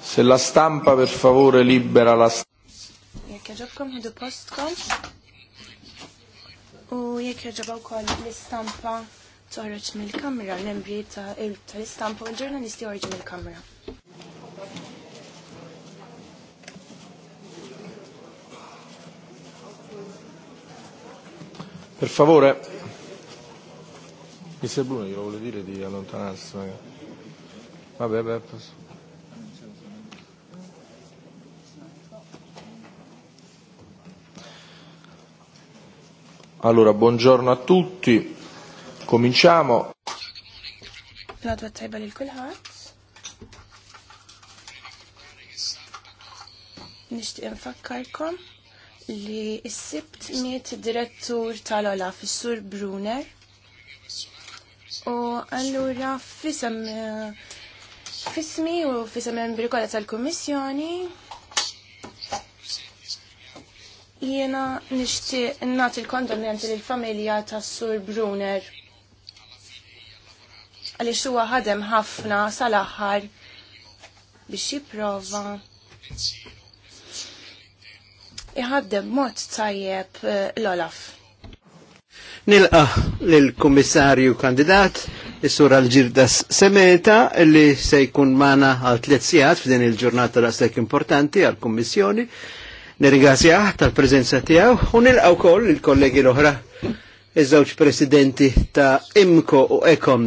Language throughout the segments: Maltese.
Se la stampa per favore libera la stampa. u jekk ġabaw kol l-istampa toħroġ mill-kamra, l ta' l istampa u l-ġurnalisti joħroġ mill-kamra. Per favore, mi sembra che glielo vuole dire di allontanarsi magari. Vabbè, vabbè. Allora, buongiorno a tutti. Cominciamo. Nadwa tajba li s-sibt miet direttur tal ola fissur Bruner. U allura fissam uh, eh, Fismi u fisem membri kollha tal-Kummissjoni jiena nixtieq nagħti il kondolenti lill-familja tas-Sur Bruner għaliex huwa ħadem ħafna sal-aħħar biex jipprova iħaddem mod tajjeb eh, l-Olaf. Nilqa lill-Kummissarju kandidat Is-sur Alġirdas Semeta li se jkun mana għal tliet sijat f'din il-ġurnata daqshekk importanti għal kummissjoni. Nirringrazzjah tal-preżenza tiegħu u nilqgħu wkoll il-kollegi l-oħra iż-żewġ presidenti ta' Imko u Ekon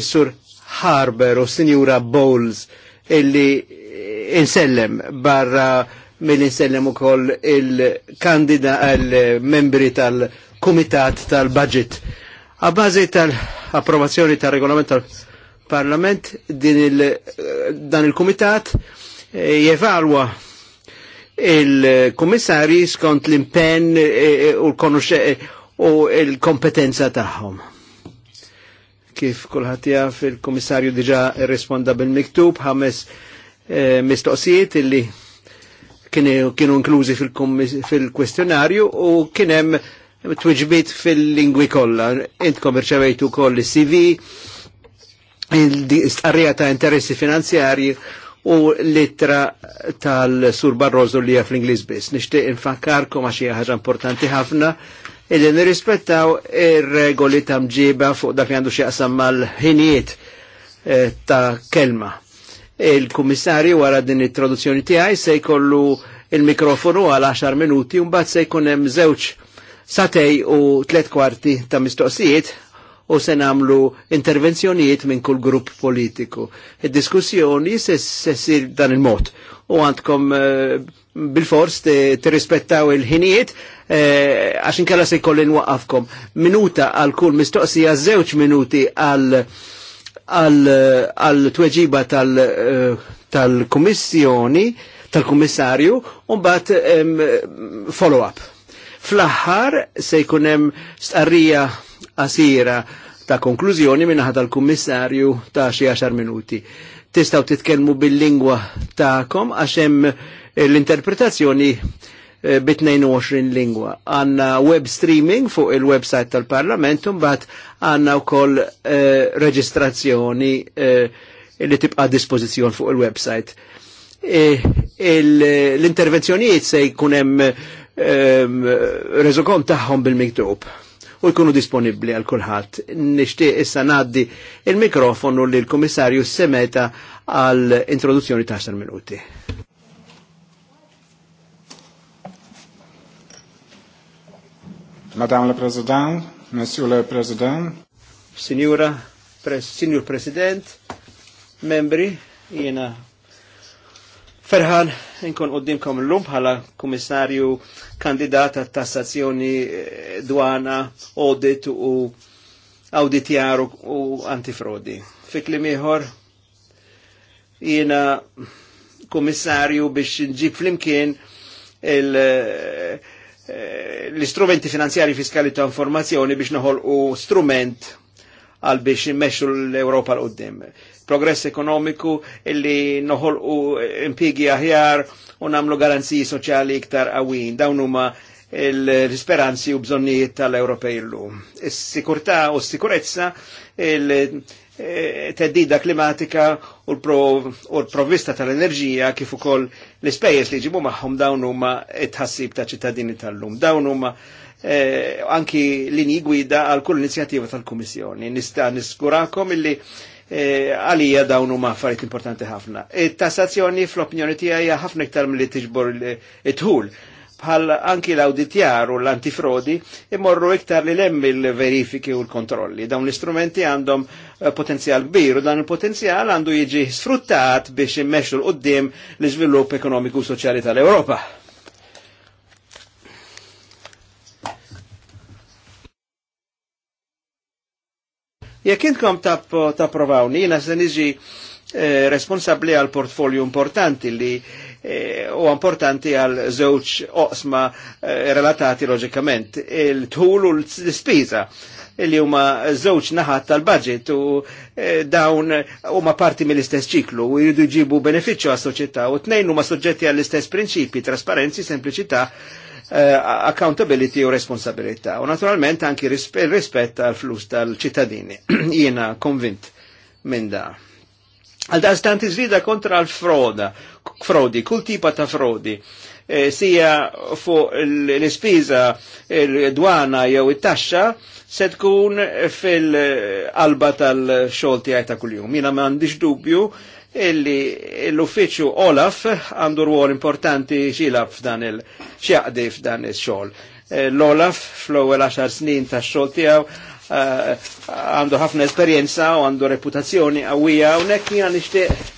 is-sur Harber u Sinjura Bowles illi insellem barra mill-insellem ukoll il-kandida għal-membri tal-Kumitat tal-Budget. tal membri tal kumitat tal budget A bażi tal-approvazzjoni tal-regolament tal-Parlament dan il-Kumitat e, jevalwa il komissari skont l-impenn e, e, u l-kompetenza tagħhom. Kif kulħadd jaf il-Kummissarju diġà irrisponda bil-miktub ħames mistoqsijiet illi kienu inklużi fil-kwestjonarju u kienem twiġbit fil-lingwi kollha. Intkom irċevejtu koll CV, l-istqarrija ta' interessi finanzjarji u l-ittra tal-Sur Barroso li fl ingliż biss. Nixtieq infakkarkom għax hija ħaġa importanti ħafna illi nirrispettaw ir-regoli ta' mġiba fuq dak li għandu xieqsam mal-ħinijiet eh, ta' kelma. Il-kummissarju wara din it-traduzzjoni tiegħi se jkollu il-mikrofonu għal 10 minuti u mbagħad se jkun hemm żewġ satej u tlet kwarti ta' mistoqsijiet u se namlu intervenzjonijiet minn kull grupp politiku. Id-diskussjoni se sessir dan il-mod u għandkom eh, bil-fors tirrispettaw il-ħinijiet eh, għax kalla se jkollin waqafkom. Minuta għal kull mistoqsija, żewġ minuti għal tweġiba eh, tal-kummissjoni, tal-kummissarju, un bat follow-up. Fl-aħħar se jkun hemm starrija qasira ta' konklużjoni minnaħa tal-kummissarju ta' xi għaxar minuti. Tistaw titkellmu bil-lingwa ta'kom għax hemm eh, l-interpretazzjoni eh, bi 22 lingwa. Għanna web streaming fuq il-website tal-Parlament, mbagħad għanna wkoll eh, reġistrazzjoni eh, li tibqa' dispożizzjon fuq il-website. Eh, l-intervenzjonijiet se jkun hemm Ehm, rezokon taħħom bil-miktub u jkunu disponibli għal kulħadd. Nixtieq issa ngħaddi il-mikrofonu lil komissarju Semeta għal introduzzjoni ta' 10 minuti. Madame le Président, Monsieur le Président, Signora, Pres Signor President, membri, jena Ferħan, nkun qoddimkom l-lum bħala komissarju kandidat għat tassazzjoni eh, dwana, audit u auditjaru u antifrodi. Fik li miħor, jena komissarju biex nġib flimkien eh, l-istrumenti finanzjari fiskali ta' informazzjoni biex noħol u strument għal biex immexxu l-Europa l-qoddim progress ekonomiku illi noħolqu impigi aħjar u namlu garanziji soċjali iktar għawin. Dawn huma l-speranzi u bżonnijiet tal-Ewropej l Is-sikurtà u s-sikurezza eh, teddida klimatika u l-provvista tal-enerġija kif ukoll l-ispejjeż li ġibu magħhom dawn huma t-ħassib ta' ċittadini tal-lum. Dawn huma eh, anki linji gwida għal kull inizjattiva tal-Kummissjoni. Nista' niskurakom illi E, għalija dawn huma affarijiet importanti ħafna. It-tassazzjoni fl-opinjoni tiegħi ħafna iktar milli tiġbor it tħul bħal anki l-auditjar u l-antifrodi imorru iktar li lemm il-verifiki u l-kontrolli. Dawn l-istrumenti għandhom eh, potenzjal kbir u dan il-potenzjal għandu jiġi sfruttat biex immexxu l-qoddim l-iżvilupp ekonomiku u soċjali tal-Ewropa. Jekk intkom tapprovawni, jina se niġi eh, responsabli għal portfolju importanti li eh, u importanti għal żewġ oqsma eh, relatati loġikament, il-tħul u l spiza li huma żewġ naħat tal-budget u dawn huma parti mill-istess ċiklu u jridu jġibu benefiċċju għas-soċjetà u tnejn huma soġġetti għall-istess prinċipji, trasparenzi, sempliċità uh, accountability u responsabilità. U naturalment anki rispet għal flus tal-ċittadini. Jiena konvint minn da. Għal da stanti zrida kontra l-froda, frodi, kull tipa ta' frodi, e, sija fu l-ispiża l dwana jew it-taxxa se tkun fil alba tal xolti għajta kull-jum. Jiena m'għandix dubju illi l-uffiċċju Olaf għandu rwol importanti xilab f'dan il-xjaqdi f'dan il-xol. Eh, L-Olaf fl-ewwel 10 snin tax-xogħol tiegħu eh, għandu ħafna esperjenza u għandu reputazzjoni għawija u nekk jiena nixtieq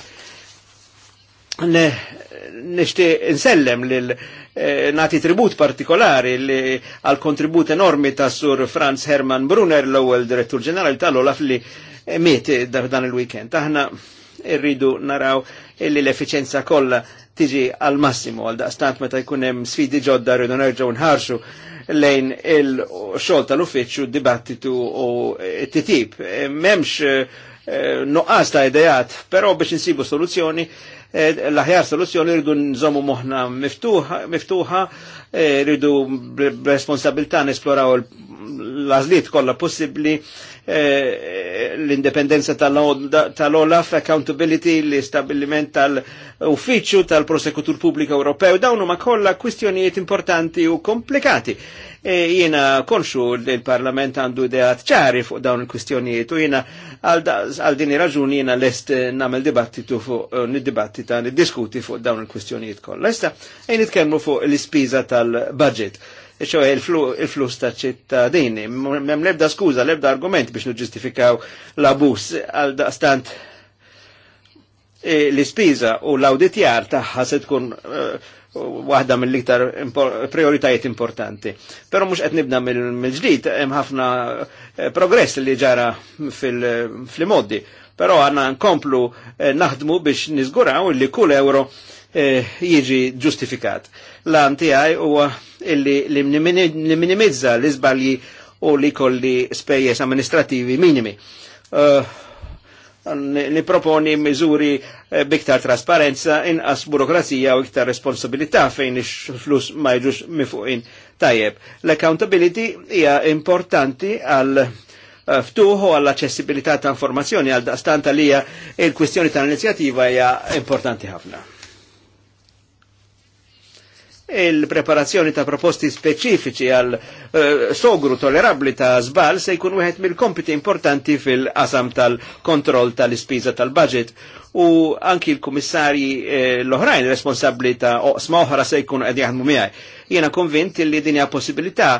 nixtieq insellem lil eh, nati tribut partikolari li għal kontribut enormi ta' sur Franz Hermann Brunner l-ewwel direttur ġenerali tal-Olaf li meti dan il-weekend. Aħna irridu naraw illi l-efficienza kollha tiġi għal massimo għal daqstant meta jkun hemm sfidi ġodda rridu nerġgħu nħarxu lejn il-xogħol tal-uffiċċju dibattitu u t titib. M'hemmx eh, nuqqas ta' idejat, però biex insibu soluzzjoni eh, l-aħjar soluzzjoni rridu nżommu moħna miftuħa, eh, rridu b'responsabilità nesploraw l għażliet kollha possibbli Eh, l-indipendenza tal-Olaf, accountability, l-istabiliment tal-uffiċċju tal-prosekutur pubbliku Ewropew, dawnu ma kollha kwistjonijiet importanti u komplikati. E, jiena konxu l parlament għandu ideat ċari fuq dawn il-kwistjonijiet u jiena għal din raġuni jiena lest namel dibattitu fuq eh, nid-dibattita, diskuti fuq dawn il-kwistjonijiet kollha. Issa, jien nitkellmu fuq l-ispiża tal-budget ċoħe il-flus ta' ċittadini. Mem lebda skuza, lebda argument biex nuġistifikaw l-abus għal stant e, l-ispiża u l-auditjar taħħa se tkun e, waħda mill-iktar prioritajiet importanti. Pero mux qed nibda mill-ġdid, hemm ħafna e, progress li ġara fil-modi. Pero għanna nkomplu naħdmu biex nizguraw li kull euro jiġi ġustifikat l an tijaj u illi li minimizza l zbalji u li kolli spejjes amministrativi minimi. Eh, niproponi mizuri eh, biktar trasparenza, inqas burokrazija u iktar responsabilità fejn ix-flus ma jġux mifuqin tajjeb. L-accountability hija importanti għal eh, ftuħu u għall aċċessibilità ta' informazzjoni għal daqstant għalija il-kwistjoni tal-inizjattiva hija importanti ħafna il-preparazzjoni ta' proposti speċifiċi għal eh, sogru tolerabli ta' zbal se jkun wieħed mill-kompiti importanti fil-qasam tal-kontroll tal-ispiża tal-budget u anki l-kummissarji eh, l-oħrajn responsabbli ta' oqsma oħra se jkun qed jaħdmu miegħi. Jiena konvint li din hija possibilità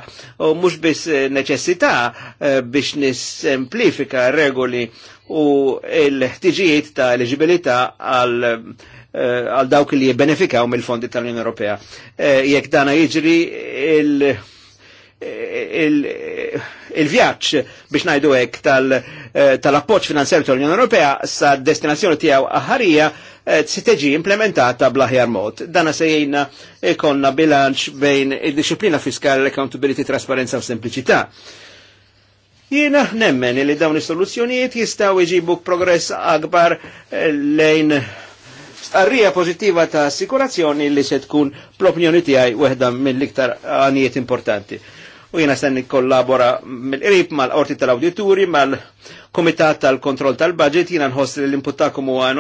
u mhux biss neċessità eh, biex nissemplifika regoli u l-ħtiġijiet ta' eliġibilità għal Eh, għal dawk li jibbenefikaw mill-fondi tal-Unjoni Ewropea. Eh, jekk dana jiġri il- il-vjaċ il biex najdu hekk tal-appoċ tal eh, finanzjarju tal-Unjoni Ewropea sa destinazzjoni tiegħu aħarija se teġi implementata blaħjar mod. Dana se jgħinna ikonna bilanċ bejn id-disciplina fiskali, l-accountability, trasparenza u sempliċità. Jiena nemmen li dawn is-soluzzjonijiet jistgħu jġibu progress akbar lejn stqarrija pozittiva ta' assikurazzjoni li se tkun l-opinjoni tiegħi weħda mill-iktar għanijiet importanti. U jiena se nikkollabora mill-qrib mal-qorti tal-awdituri, mal-komitat tal-kontroll tal-budget, jena nħoss li l imputakum u huwa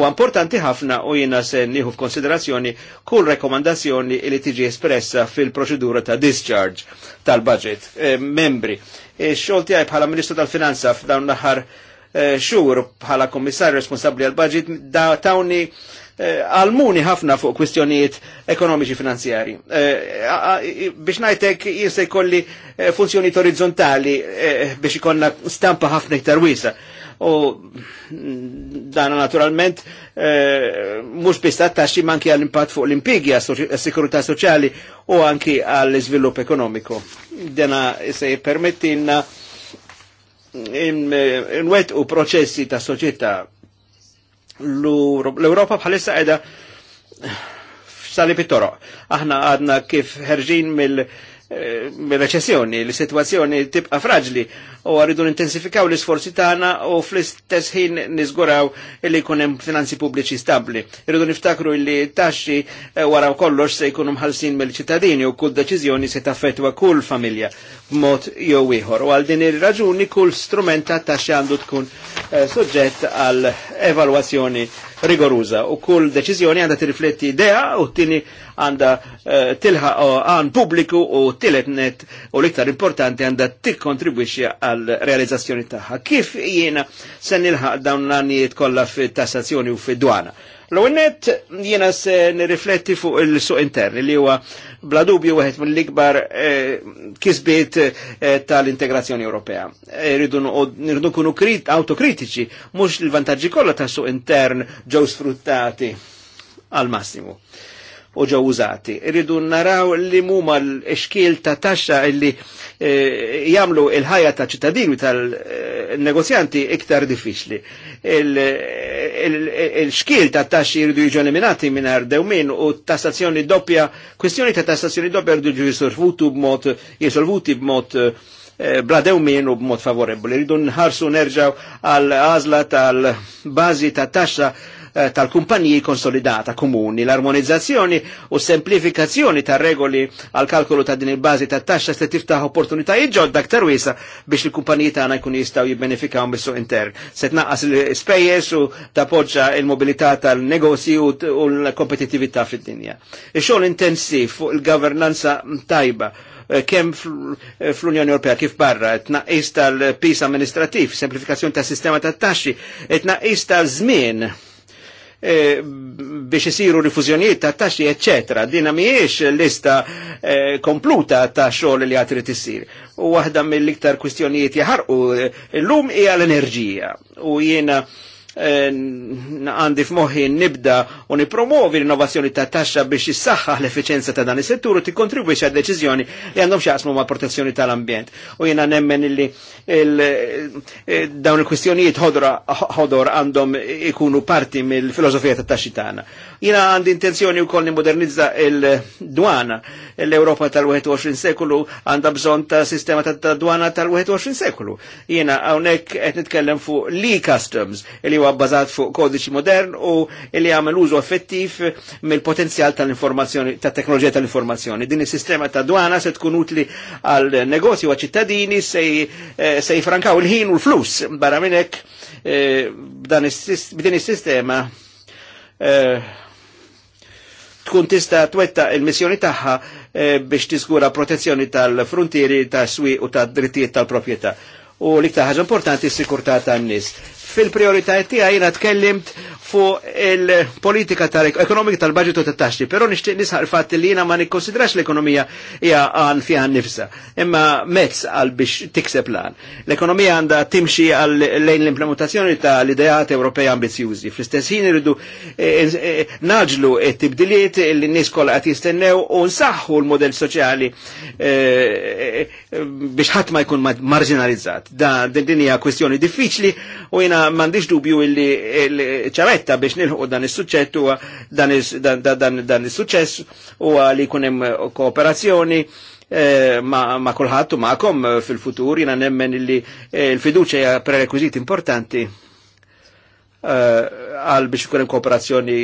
u importanti ħafna u jiena se nieħu f'konsiderazzjoni kull rekomandazzjoni li tiġi espressa fil-proċedura ta' discharge tal-budget. Eh, membri, eh, xogħol tiegħi bħala Ministru tal-Finanza f'dawn l-aħħar Eh, xur bħala komissar responsabli għal-budget da tawni eh, għalmuni ħafna fuq kwistjonijiet ekonomiċi finanzjari. Eh, biex najtek jisaj kolli funzjoniet orizzontali biex ikonna stampa ħafna iktar wisa. U mm, dana naturalment mux bista taċi manki għal-impat fuq l impigja għas-sikurita soċali u anki għal izvilup ekonomiku. Dana se permettinna Eh, nwet u proċessi ta' soċieta l-Europa bħalissa edha sali pittoro. Aħna għadna kif ħerġin mill- reċessjoni, eh, li situazzjoni tibqa fraġli u għaridu intensifikaw l-isforzi tagħna u fl-istess ħin niżguraw li jkun hemm finanzi pubbliċi stabbli. Irridu niftakru li taxxi eh, wara kollox se jkunu mħallsin mill-ċittadini u kull deċiżjoni se taffetwa kull familja b'mod jew ieħor. U għal din ir-raġuni kull strument taxxi għandu tkun eh, suġġett għal evalwazzjoni rigoruża u kull deċiżjoni għandha tirrifletti idea u tini għandha uh, tilħa eh, għan pubbliku u tilet net u l-iktar importanti għandha tikkontribwixxi għal realizzazzjoni tagħha. Kif jiena se nilħa dawn l-għanijiet kollha fit-tassazzjoni u fid-dwana? L-għonet jena se nirrifletti fuq il-suq interni li huwa bla dubju wieħed mill-ikbar eh, kisbiet eh, tal-integrazzjoni Ewropea. Irridu eh, kunu autokritiċi, mhux il-vantaġġi kollha ta' suq intern ġew sfruttati għal massimu u ġew użati. Irridu naraw li huma l-exkiel ta' taxxa illi Eh, jamlu il-ħajja ta' ċittadini tal-negozjanti iktar diffiċli. Il-xkil ta' taxxi jridu jiġu eliminati mingħajr dewmin u tassazzjoni doppja, kwestjoni ta' tassazzjoni doppja jridu jiġu jisolvuti b'mod jisolvuti b'mod eh, bla dewmin u b'mod favorebbli. Jridu nħarsu nerġaw għal għażla tal bazi ta' taxxa Eh, tal-kumpaniji konsolidata komuni. L-armonizzazzjoni u semplifikazzjoni ta' regoli għal kalkolu ta' din il-bazi ta' taxxa se tiftaħ opportunitajiet ġodda aktar wiesa biex il-kumpaniji tagħna jkun jistgħu jibbenefikaw mis-suq intern. Se tnaqqas l-ispejjeż u tappoġġa il-mobilità tal-negozji u l-kompetittività fid-dinja. Ix-xogħol intensiv fuq il-governanza tajba eh, kem eh, fl-Unjoni Ewropea kif barra, tnaqqis tal-pis amministrativ, semplifikazzjoni tas sistema tat taxxi, tnaqqis tal-żmien e, biex isiru rifużjonijiet ta' taxxi, eccetera. Dina mhijiex lista e, kompluta ta' xogħol li għatri tissir. U waħda mill-iktar kwistjonijiet jaħarqu e, llum hija l-enerġija. U jiena Eh, għandi f'moħħi nibda u nipromovi l-innovazzjoni ta' taxxa biex jissaħħaħ l-efficienza ta' dan is-settur u tikkontribwix għad deċiżjoni li għandhom x'jaqsmu ma' protezzjoni tal-ambjent. U jiena nemmen illi eh, dawn il-kwistjonijiet ħodor għandhom ikunu parti mill-filosofija ta' taxxi tagħna. Jiena għandi intenzjoni wkoll nimmodernizza il-dwana l-Ewropa tal-21 sekulu għandha bżonn ta' sistema ta' dwana tal-21 sekulu. Jiena hawnhekk qed nitkellem fuq li customs li huwa bbażat fuq kodiċi modern u li jagħmel użu effettiv mill-potenzjal tal-informazzjoni tat teknoloġija tal-informazzjoni. Din is-sistema ta' dwana se tkun utli għal negozju għal ċittadini se eh, jifrankaw il-ħin u l-flus barra minn hekk b'din eh, is-sistema eh, tkun tista' twetta il-missjoni tagħha biex tiżgura protezzjoni tal-frontieri tas-swieq u tad-drittijiet tal-proprjetà. U l-iktar ħaġa importanti s-sikurtà tan-nies fil-prioritajiet tiegħi jiena tkellimt fuq il-politika tal-ekonomika tal-budget u tat-taxxi, però nixtieq nisħar fatt li jiena ma nikkonsidrax l-ekonomija hija għan fiha nnifsa, imma mezz għal biex tikseb lan. L-ekonomija għandha timxi għal lejn l-implementazzjoni tal-ideat Ewropej ambizjużi. Fl-istess ħin irridu e, e, e, naġlu t-tibdiliet li n-nies kollha qed jistennew u nsaħħu l-modell soċjali biex ħadd ma jkun marginalizzat. Da din hija kwestjoni diffiċli u jiena Jena mandiġ dubju illi ċaretta biex nilħu dan il-suċċett u dan il-suċċess u li kunem kooperazzjoni eh, ma, ma kullħat ma'kom fil-futur jina nemmen illi eh, il-fiduċa hija prerekwizit importanti Eh, għal biex ikun kooperazzjoni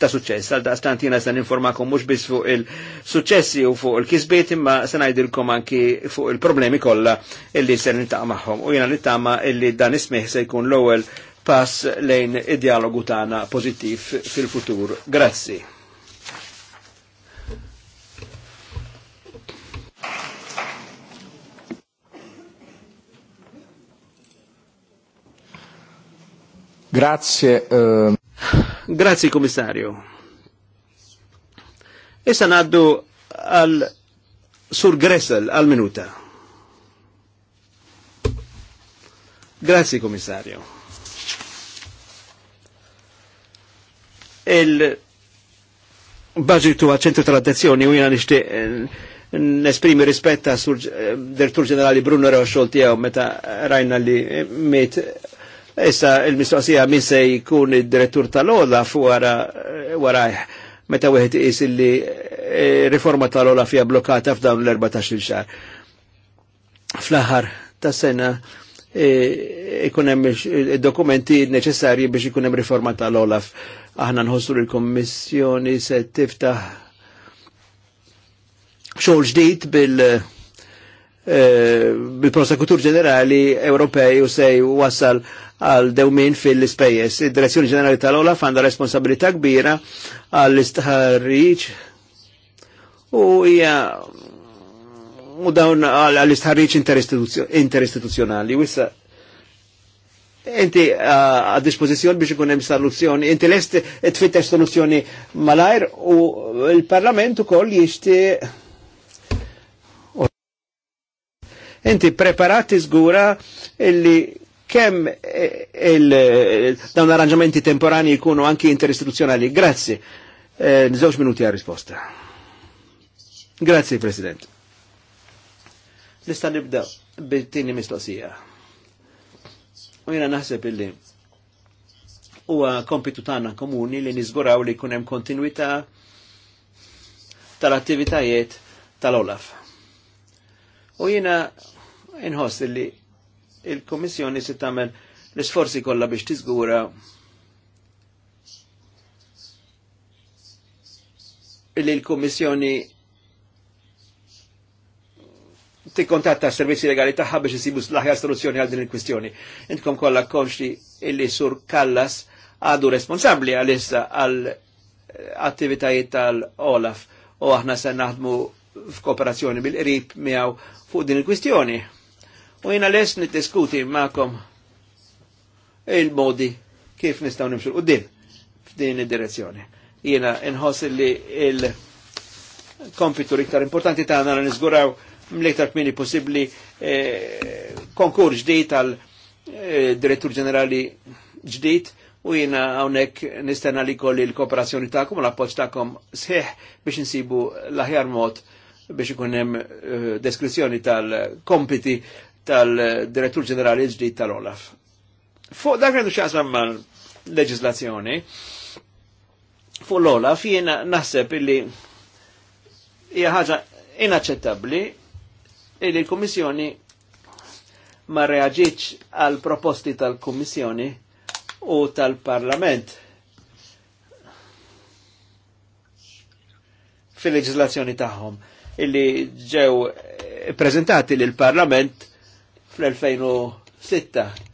ta' suċċess. Għal daqstant jiena se ninformakom mhux biss fuq il-suċċessi u fuq il-kisbiet imma se ngħidilkom anki fuq il-problemi kollha illi se niltaqa' magħhom. U jiena nittama illi dan ismih se jkun l-ewwel pass lejn id-dialogu tagħna pożittiv fil-futur. Grazzi. Grazie. Uh... Grazie Commissario. E naddu al Sur Gressel al minuta. Grazie Commissario. Il-budgetu a centro tra attenzjoni u eh, jena nishtiq nesprimi rispetta sur eh, direttur ġenerali Bruno Rosciolti e meta Rainali eh, met Issa il-mistoqsija min se jkun id-direttur tal-Olaf wara eh, warajh meta wieħed is li eh, riforma tal-Olaf hija blokkata f'dawn l-14 xahar. Fl-aħħar tas-sena eh, ikun hemm id-dokumenti neċessarji biex ikun hemm riforma tal-Olaf. Aħna nħossu l kommissjoni se tiftaħ xogħol ġdid bil- bil-prosekutur ġenerali Ewropej u sej wasal għal dewmin fil-spejjes. Id-Direzzjoni ġenerali tal-Olaf għandha responsabilità kbira għall-istħarriġ u hija u dawn għall-istħarriċ interistituzjonali. Wissa, inti għad dispozizjon biex ikun hemm soluzzjoni, inti lest tfittex soluzzjoni malajr u l-Parlament ukoll jixtieq Inti preparati zgura illi kemm e, dawn arranġamenti temporani jkunu anki interistituzjonali. Grazzi. Eh, minuti għal risposta. Grazie, President. Nista' nibda bit-tieni mistoqsija. U jiena naħseb illi huwa kompitu tagħna komuni li niżguraw li jkun hemm kontinwità tal-attivitajiet tal-Olaf. U jina inħoss li il-Komissjoni se tagħmel l-isforzi kolla biex tizgura li l-Komissjoni kontatta s-servizzi legali taħħa biex jisibu s-laħja soluzzjoni għal din il-kwistjoni. Intkom kolla konxti illi sur Kallas għadu għal-issa għal attivitajiet tal-Olaf u aħna se naħdmu f'kooperazzjoni bil-qrib miegħu fuq din il-kwistjoni. U jiena les niddiskuti magħkom il-modi kif nistgħu nimxu qudiem f'din id-direzzjoni. Jiena inħoss li il-kompitu iktar importanti tagħna li niżguraw mill-iktar kmini possibbli eh, konkur ġdid tal eh, direttur ġenerali ġdid u jina għonek nistenna li kolli l-kooperazzjoni ta'kom u l-appoċ ta'kom sħiħ biex nsibu aħjar mod biex ikun hemm eh, deskrizzjoni tal-kompiti tal-Direttur Ġenerali ġdid tal-Olaf. Fuq dak għandu xaqsam mal-leġislazzjoni, fuq l-Olaf jiena naħseb illi hija ħaġa inaċċettabbli illi l-Kummissjoni ma reaġitx għal proposti tal-Kummissjoni u tal-Parlament. fil-leġislazzjoni tagħhom illi ġew prezentati lil parlament fl-2006.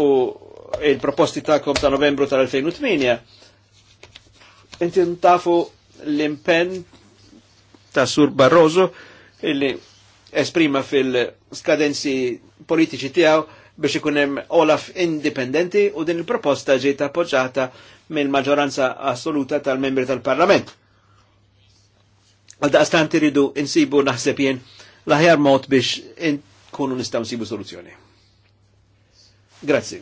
U il-proposti ta'kom ta' novembru tal-2008. Inti ntafu l-impen ta' Sur Barroso illi esprima fil-skadenzi politiċi tiegħu biex ikun hemm Olaf indipendenti u din il-proposta ġiet appoġġata mill-maġġoranza assoluta tal-membri tal-Parlament. Għal daqstant iridu insibu naħseb jien l-aħjar mod biex nkunu nistaw nsibu soluzjoni. Grazzi.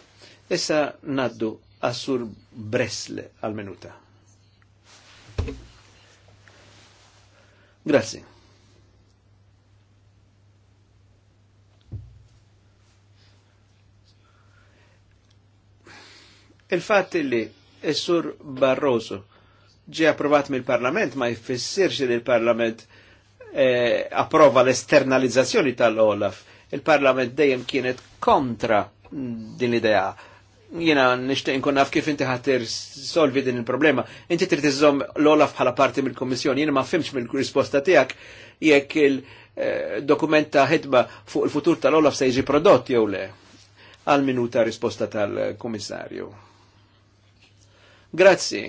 Issa naddu għassur Bresle għal-minuta. Grazzi. Il-fat li il-sur Barroso ġie approvat mill-Parlament ma jfissirx li l-Parlament eh, approva l-esternalizzazzjoni tal-Olaf. Il-Parlament dejjem kienet kontra din l-idea. Jena nishtiq nkun naf kif inti ħatir solvi din il-problema. Inti trid iżomm l-Olaf bħala parti mill-Kommissjoni, jiena ma fimx mill-risposta tiegħek jekk il-dokument eh, ta' ħidba fuq il-futur tal-Olaf se jiġi prodott jew le għal minuta risposta tal-komissarju. Grazzi.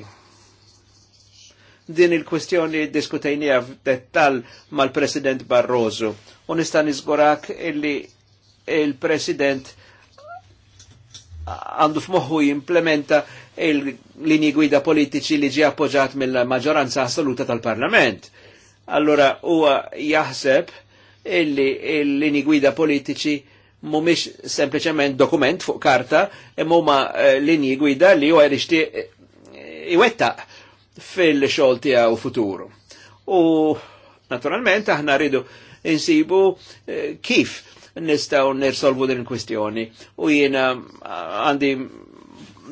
Din il-kwestjoni diskutejnija f'dettal mal-President Barroso. Unista nizgurak illi il-President għandu f'moħħu jimplementa il-linji gwida politiċi li ġi appoġġat mill-maġġoranza assoluta tal-Parlament. Allora huwa jaħseb illi il-linji gwida politiċi mumiex sempliciment dokument fuq karta, imma huma eh, linji gwida li huwa jrixti iwettaq fil-xol tijaw futuru. U naturalment aħna rridu insibu eh, kif nistaw nirsolvu din kwistjoni u jiena eh, għandi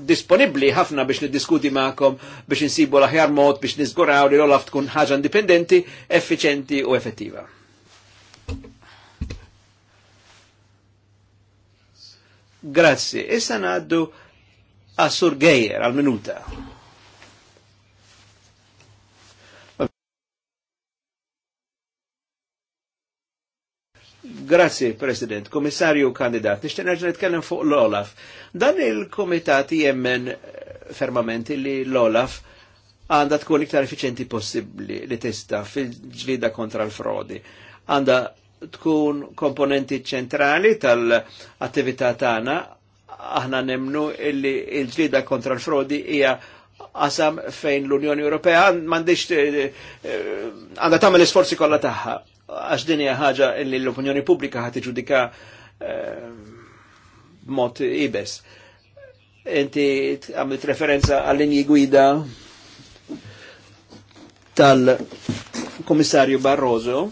disponibli ħafna biex niddiskuti ma'kom biex insibu l-aħjar mod biex nizguraw li l-olaf tkun ħaġa indipendenti, effiċenti u effettiva. Grazzi, issa naddu għas-surgejer għal-minuta. Grazzi, President. Komissarju kandidat, nishtin nerġa' nitkellem fuq l-Olaf. Dan il-komitat jemmen eh, fermament li l-Olaf għanda tkun iktar effiċenti possibli li tista fil-ġlida kontra l-frodi. Għanda tkun komponenti ċentrali tal-attività tagħna aħna nemnu illi il-ġlida kontra l-frodi hija qasam fejn l-Unjoni Ewropea m'għandix eh, eh, għandha tagħmel l-isforzi kollha tagħha għax din hija ħaġa li l-opinjoni pubblika ħad tiġudika eh, b'mod ibes. Inti għamilt referenza għall-linji gwida tal-Komissarju Barroso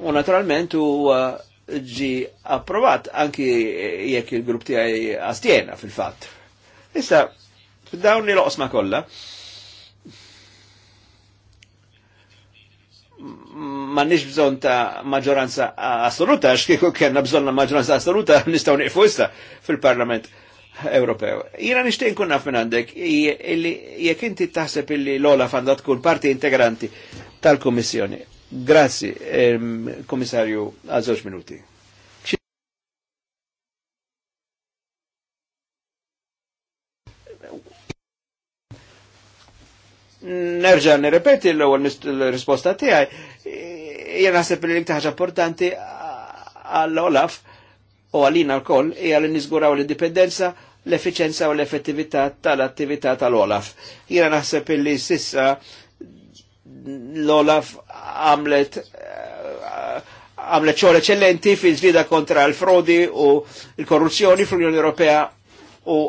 u naturalment u ġi approvat anki jekk il-grupp tiegħi għastjena fil-fatt. Issa, f'dawn l-osma kollha, ma nix bżon ta' maġoranza assoluta, xkiku kena bżon la maġoranza assoluta, nistaw niqfu issa fil-Parlament Ewropew. Jina nishtiq nkun naf minn għandek, jekk inti taħseb illi l-ola fanda tkun parti integranti tal-Komissjoni. Grazie, Komissarju, għal minuti. nerġa' nirrepeti l-ewwel risposta tiegħi jien naħseb li l ħaġa importanti għall-Olaf u għalina l-koll hija li niżguraw l-indipendenza l-efficienza u l-effettività tal-attività tal-Olaf. Jiena naħseb li sissa l-Olaf għamlet eh, għamlet xogħol eċellenti fil-ġlida kontra l-frodi u l-korruzzjoni fl-Unjoni Ewropea u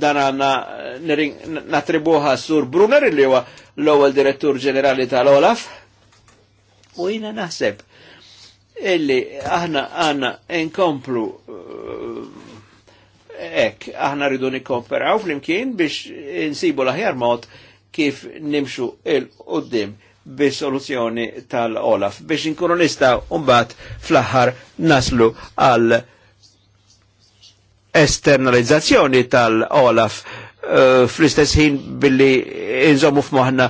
dan għanna eh, natribuħa sur Brunner li huwa l-ewwel direttur ġenerali tal-Olaf. U jina naħseb illi aħna għanna inkomplu eh, ek, aħna rridu nikomperaw fl-imkien biex insibu laħjar mod kif nimxu il-qoddim bi soluzzjoni tal-Olaf biex inkunu nistaw umbat fl-aħħar naslu għal esternalizzazzjoni tal-Olaf eh, fl-istess ħin billi inżomu f'moħna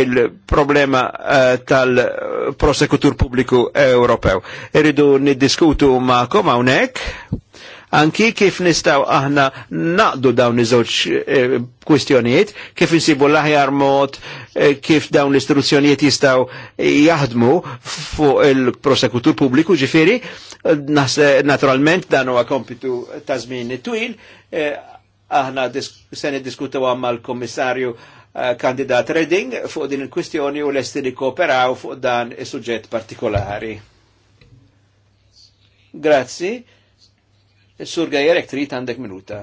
il-problema eh, tal-prosekutur publiku Ewropew. Irridu niddiskutu ma' komawnek anki kif nistaw aħna naqdu dawn iż-żewġ eh, kwistjonijiet, kif insibu l-aħjar mod, eh, kif dawn l-istruzzjonijiet jistaw jaħdmu fuq il-prosekutur pubbliku ġifiri, naturalment dan huwa kompitu ta' żmien twil, eh, aħna se niddiskutu għamma l-Kommissarju kandidat Redding fuq din il-kwistjoni u lesti li kooperaw fuq dan il suġġett partikolari. Grazzi Sur Gajerek, trid għandek minuta.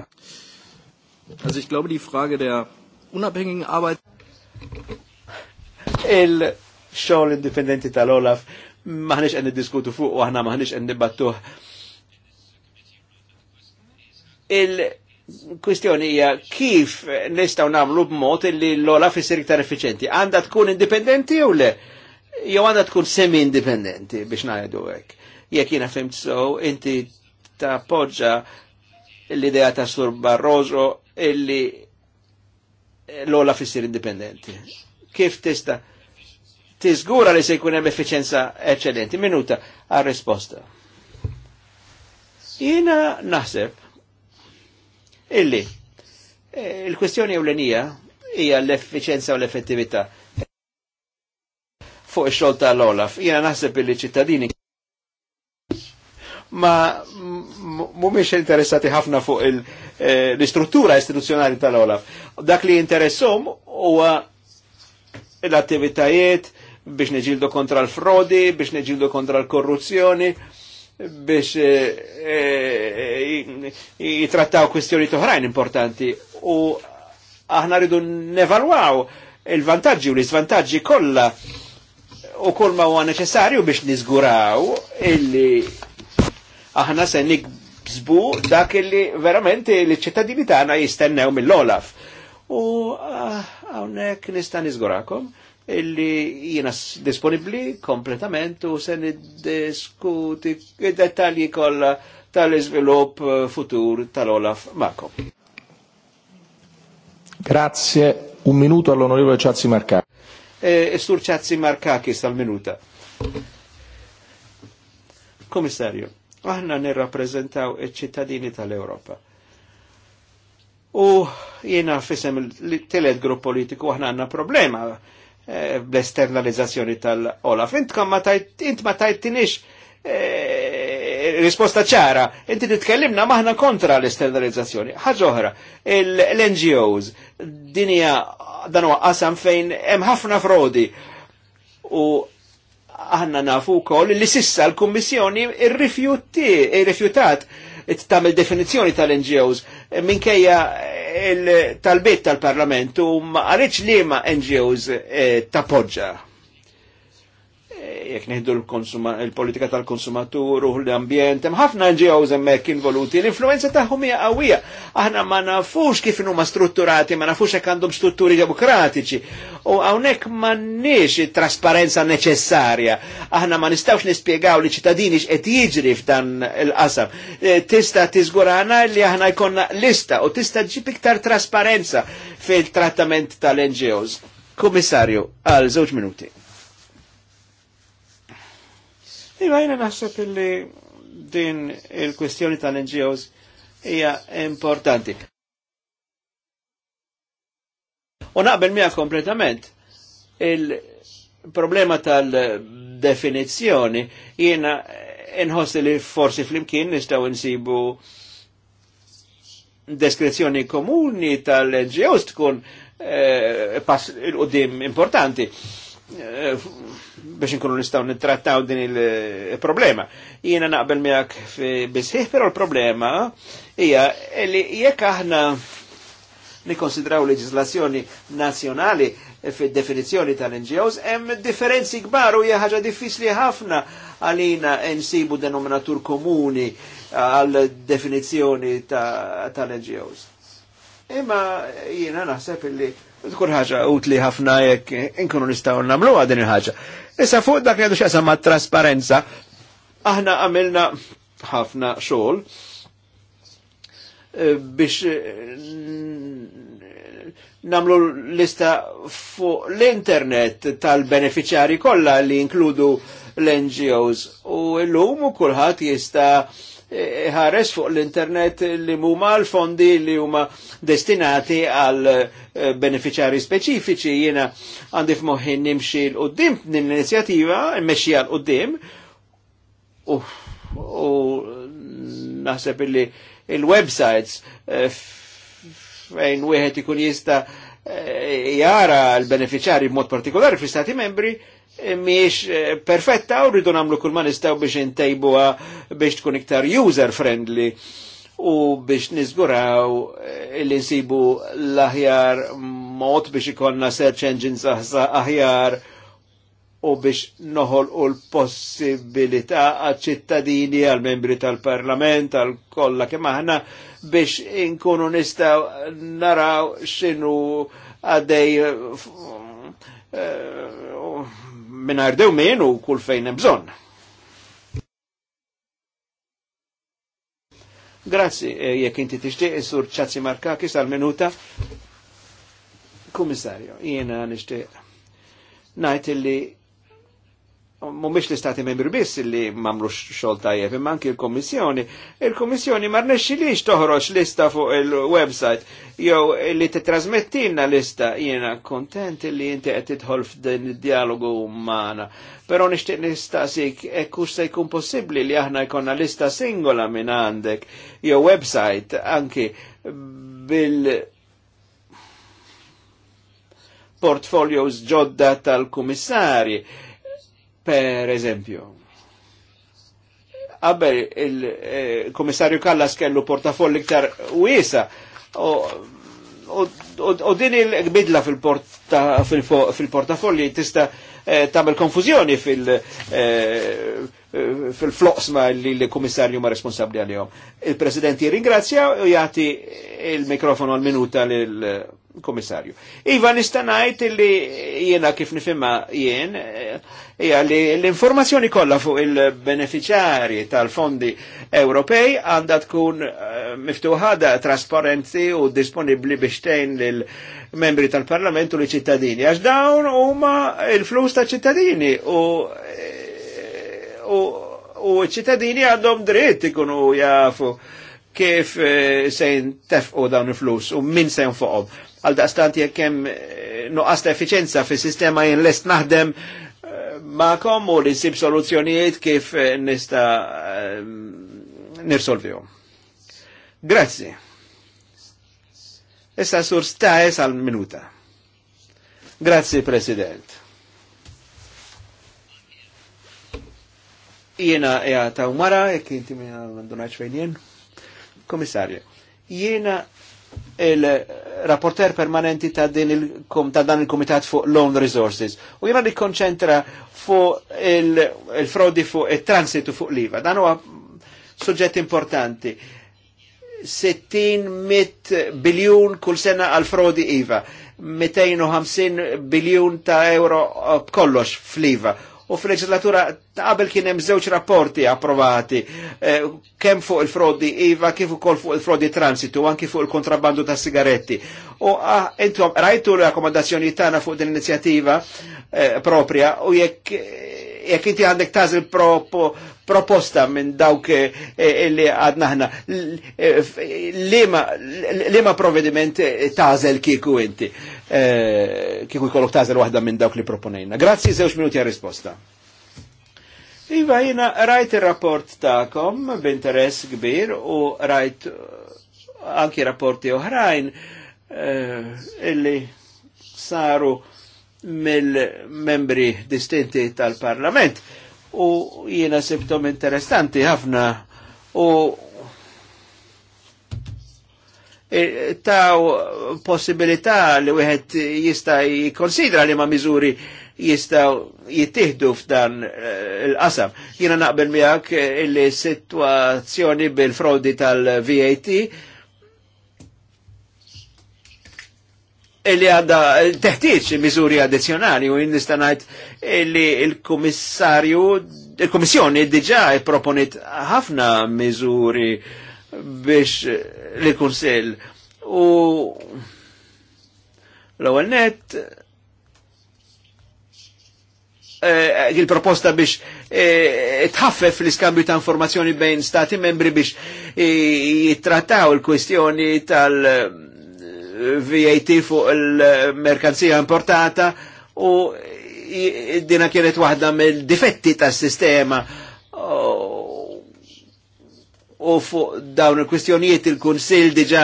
Also ich glaube, die Frage der unabhängigen Arbeit. Il-xogħol indipendenti tal-Olaf maħniex qed niddiskutu fuq u aħna maħniex qed nibbattuh. Il-kwistjoni hija kif nistgħu nagħmlu b'mod li l-Olaf isir iktar effiċenti. Għandha tkun indipendenti jew le? Jew għandha tkun semi-indipendenti biex ngħidu hekk. Jekk jiena fimt so, inti poġġa l-idea ta' Sur Barroso illi l-ola fissir indipendenti. Kif tista' tiżgura li se jkun hemm effiċenza eċċellenti? Minuta għar risposta. Jiena naħseb illi eh, il-kwestjoni ewlenija hija l-effiċenza u l-effettività fuq ix-xogħol tal-Olaf. Jiena naħseb illi ċittadini ma mumiex interessati ħafna fuq eh, l-istruttura istituzzjonali tal-Olaf. Dak li interessom huwa l-attivitajiet biex neġildu kontra l-frodi, biex neġildu kontra l-korruzzjoni, biex eh, eh, jitrattaw kwistjoni toħrajn importanti u aħna ridu nevalwaw il-vantaġġi u l-isvantaġġi kollha u kol ma huwa neċessarju biex niżguraw illi aħna se nikbżbu dak li verament li ċittadini tagħna jistennew mill-Olaf. U ah, hawnhekk nista' niżgurakom illi jiena disponibbli kompletament u se niddiskuti id-dettalji kollha tal-iżvilupp eh, futur tal-Olaf Marko. Grazie. Un minuto all'onorevole Ciazzi Marcacchi. Eh, e Sur Ciazzi Marcacchi sta minuta. Commissario. Aħna nirrappreżentaw iċ-ċittadini tal-Ewropa. U jiena fisem il-telet grupp politiku aħna għandna problema eh, bl-esternalizzazzjoni tal-Olaf. Int ma int ma tajtinix eh, risposta ċara, inti titkellimna maħna kontra l-esternalizzazzjoni. ħaġoħra, oħra, l-NGOs, dinja dan huwa qasam fejn hemm ħafna frodi u aħna nafu wkoll li sissa l-Kummissjoni irrifjutat tagħmel definizzjoni tal-NGOs minkejja tal-bit tal parlamentu ma ma li liema NGOs tappoġġa jekk neħdu l-politika tal-konsumatur u l-ambjent, hemm ħafna NGOs hemmhekk involuti, l-influenza tagħhom hija qawwija. Aħna ma nafux kif huma strutturati, ma nafux hekk għandhom strutturi demokratiċi. U hawnhekk m'għandniex it-trasparenza neċessarja. Aħna ma nistgħux nispjegaw li ċittadini x'qed jiġri f'dan il-qasam. E, tista' tiżgurana li aħna jkollna lista u tista' ġib iktar trasparenza fil-trattament tal-NGOs. Komissarju, għal żewġ minuti. Iva jena naħseb illi din il-kwestjoni tal-NGOs hija importanti. U naqbel mija kompletament il-problema tal definizzjoni jiena inħossi li forsi flimkien nistaw insibu deskrizzjoni komuni tal-NGOs tkun eh, pass il-qoddim importanti. Eh, biex nkunu nistaw nittrattaw din il-problema. Jiena naqbel miak fi bisħiħ, però l-problema hija li jekk aħna nikonsidraw leġislazzjoni nazzjonali fi definizzjoni tal-NGOs, hemm differenzi kbar u hija ħaġa diffiċli ħafna għalina nsibu denominatur komuni għal definizzjoni tal-NGOs. Imma jiena naħseb illi kur ħaġa utli ħafna jekk inkunu nistgħu nagħmluha din il-ħaġa. Issa fuq dak li għadu ma' trasparenza, aħna għamilna ħafna xogħol eh, biex eh, namlu lista fuq l-internet tal-beneficjari kollha li inkludu l-NGOs u l-lum u kulħadd jista' ħares fuq l-internet li huma l-fondi li huma destinati għal eh, beneficjari speċifiċi jiena għandif f'moħħi nimxi l-qoddim din l-inizjattiva nimxi għal qoddim u naħseb li il-websites eh, fejn wieħed ikun jista' eh, jara l-beneficjari b'mod partikolari fl-Stati membri miex eh, perfetta u rridu namlu kull ma nistaw biex intejbuha biex tkun iktar user friendly u biex nizguraw eh, li nsibu l-aħjar mod biex ikonna search engines aħjar u biex noħol u l-possibilità għal-ċittadini, għal-membri tal-parlament, għal-kolla kem aħna biex inkunu nistaw naraw xinu għaddej eh, minn ardew minn u kull fejn hemm bżonn. Grazzi, eh, jekk inti tixtieq sur ċazzi Markakis għal minuta. Kummissarju, jiena nixtieq. Najt illi mumiex l-istati membri biss li mamlu xogħol tajjeb, imma anki il-Kommissjoni. Il-Kommissjoni ma rnexxilix toħroġ lista fuq il-website jew li titrasmettilna lista jiena kontent li inti qed tidħol f'din id-dialogu magħna. Però nixtieq nistaqsik hekk se jkun possibbli li aħna jkollna lista singola minn għandek jew website anki bil portfolios ġodda tal-kummissari, per eżempju. Qabel il-Komissarju eh, Kallas kellu portafolli iktar wiesa U din il-bidla fil-portafolli tista eh, tamel konfuzjoni eh, eh, fil-floqsma li l-komissarju ma responsabli għal-jom. Il-presidenti ringrazzja u jati il-mikrofonu għal-minuta l komissarju. Iva nistanajt li jiena kif nifimma jien, eh, ija li l-informazzjoni kollha fuq il-beneficjari tal-fondi Ewropej għanda tkun eh, miftuħada trasparenti u disponibli biex tgħin membri tal-Parlament u li ċittadini. Għax dawn huma il-flus ta' ċittadini u eh, u ċittadini għandhom dritt ikunu jafu kif sejn tefqu dawn il-flus u min se fuqom. Għal daqstanti jekk hemm eh, nuqqas ta' effiċenza fis-sistema jien lest naħdem eh, ma kom u li sib soluzzjonijiet kif eh, nista nirsolvju. Grazzi. Issa sur stajes għal minuta. Grazzi, President. Jena jgħata umara, jek inti minna għandunaċ fejnien. Komissarju, jena il-rapporter permanenti ta' din il ta' dan il-Komitat fuq Loan Resources. U jena konċentra fuq il-frodi il fuq il-transitu fuq l-IVA. Dan huwa suġġett importanti. 60 biljun kull sena għal frodi IVA. 250 biljun ta' euro kollox fl-IVA u fil-leġislatura ta' qabel kien hemm żewġ rapporti approvati eh, kemm fuq il-frodi IVA kif ukoll fuq il-frodi transitu anki fuq il-kontrabbandu ta' sigaretti. U ah, intom rajtu l akkomodazzjoni tagħna fuq din l-inizjattiva eh, propria u jekk eh, jekk inti għandek tażil proposta minn dawk eh, eh, li għadna ħna. Eh, Lima provvediment tażel kiku inti? kiku jkollok tażel wahda minn dawk li proponejna. Grazzi, zewx minuti għal risposta. Iva, jina rajt il-rapport ta'kom b'interess kbir u rajt anki rapporti oħrajn illi saru mill-membri distinti tal-parlament u jiena sibtom interessanti ħafna u e, taw possibilità li wieħed jista' jikkonsidra li ma' miżuri jistaw jittihdu f'dan e, l qasam Jiena naqbel miegħek e, il-sitwazzjoni bil-frodi tal-VAT li għadda eh, teħtieġ miżuri addizzjonali u nista' li l-kummissarju il komissjoni diġà proponit ħafna miżuri biex eh, li kunsell u l-ewwel net eh, il-proposta biex tħaffef l-iskambju ta' informazzjoni bejn stati membri biex jittrataw il-kwestjoni tal- VAT fuq il-merkanzija importata u dina kienet waħda mill-difetti tas sistema u fuq dawn il-kwistjonijiet il-Kunsil diġa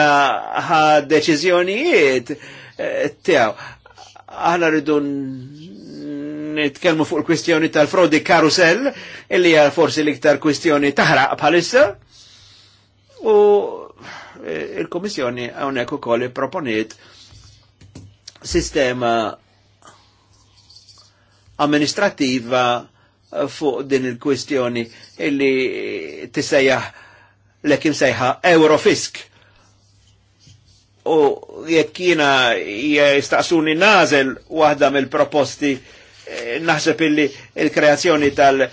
ħa deċiżjonijiet eh, tiegħu. Aħna rridu nitkellmu fuq il-kwistjoni tal-frodi karusell, illi hija forsi l-iktar kwistjoni taħraq bħalissa. U il-Komissjoni hawnhekk ukoll proponiet sistema amministrativa fuq din il-kwistjoni illi tisejjaħ l-ekim sejħa Eurofisk. U jekk jiena jistaqsuni nażel waħda mill-proposti eh, naħseb illi il-kreazzjoni tal-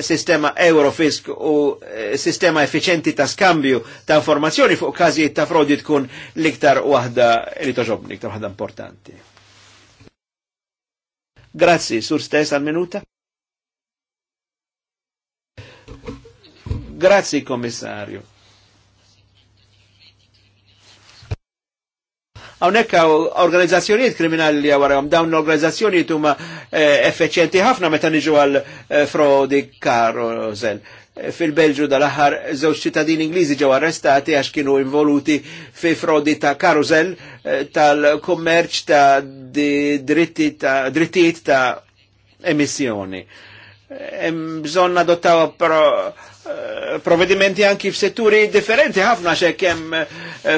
sistema Eurofisk u eh, sistema efficienti ta' skambju ta' informazzjoni fuq każijiet ta' frodi tkun liktar iktar waħda li toġobni, liktar waħda importanti. Grazzi, sur stess għal minuta. Grazzi, komissarju. Hawnhekk organizazzjoniet kriminali li warahom dawn l huma eh, effeċjenti ħafna meta niġu għal eh, frodi karozel. Eh, Fil-Belġu dal-aħħar żewġ ċittadini Ingliżi ġew arrestati għax kienu involuti fi frodi ta' karozel, tal-kummerċ ta' drittijiet ta' emissjoni. Bżonna dottaw provvedimenti anki f'setturi differenti ħafna che hemm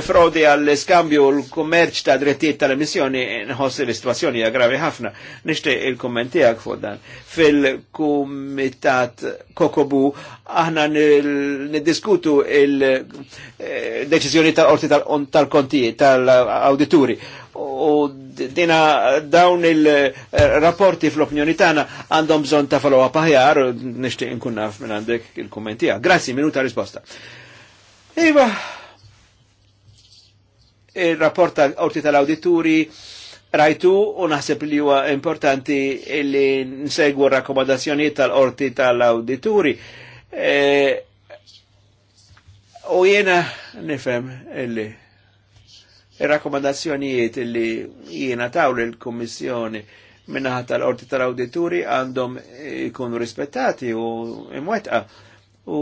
frodi għall skambju l kummerċ ta' drittijiet tal-emissjoni hosse le situazioni a grave ħafna. Nixtieq il commenti a fuq dan. Fil-kumitat Kokobu aħna niddiskutu il-deċiżjoni tal-qorti tal-kontijiet tal-awdituri u dina dawn il-rapporti fl-opinjoni tagħna għandhom bżon ta' follow-up aħjar, nixtieq naf minn għandek il-kummenti Grazzi, minuta risposta. Iva, il-rapport ta' orti tal audituri rajtu u naħseb li huwa importanti li nsegwu rakkomandazzjonijiet tal-orti tal audituri E, u jena nifem illi Il-rakkomandazzjonijiet li jiena taw l-Kommissjoni minnaħat tal-orti tal-awdituri għandhom ikunu rispettati u imwetqa. U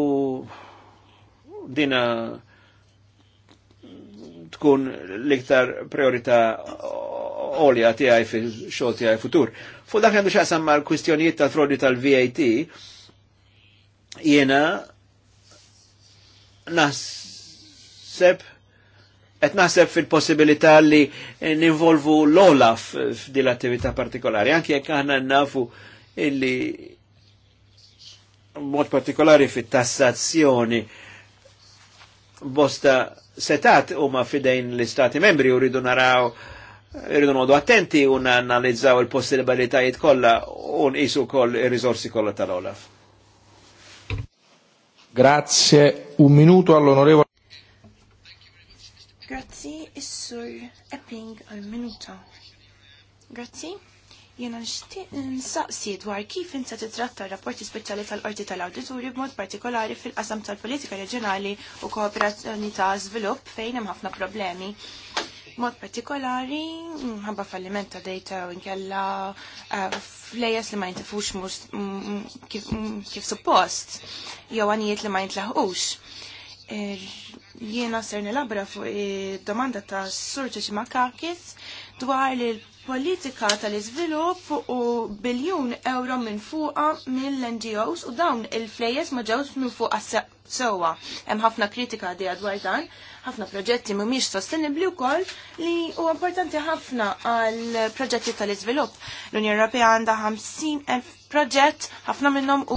dina tkun l-iktar priorità olja tiegħi fil-xogħol tiegħi futur. Fu dak għandu xaqsam mal kwistjonijiet ta' frodi tal-VAT, jiena naħseb Et naħseb fil-possibilità li eh, ninvolvu l-olaf f'dil attività partikolari, anki jekk aħna nafu illi mod partikolari fit-tassazzjoni bosta setat huma fidejn l-istati membri u rridu naraw irridu nodu attenti u nanalizzaw il-possibilitajiet kollha u nqisu wkoll ir-risorsi kollha tal-Olaf. Grazie. Un minuto all'onorevole Grazzi, is-sur Epping għal-minuta. Grazzi, jena nxtieq nsaqsi dwar kif inta titratta rapporti speċjali tal-qorti tal-awditurju b'mod partikolari fil-qasam tal-politika reġjonali u kooperazzjoni ta' żvilupp fejn hemm ħafna problemi. Mod partikolari, ħabba falliment ta' dejta u nkella eh, flejjes li ma jintifux mm, mm, kif suppost, jew għanijiet li ma jintlaħux. Er, jiena ser nilabra fuq domanda ta' Surċa Makakis dwar il-politika tal-iżvilupp u biljun euro minn fuqa mill-NGOs u dawn il-flejes ma ġewx minn fuqa sewwa. Hemm ħafna kritika għadija dwar dan, ħafna proġetti mhumiex sostenibbli wkoll li huwa importanti ħafna għal proġetti tal-iżvilupp. L-Unjoni Ewropea għandha 50 proġett ħafna minnhom u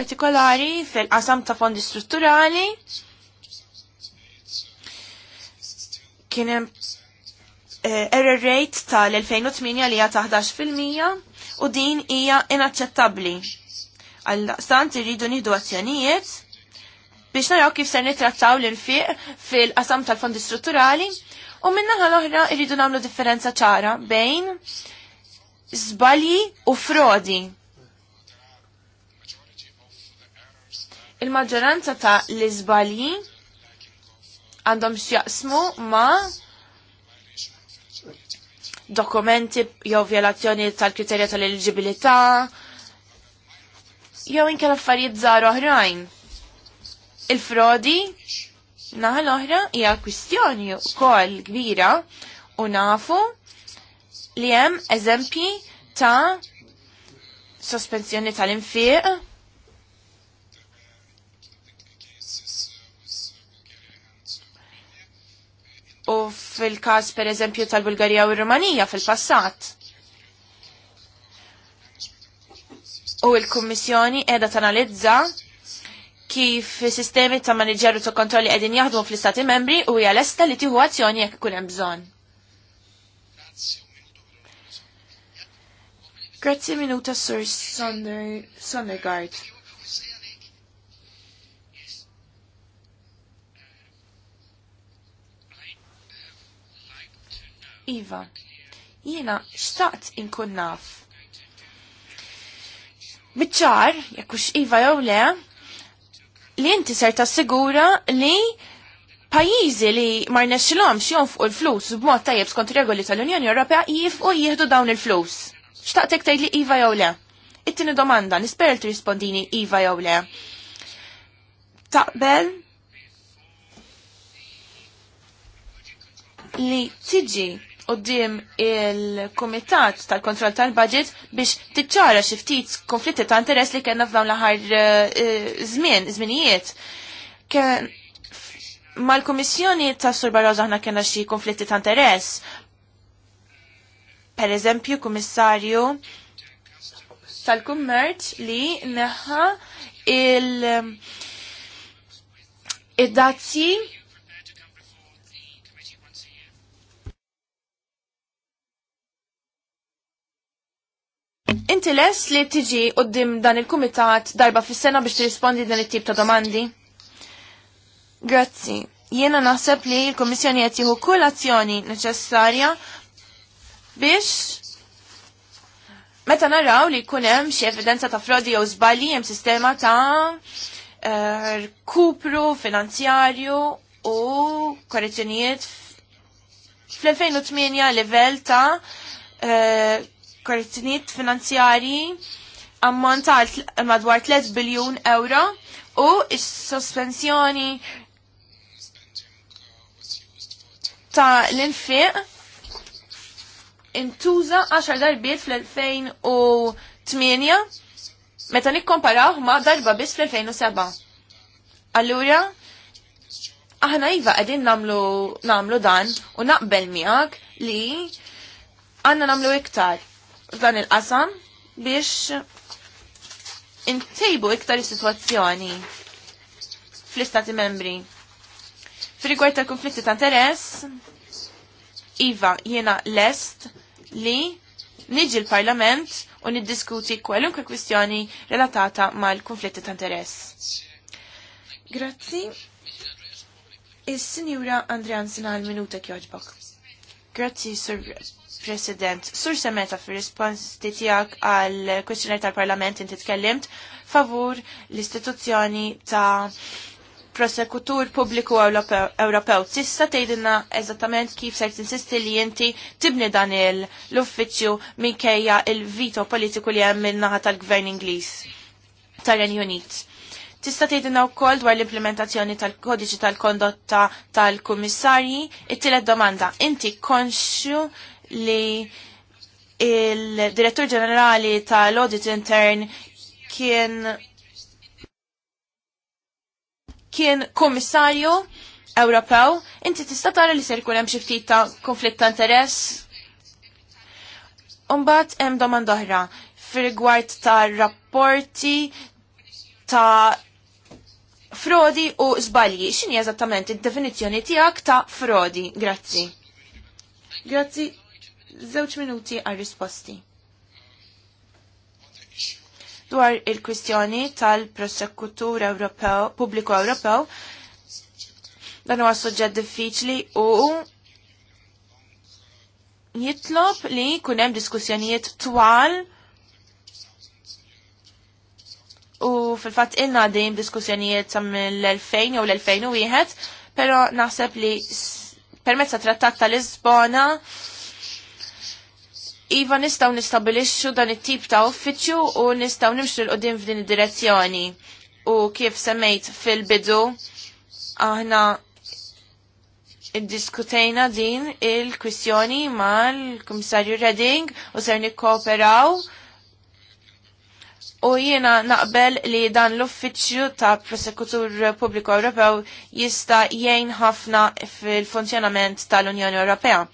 partikolari fil-qasam ta' fondi strutturali kien hemm eh, error rate tal-2008 li hija ta' 11% u din hija inaċċettabbli. Għal stant irridu nieħdu azzjonijiet biex naraw kif ser nitrattaw l-infiq fil-qasam tal-fondi strutturali u minna l-oħra irridu namlu differenza ċara bejn żbalji u frodi. il-maġġoranza ta' l-izbalji għandhom x'jaqsmu ma' dokumenti jew violazzjoni tal-kriterja tal-eligibilità jew inke l-affarijiet żgħar oħrajn. Il-frodi naħa l-oħra hija kwistjoni wkoll kbira u nafu li hemm eżempji ta' sospensjoni tal-infiq u fil-kas per eżempju tal-Bulgarija u Rumanija fil-passat. U il-Kummissjoni edha tanalizza kif sistemi ta' maniġeru ta' kontrolli edin jaħdmu fl-Istati membri u hija lesta li tieħu azzjoni jekk ikun hemm bżonn. Grazzi minuta Sur Sondergaard. Iva, jiena xtaqt inkun naf. Biċċar, jekkux Iva jew le, li inti ser tassigura li pajizi li ma rnexxilhomx jonfqu l-flus b'mod tajjeb skont regoli tal-Unjoni Ewropea jifqu jieħdu dawn il-flus. Xtaqtek tgħid li iva jew le? It-tieni domanda, nispera li rispondini iva jew le. Taqbel li tiġi qoddim il-Kumitat tal-Kontroll tal-Budget biex tiċċara xi ftit konflitti ta' interess li kellna f'dawn l-aħħar eh, eh, żmien, żminijiet. Mal-Kummissjoni ta' Sur Barroso aħna kellna xi konflitti ta' interess. Per eżempju, Kummissarju tal-Kummerċ li neħa il- eh, id-dazzi Inti les li tiġi qoddim dan il-kumitat darba fis-sena biex tirrispondi dan it-tip ta' domandi? Grazzi. Jiena naħseb li l-Kummissjoni qed jieħu kull azzjoni neċessarja biex meta naraw li jkun hemm xi evidenza ta' frodi jew żbalji hemm sistema ta' er, kupru finanzjarju u korrezzjonijiet fl-2008 livell ta' er, korrezzjonijiet finanzjarji ammont għal madwar 3 biljun euro u s-sospensjoni ta' l-infiq intuża 10 darbiet fl-2008 meta nikkomparaw ma' darba biss fl-2007. Allura, aħna iva għedin namlu, namlu dan u naqbel miegħek li għanna namlu iktar f'dan il-qasam biex intejbu iktar is-sitwazzjoni fl-istati membri. Fil-rigward tal-konflitti ta' interess, Iva jiena lest li niġi l-Parlament u niddiskuti kwalunkwe kwistjoni relatata mal-konflitti ta' interess. Grazzi. Is-Sinjura Andrean Sinal minuta kjoġbok. Grazzi, Sir President, sur semeta fi rispons titijak għal kwestjoner tal-parlament inti tkellimt favur l-istituzzjoni ta' prosekutur pubbliku Ewropew. Tista' tgħidilna eżattament kif se tinsisti li inti tibni dan l-uffiċċju minkejja il-vito politiku li hemm min-naħa tal-Gvern Ingliż tal-Renju Unit. Tista' tgħidilna wkoll dwar l-implementazzjoni tal-kodiċi tal-kondotta tal-kummissarji. It-tielet domanda, inti konxju li il-direttur ġenerali tal-audit intern kien kien komissarju Ewropew, inti tista' tara li ser ikun hemm xi ftit ta' konflitt ta' interess. Umbagħad hemm domanda oħra fir-rigward ta' rapporti ta' frodi u żbalji. X'inhi eżattament id-definizzjoni tiegħek ta' frodi? Grazzi. Grazzi żewġ minuti għal risposti. Dwar il-kwistjoni tal-prosekutur Ewropew, pubbliku Ewropew, dan huwa suġġett diffiċli u jitlob li jkun hemm diskussjonijiet twal u fil-fatt ilna dejjem diskussjonijiet sa mill-2000 jew l-2001, pero naħseb li permezz tat-Trattat tal-Lisbona Iva nistaw nistabilixxu dan it-tip ta' uffiċċju u nistaw nimxu l-qudiem f'din id-direzzjoni. U kif semmejt fil-bidu, aħna iddiskutejna din il-kwistjoni mal-Kummissarju Redding u ser nikkooperaw. U jiena naqbel li dan l-uffiċċju ta' Prosekutur Pubbliku Ewropew jista' jgħin ħafna fil-funzjonament tal-Unjoni Ewropea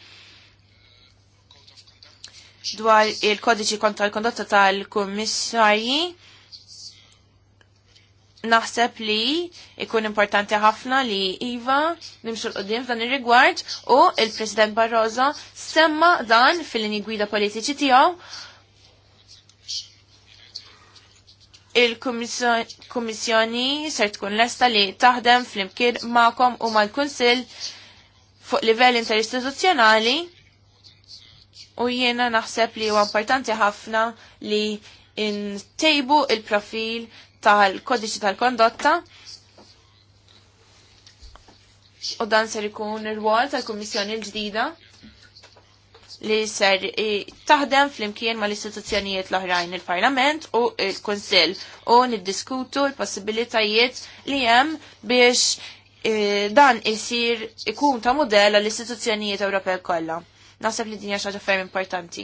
dwar il-kodiċi kontra l-kondotta tal-kummissarji. Naħseb li ikun importanti ħafna li Iva nimxu l-qoddim f'dan ir-rigward u il-President Barroso semma dan fil-lini gwida politiċi tiegħu il-Kummissjoni ser tkun lesta li taħdem fl-imkien ma'kom u mal-Kunsill fuq livell interistituzzjonali U jiena naħseb li huwa importanti ħafna li intejbu il-profil tal-kodiċi tal-kondotta u dan ser ikun ir-rwol tal-Kummissjoni l-ġdida li ser taħdem fl-imkien ma l-istituzzjonijiet l-oħrajn il-Parlament u il-Konsil u niddiskutu l-possibilitajiet li hemm biex eh, dan isir ikun ta' modella għall-istituzzjonijiet Ewropej kollha. Naħseb li dinja xaġa ferm importanti.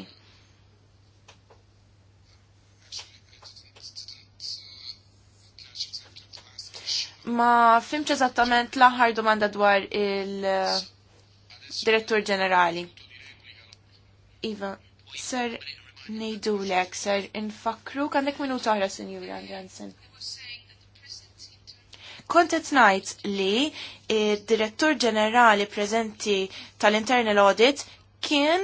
Ma fimx eżattament l-aħħar domanda dwar il-direttur ġenerali. Iva, ser lek, ser infakru, għandek minuta oħra, Sinjura Jansen. Kontet najt li eh, direttur ġenerali prezenti tal-internal audit kien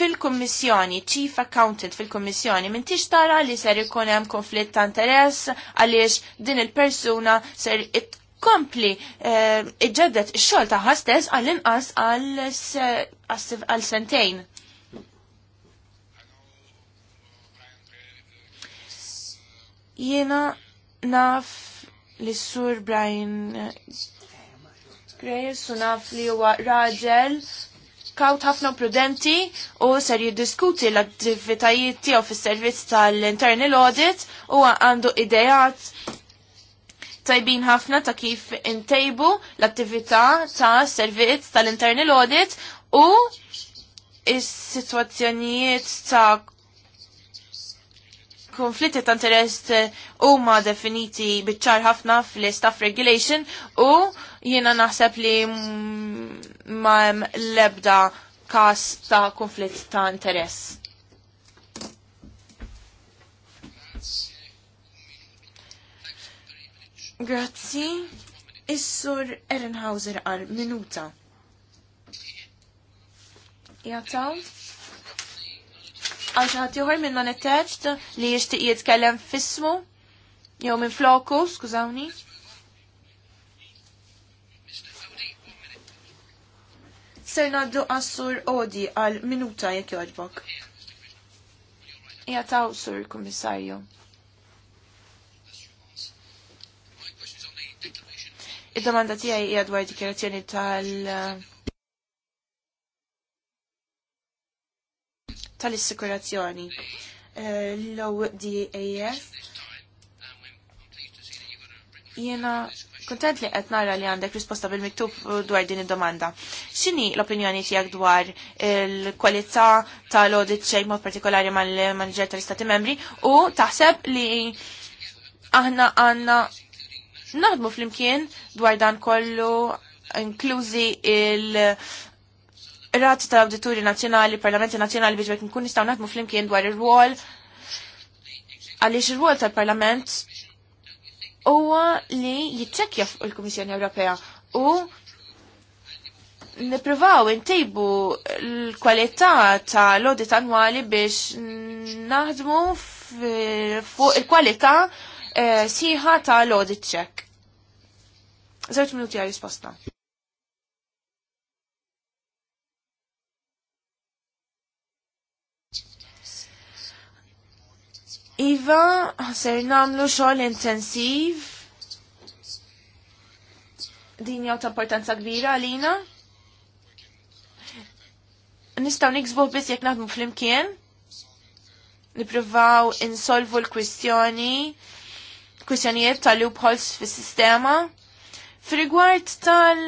fil-kommissjoni, chief accountant fil-kommissjoni, minn tix tara li ser ikun hemm konflitt ta' interess għaliex din il-persuna ser kompli eh, iġeddet xol ta' ħastess għall-inqas għal-sentejn. Jena naf li sur Brian eh, Grace u naf li huwa raġel kaut ħafna prudenti u ser jiddiskuti l-attivitajiet tiegħu fis-servizz tal-internal audit u għandu idejat tajbin ħafna ta' kif intejbu l-attività ta' servizz tal-internal audit u is-sitwazzjonijiet ta' konflitti ta' interess huma definiti biċċar ħafna fl-staff regulation u Jiena naħseb li ma' lebda kas ta' konflitt ta' interess. Grazzi. Is-sur Erenhauser għal minuta. Jataw? Għal xaħat juħor minna nettaċt li jishtiq jitkellem fismu? Jew minn floku, skużawni? Ser naddu għassur Odi għal minuta jek joġbok. taw, sur komissarju. Id-domanda tijaj hija dwar dikjerazzjoni tal- tal-assikurazzjoni eh, l-ODAF. Jena Kontent li qed nara li għandek risposta bil-miktub dwar din id-domanda. X'inhi l-opinjoni tiegħek dwar il-kwalità tal-audit xejn mod partikolari mal-manager tal-Istati Membri u taħseb li aħna għandna naħdmu flimkien dwar dan kollu inklużi il- Rati tal-Awdituri Nazzjonali, Parlamenti Nazzjonali biex bekk nkun nistaw naħdmu flimkien dwar ir-rwol għaliex ir-rwol tal-Parlament huwa li jiċċekkja fuq il-Kummissjoni Ewropea u nipruvaw intejbu l-kwalità tal-audit annwali biex naħdmu fuq il-kwalità eh, siħa tal-audit check. Zewġ minuti għal risposta. Iva, ser namlu xogħol intensiv. Din jew ta' importanza kbira Alina? Nistgħu niksbu biss jekk naħdmu flimkien. Nippruvaw insolvu l-kwistjoni, kwistjonijiet tal-loopholes fis-sistema. F'rigward tal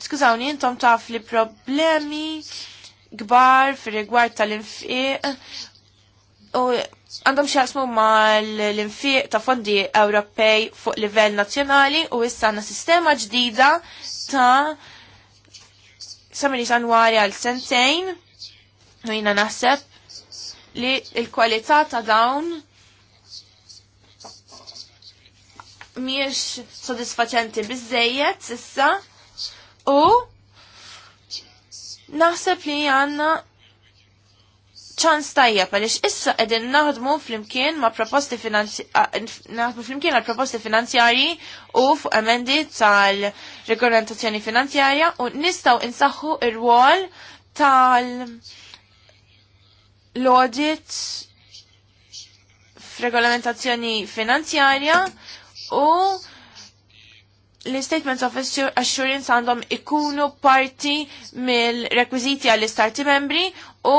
Skużawni, intom taf li problemi gbar fir tal-infiq u għandhom xasmu ma l-infiq ta' fondi Ewropej fuq livell nazzjonali u issa għandna sistema ġdida ta' samini sanwari għal sentejn u jina naħseb li l kwalità ta' dawn miex sodisfaċenti bizzejiet issa u naħseb li għanna ċans tajjeb għaliex issa qegħdin naħdmu flimkien ma' proposti naħdmu imkien għal proposti finanzjarji u fuq emendi tal-regolamentazzjoni finanzjarja u nistgħu insaħħu il rwol tal- lodit audit f'regolamentazzjoni finanzjarja u l-statements of assurance għandhom ikunu parti mill-rekwiziti għall-istati membri u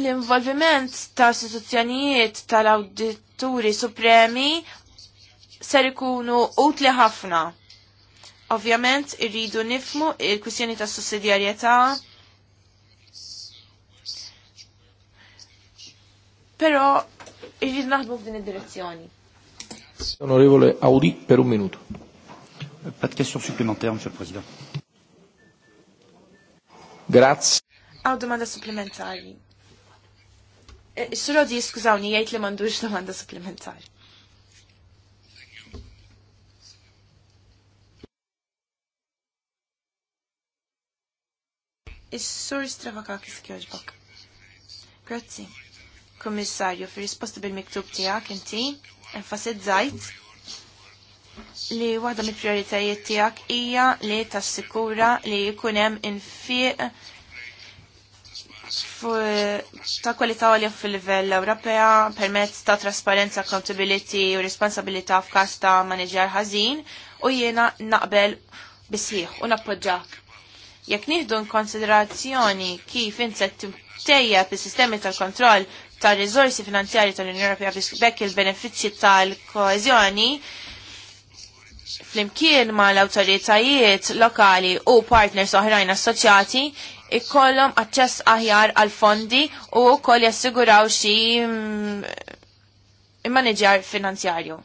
L-involviment ta' istituzzjonijiet tal-awdituri supremi ser ikunu utli ħafna. Ovvjament irridu nifmu il-kwistjoni ta' sussidjarjetà. Però irrid naħdmu f'din id-direzzjoni. Onorevole Audi per un minuto. Pas de question supplémentaire, Monsieur le Président. Grazie. Għaw domanda supplementari. Is-surodi eh, skużawni jgħid li m'għandux domanda supplementari. Is-sur Stravakakis kjoġbok. Grazzi. Kommissarju, fi risposta bil-miktub tiegħek inti enfasizzajt li waħda mill-prioritajiet tiegħek hija li tassikura li jkun hemm infieq ta' kwalità għalja fil-livell Ewropea permezz ta' trasparenza, accountability u responsabilità f'każ ta' manager ħażin u jiena naqbel bisħiħ u nappoġġak. Jekk nieħdu konsiderazzjoni kif inset tejjeb is-sistemi tal-kontroll tal riżorsi finanzjari tal-Unjoni Ewropea biex bekk il-benefiċċji tal-koeżjoni, flimkien ma l lokali u partners oħrajn assoċjati, ikollhom aċċess aħjar għal fondi u koll jassiguraw xi mm, manager finanzjarju.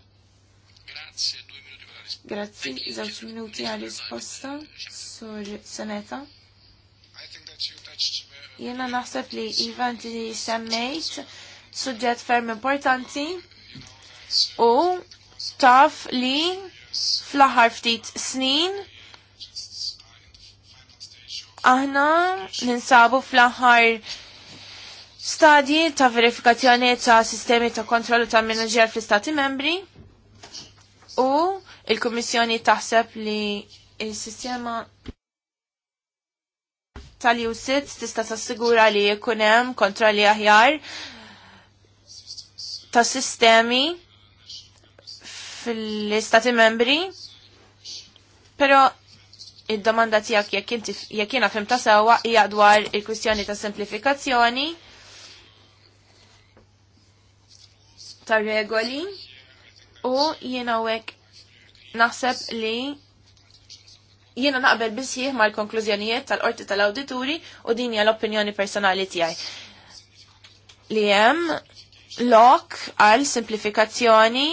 Grazzi, żewġ minuti għal risposta sur Seneta. Jena naħseb li Ivan li semmejt suġġett ferm importanti u taf li fl-aħħar ftit snin aħna ninsabu fl-aħħar stadji ta' verifikazzjoni ta' sistemi ta' kontrollu ta' manager fl-Stati membri u il-Kummissjoni taħseb li il-sistema tal-jusit tista' tassigura li jkun hemm kontrolli aħjar ta' sistemi fl-Istati membri, Pero id-domanda tijak jek jina fim ta' sewa hija dwar il-kwistjoni ta' semplifikazzjoni ta' regoli u jiena wek naħseb li jiena naqbel ma' mal-konklużjonijiet tal-qorti tal-awdituri u din hija l-opinjoni personali tiegħi li hemm lok għal simplifikazzjoni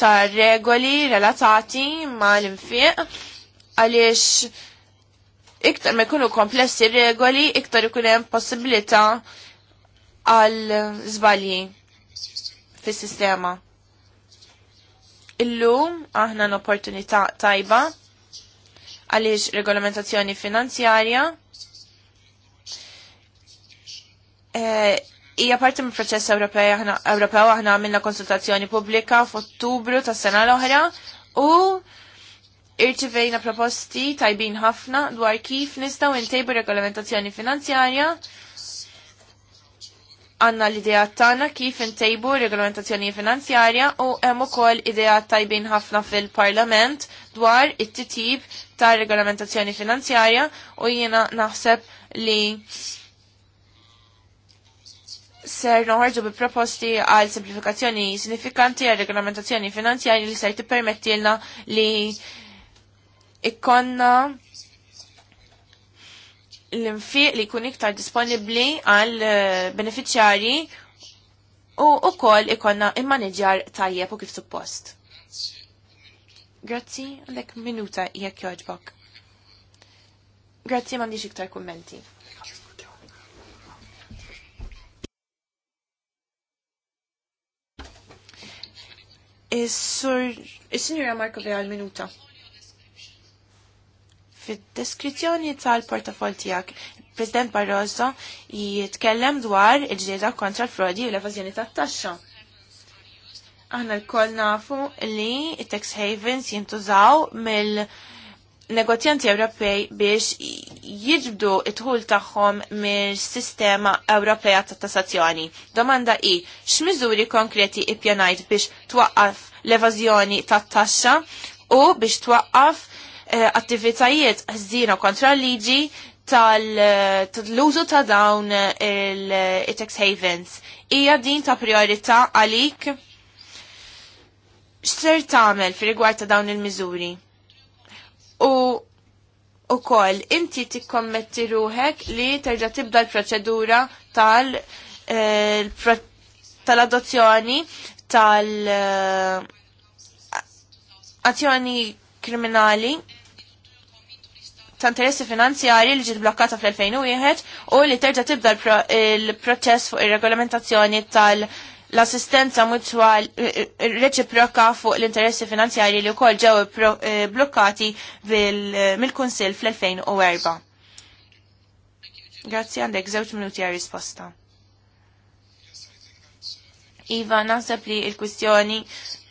tar regoli relatati mal-infiq għaliex iktar ma jkunu komplessi regoli, iktar ikun hemm possibilità għal żbalji fis-sistema. Illum aħna l-opportunità tajba għaliex regolamentazzjoni finanzjarja eh, Ija parti mill proċess Ewropew aħna għamilna konsultazzjoni pubblika f'Ottubru tas-sena l-oħra u Irċivejna proposti tajbin ħafna dwar kif nistaw intejbu regolamentazzjoni finanzjarja għanna l-idea tagħna kif intejbu regolamentazzjoni finanzjarja u hemm ukoll idea tajbin ħafna fil-Parlament dwar it-titib ta' regolamentazzjoni finanzjarja u jiena naħseb li ser noħarġu bi proposti għal simplifikazzjoni sinifikanti għal regolamentazzjoni finanzjarja li ser tippermettilna li ikkonna l-infiq li jkun iktar disponibli għal eh, beneficjari u ukoll ikonna ikkonna manager tajjeb u kif suppost. Grazzi, għandek minuta jekk joġbok. Grazzi m'għandix iktar kummenti. Is-sur, is-sinjura Marko għal minuta. Fid-deskrizzjoni tal-portafol tiegħek, President Barroso jitkellem dwar il-ġlieda kontra l-frodi u l-evażjoni tat-taxxa. Aħna l-koll nafu li tax havens jintużaw mill- negozjanti Ewropej biex jiġbdu it-ħul tagħhom mill-sistema Ewropea ta' tassazzjoni. Domanda i, x'miżuri konkreti ippjanajt biex twaqqaf l-evażjoni tat-taxxa u biex twaqqaf Eh, attivitajiet ħżina kontra l-liġi tal-użu eh, ta' dawn eh, il-tax havens. Ija din ta' priorità għalik x'ser tagħmel fi rigward ta' dawn il-miżuri. U u koll, inti tikkommetti ruħek li terġa tibda l-proċedura tal- tal-adozzjoni tal-azzjoni kriminali ta' interessi finanzjari li ġiet blokkata fl-2001 u li terġa tibda l proċess fuq ir-regolamentazzjoni tal- l-assistenza mutual eh, eh, reċiproka fuq l-interessi finanzjari li wkoll ġew eh, blokkati mill-Kunsill fl-2004. Grazzi għandek żewġ minuti għal risposta. Iva, naħseb li l-kwistjoni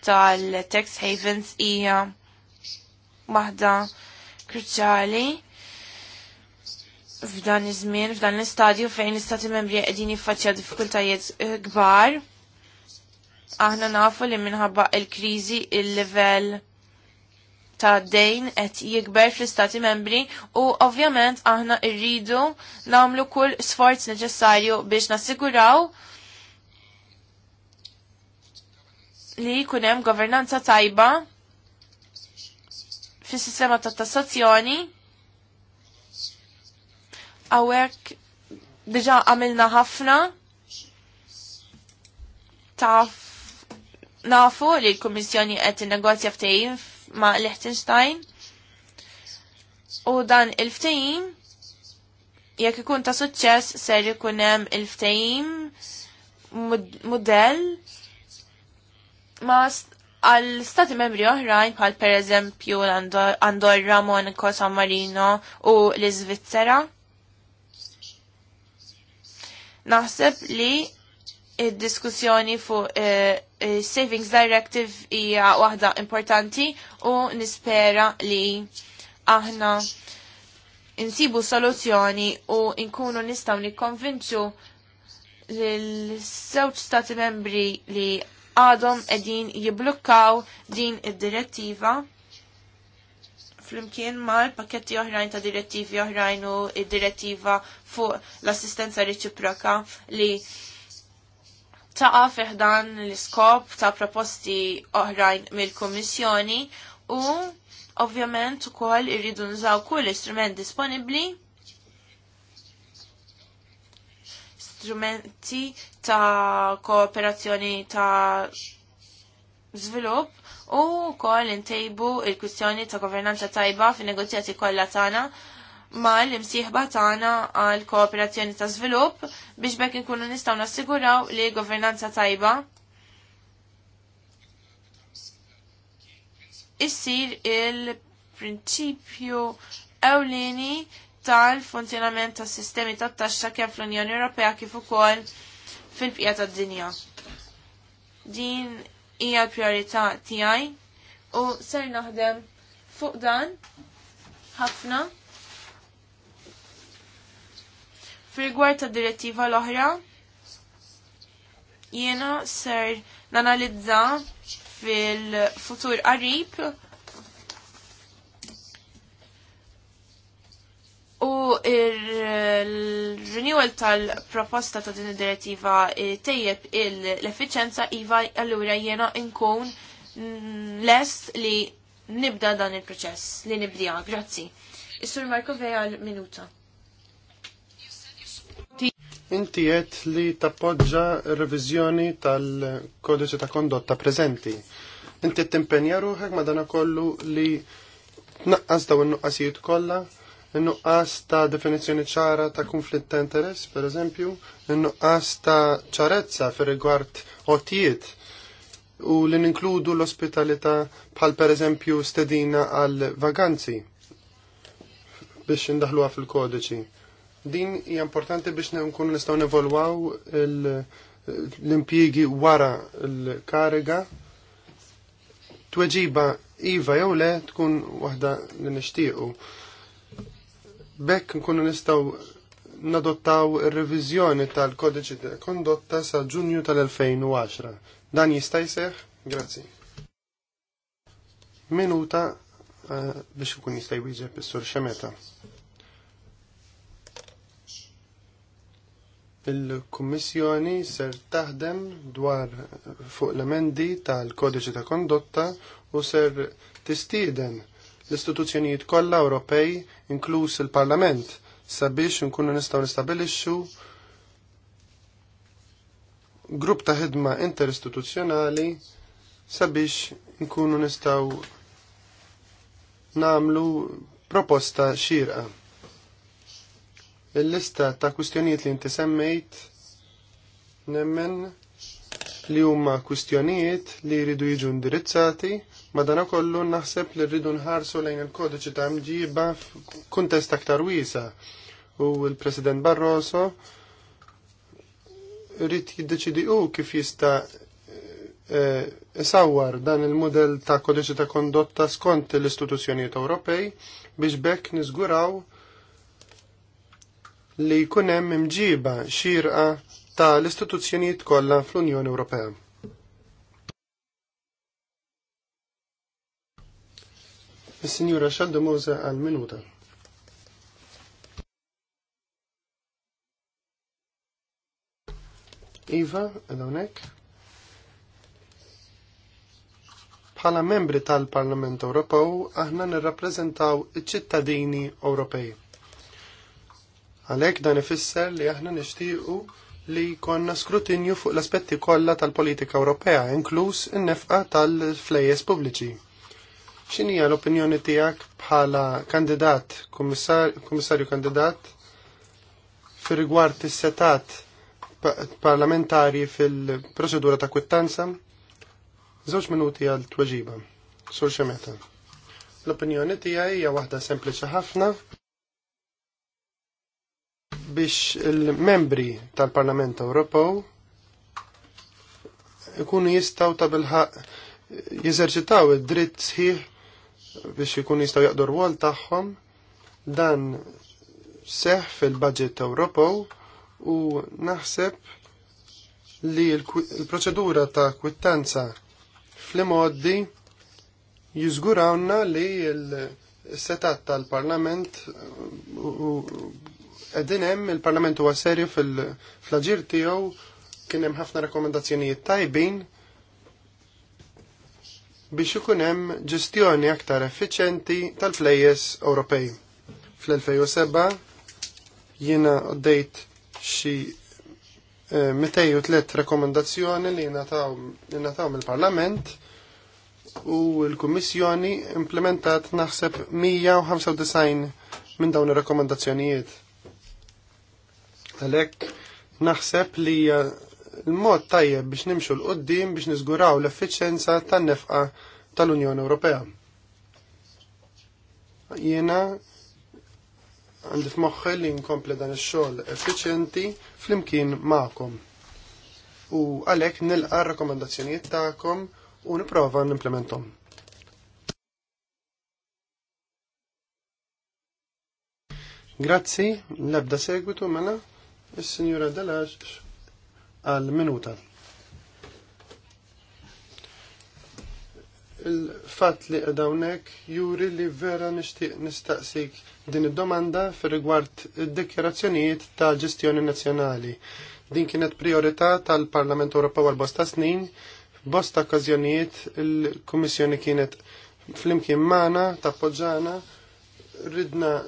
tal-tax havens hija waħda kruċali f'dan iż-żmien, f'dan l-istadju fejn l-istati membri qegħdin jiffaċċja diffikultajiet eh, kbar. Aħna nafu li minħabba l kriżi il-livell ta' dejn qed jikber fl-istati membri u ovvjament aħna rridu nagħmlu kull sforz neċessarju biex nassiguraw li jkun hemm governanza tajba fis sistema ta' tassazzjoni Awek diġa għamilna ħafna ta' nafu li l-Kommissjoni qed innegozja ftehim ma' Liechtenstein u dan il-ftehim jekk ikun ta' suċċess ser ikun hemm il-ftehim mudell ma' għal stati membri oħrajn bħal per eżempju l-Andorra, Monaco, San Marino u l-Iżvizzera. Naħseb li id-diskussjoni fuq uh, Savings Directive hija waħda importanti u nispera li aħna insibu soluzzjoni u nkunu nistaw nikkonvinċu l sewċ stati membri li għadhom qegħdin jiblukkaw din id-direttiva flimkien mal-paketti oħrajn ta' direttivi oħrajn u id-direttiva fuq l-assistenza reċiproka li taqa fiħdan l-iskop ta' proposti oħrajn mill komissjoni u ovvjament ukoll irridu nżaw kull istrument disponibbli strumenti ta' kooperazzjoni ta' żvilupp u wkoll intejbu il-kwistjoni ta' governanza tajba fin negozjati kollha tagħna mal imsieħba tagħna għal kooperazzjoni ta' żvilupp biex bekk inkunu nistgħu nassiguraw li governanza tajba issir il-prinċipju ewlieni tal-funzjonament tas sistemi tat taxxa kemm fl-Unjoni Ewropea kif ukoll fil-bqija tad-dinja. Din hija l-priorità tiegħi u ser naħdem fuq dan ħafna. Fil-gwar ta' direttiva l-oħra, jiena ser nanalizza fil-futur qarib U il-renewal tal-proposta ta' din id-direttiva eh, tejjeb l-effiċenza iva allura jena nkun lest li nibda dan il-proċess, li nibdija. Grazzi. Is-sur Marko Veja minuta Inti qed li tappoġġa reviżjoni tal-kodiċi ta' kondotta preżenti. Inti timpenja ruħek madanakollu li tnaqqas daw n nuqqasijiet kollha in-nuqqas ta' definizzjoni ċara ta' konflitt ta' interess, per eżempju, in-nuqqas ta' ċarezza fir rigward otijiet u li ninkludu l-ospitalità bħal per eżempju stedina għal vaganzi biex indaħluha fil-kodiċi. Din hija importanti biex nkunu nistgħu nevolwaw l-impjiegi wara l-kariga tweġiba iva jew le tkun waħda li nixtiequ Bekk nkunu nistaw nadottaw ir-reviżjoni tal-kodiċi ta' kondotta sa' ġunju tal-2010. Dan jista' jseħ? Grazzi. Minuta uh, biex ikun jista' jwieġeb is-sur xemeta. Il-Kummissjoni ser taħdem dwar fuq l-emendi tal-kodiċi ta' kondotta u ser tistieden l-istituzzjonijiet kollha Ewropej, inkluż il-Parlament, sabiex nkunu nistgħu nistabilixxu grupp ta' ħidma interistituzzjonali sabiex nkunu nistgħu namlu proposta xirqa. Il-lista ta' kwistjonijiet li inti semmejt nemmen li huma kwistjonijiet li jridu jiġu indirizzati Madana kollu naħseb li rridu nħarsu lejn il-kodiċi ta' mġiba f'kuntest aktar wiesa u l-President Barroso rrit jiddeċidi u kif jista' eh, isawwar dan il-modell ta' kodiċi ta' kondotta skont l-istituzzjonijiet Ewropej biex bekk niżguraw li jkun hemm imġiba xirqa ta' l-istituzzjonijiet kollha fl-Unjoni Ewropea. Is-Sinjura Xaldu Moza għal minuta. Iva, għadawnek. Bħala membri tal-Parlament Ewropew, aħna nirrappreżentaw iċ-ċittadini Ewropej. Għalhekk dan ifisser li aħna nixtiequ li konna skrutinju fuq l-aspetti kollha tal-politika Ewropea, inkluż in-nefqa tal-flejjes pubbliċi ċinija l-opinjoni tijak bħala kandidat, komissarju kandidat, fir rigward is-setat parlamentari fil-prosedura ta' kwittanza? Żewġ minuti għal tweġiba. Sur xemeta. L-opinjoni tiegħi hija waħda sempliċi ħafna biex il-membri tal-Parlament Ewropew ikunu jistaw ta' bilħaq jeżerċitaw id-dritt sħiħ biex ikun jistgħu jaqdu rwol tagħhom dan seħ fil-budget Ewropew u naħseb li l-proċedura ta' kwittanza fl-imoddi jizgurawna li l-setat tal-parlament u edinem il-parlament huwa serju fil-flagġir tiegħu kien hemm ħafna rakkomandazzjonijiet tajbin biex ikun hemm ġestjoni aktar effiċenti tal-flejjes Ewropej. Fl-2007 jiena għoddejt xi 203 eh, rekomendazzjoni li jingħataw mill-Parlament u l-Kummissjoni implementat naħseb 195 minn dawn ir-rekomendazzjonijiet. Għalhekk naħseb li il mod tajjeb biex nimxu l-qoddim biex niżguraw l-effiċenza tan-nefqa tal-Unjoni Ewropea. Jiena għandi f'moħħi li nkompli dan ix-xogħol effiċjenti flimkien magħkom. U għalhekk nilqa' r-rakkomandazzjonijiet tagħkom u nipprova nimplementhom. Grazzi, l-ebda segwitu mela, is-Sinjura Dalax għal minuta. Il-fat li għedawnek juri li vera nishtiq nistaqsik din id-domanda fir rigward id-dikjerazzjonijiet ta' ġestjoni nazzjonali. Din kienet priorità tal-Parlament Ewropew għal bosta snin, bosta okkażjonijiet il-Kummissjoni kienet fl-imkien ta' Poġġana ridna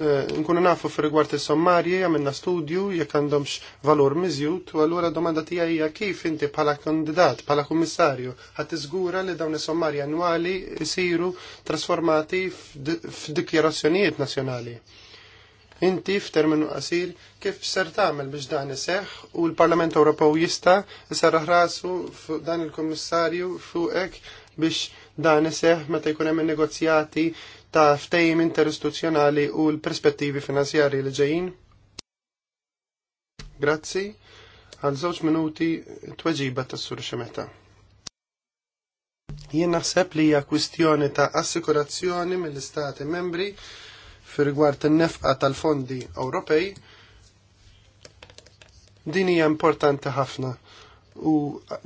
eh, nkunu nafu fi rigward is-sommarji għamilna studju jekk għandhomx valur miżjut, u allura domanda tiegħi hija kif inti bħala kandidat, bħala kummissarju ħadd iżgura li dawn is-sommarji annwali jsiru trasformati f'dikjarazzjonijiet nazzjonali inti f'terminu qasir kif ser tagħmel biex dan iseħħ u l-Parlament Ewropew jista' iserraħ rasu f'dan dan il-Kummissarju fuqek biex dan iseħħ meta jkun hemm negozjati ta' ftejim interistituzzjonali u l-perspettivi finanzjari li ġejjin? Grazzi. Għal żewġ minuti tweġiba ta' sur xemeta. Jien naħseb li hija kwistjoni ta' assikurazzjoni mill-Istati membri fir rigward in-nefqa tal-fondi Ewropej. Din hija importanti ħafna u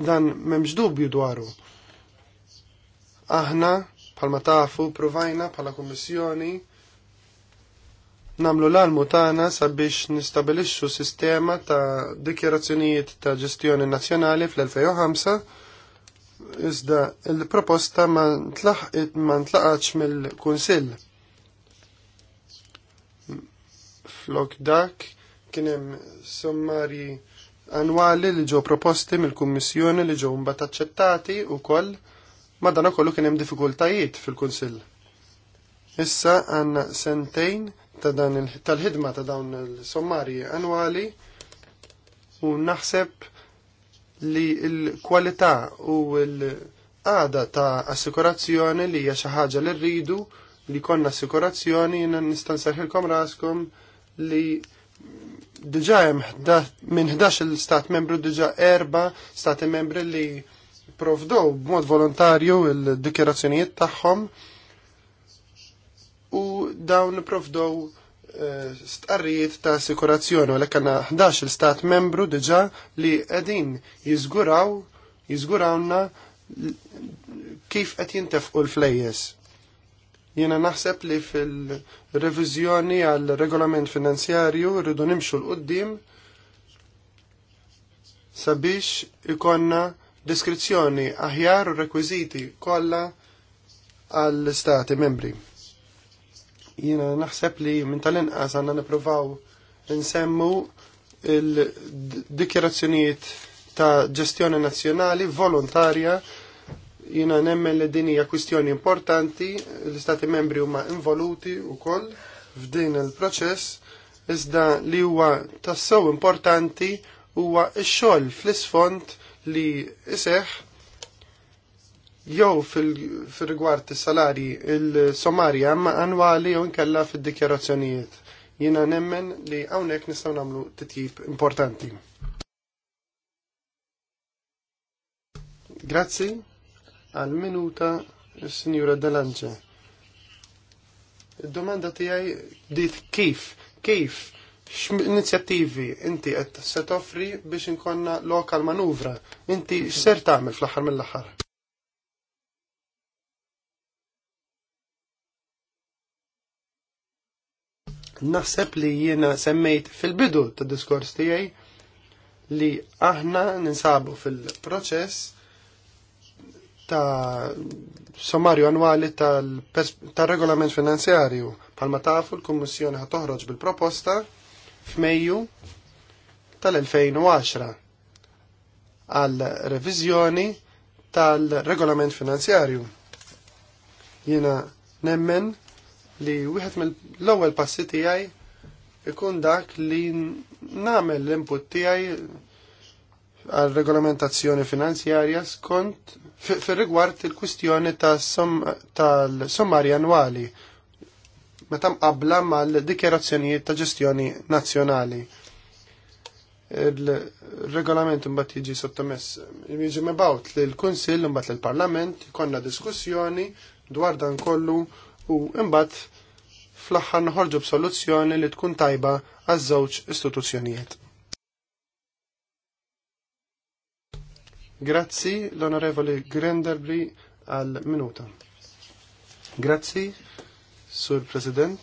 dan m'hemmx dubju dwaru. Aħna Palma tafu, provajna bħala kommissjoni namlu l-almu tagħna sabiex nistabilixxu sistema ta' dikjarazzjonijiet ta' ġestjoni nazzjonali fl-2005 iżda il-proposta ma ntlaħqit ma ntlaqatx mill-Kunsill. Flok dak kien hemm sommarji annwali li ġew proposti mill-Kummissjoni li ġew mbagħad aċċettati wkoll Madana kollu kien hemm diffikultajiet fil-Kunsill. Issa għandna sentejn ta' dan tal-ħidma ta' dawn il sommarji annwali u naħseb li l-kwalità u l-għada ta' assikurazzjoni li hija xi ħaġa li rridu li konna assikurazzjoni jiena nistansarħilkom raskom li diġa hemm minn 11 il-stat membru diġa erba stati membri li jipprovdow b'mod volontarju il-dikjerazzjonijiet tagħhom u dawn provdow eh, stqarrijiet ta' assikurazzjoni u lekk għandna 11 il-stat membru diġà li qegħdin jiżguraw jiżgurawna kif qed jintefqu l-flejjes. Jiena naħseb li fil-reviżjoni għal regolament finanzjarju rridu nimxu l-qoddim sabiex ikonna Diskrizzjoni aħjar u rekwiziti kollha għall istati membri. Jiena naħseb li minn tal-inqas għandna nippruvaw nsemmu il-dikjerazzjonijiet ta' ġestjoni nazzjonali volontarja jina nemmen li din hija kwistjoni importanti, l-istati membri huma involuti wkoll f'din il-proċess, iżda li huwa tassew importanti huwa x-xogħol fl-isfond li iseħ jew fil-rigward is-salari il-sommarja ma annwali u inkella fid-dikjarazzjonijiet. Jiena nemmen li hawnhekk nistgħu nagħmlu titjib importanti. Grazzi għal minuta il sinjura Dalanġa. Id-domanda tiegħi dit kif, kif x'inizjattivi inti qed se toffri biex inkonna lokal manuvra? Inti x'ser tagħmel fl-aħħar mill-aħħar? Naħseb li jiena semmejt fil-bidu tad diskors tiegħi li aħna ninsabu fil-proċess ta' sommarju annwali tal-regolament finanzjarju. Palma tafu l-Kummissjoni toħroġ bil-proposta f'Mejju tal-2010 għal reviżjoni tal-regolament finanzjarju. Jiena nemmen li wieħed mill-ewwel passi tiegħi ikun dak li nagħmel l-input tiegħi għal regolamentazzjoni finanzjarja skont fir rigward il-kwistjoni tal-sommari annwali meta mqabbla mal-dikjerazzjonijiet ta' ġestjoni nazzjonali. Il-regolament mbagħad jiġi sottomess jiġi mibgħut lill-Kunsill mbagħad lill-Parlament, konna diskussjoni dwar dan kollu u mbagħad fl-aħħar noħorġu b'soluzzjoni li tkun tajba għaż-żewġ istituzzjonijiet. Grazzi l-Onorevoli Grenderbri għal minuta. Grazzi, Sur President.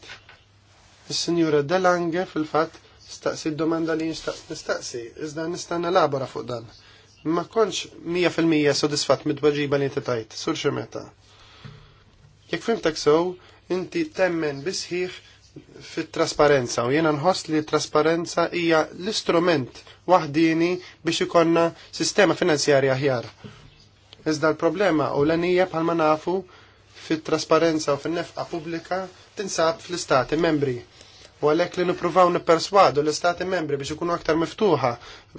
il sinjura Delange fil-fatt staqsi d-domanda li nistaqsi, iżda nista' nelabora fuq dan. Ma konċ 100% sodisfat mid-tweġiba li titajt, sur xemeta. Jekk fimtek sew, inti temmen bisħiħ fit-trasparenza u jena nħoss li trasparenza hija l-istrument waħdini biex ikonna sistema finanzjarja aħjar. Iżda l-problema u l-għanija bħalma nafu fit-trasparenza u fin-nefqa pubblika tinsab fl-istati membri. U għalhekk li nippruvaw nipperswadu l-istati membri biex ikunu aktar miftuħa,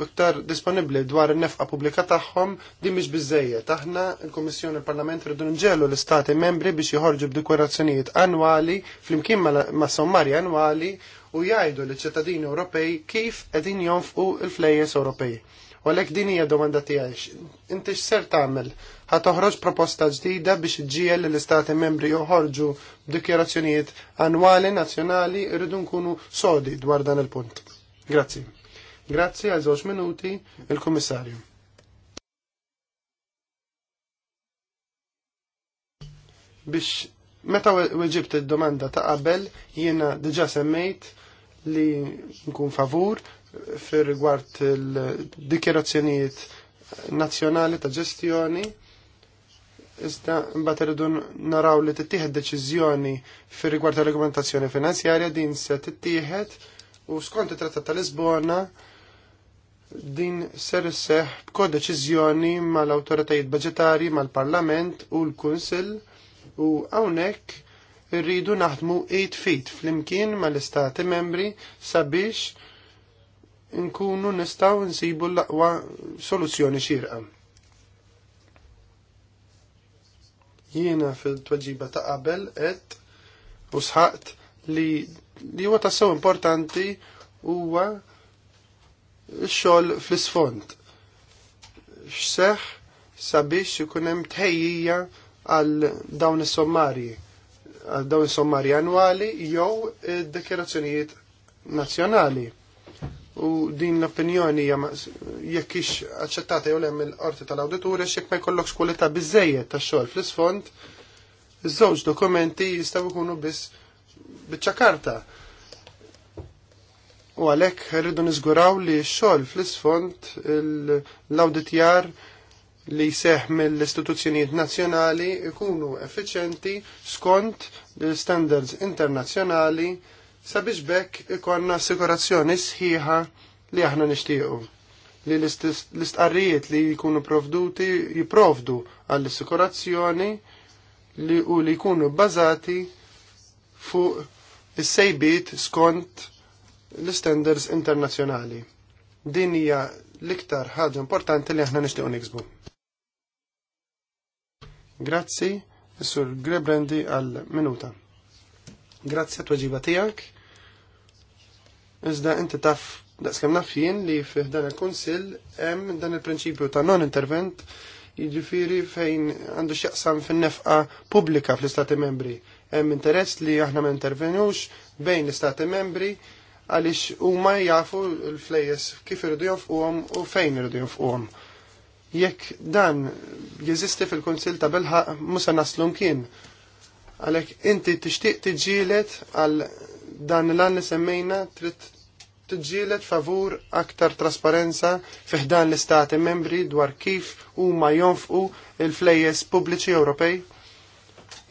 aktar disponibbli dwar in-nefqa pubblika tagħhom di mhix biżejjed. Aħna l-Kummissjoni l-Parlament rridu nġelu l-istati membri biex joħorġu b'dikwarazzjonijiet annwali flimkien ma' sommarji annwali u jgħidu li ċittadini Ewropej kif qegħdin jonfqu l-flejjes Ewropej. U għalhekk din hija domanda tiegħi. Inti x'ser tagħmel ta' toħroġ proposta ġdida biex ġiel l-istati membri joħorġu b'dikjarazzjonijiet annwali nazzjonali irridu nkunu sodi dwar dan il-punt. Grazzi. Grazzi għal żewġ minuti il-Kummissarju. Biex meta weġibt id-domanda ta' qabel jiena diġa semmejt li nkun favur fir rigward il-dikjerazzjonijiet nazzjonali ta' ġestjoni iżda mbagħad iridu naraw li tittieħed deċiżjoni fir rigward tal-argumentazzjoni finanzjarja din se tittieħed u skont it-Trattat ta' Lisbona din ser seħ b'kod deċiżjoni mal-awtoritajiet budġetarji mal-Parlament u l-Kunsill u hawnhekk irridu naħdmu 8 feet flimkien mal-istati membri sabiex nkunu nistgħu nsibu l-aqwa soluzzjoni xirqa. Jiena fil-tweġiba ta' qabel et u sħaqt li li huwa tassew importanti huwa x-xogħol fl-isfond. X'seħħ sabiex ikun hemm tħejjija għal dawn is-sommarji għal dawn is-sommarji annwali jew id-dekjerazzjonijiet nazzjonali u din l-opinjoni jekk ix aċċettata jew lemm il-qorti tal-awditur għax jekk ma jkollokx kwalità biżejjed tax-xogħol fl-isfond, iż-żewġ dokumenti jistgħu jkunu biss biċċa karta. U għalhekk rridu niżguraw li x-xogħol fl-isfond l-awditjar li jseħ mill-istituzzjonijiet nazzjonali jkunu effiċjenti skont l-standards internazzjonali sabiex bekk ikonna assikurazzjoni sħiħa li aħna nixtiequ li l-istqarrijiet li jkunu provduti jiprovdu għall-assikurazzjoni li u li jkunu bbażati fuq is-sejbiet skont l-standards internazzjonali. Din hija l-iktar ħaġa importanti li aħna nixtiequ niksbu. Grazzi, Sur Grebrandi għal minuta. Grazzi għat-tweġiba tijak. Iżda inti taf, daqskem naf jien li fih dan il-Konsil hemm dan il-prinċipju ta' non-intervent jġifiri fejn għandu x'jaqsam fin-nefqa pubblika fl-Istati Membri. Hemm interess li aħna ma intervenux bejn l-Istati Membri għaliex huma jafu l flejes kif irridu jonfquhom u fejn irridu jonfquhom jekk dan jeżisti fil-Konsil ta' Belħa musa naslum kien Għalhekk inti tixtieq ġilet għal dan l-għan li semmejna trid favur aktar trasparenza fiħdan l-istati membri dwar kif huma jonfqu il-flejjes pubbliċi Ewropej?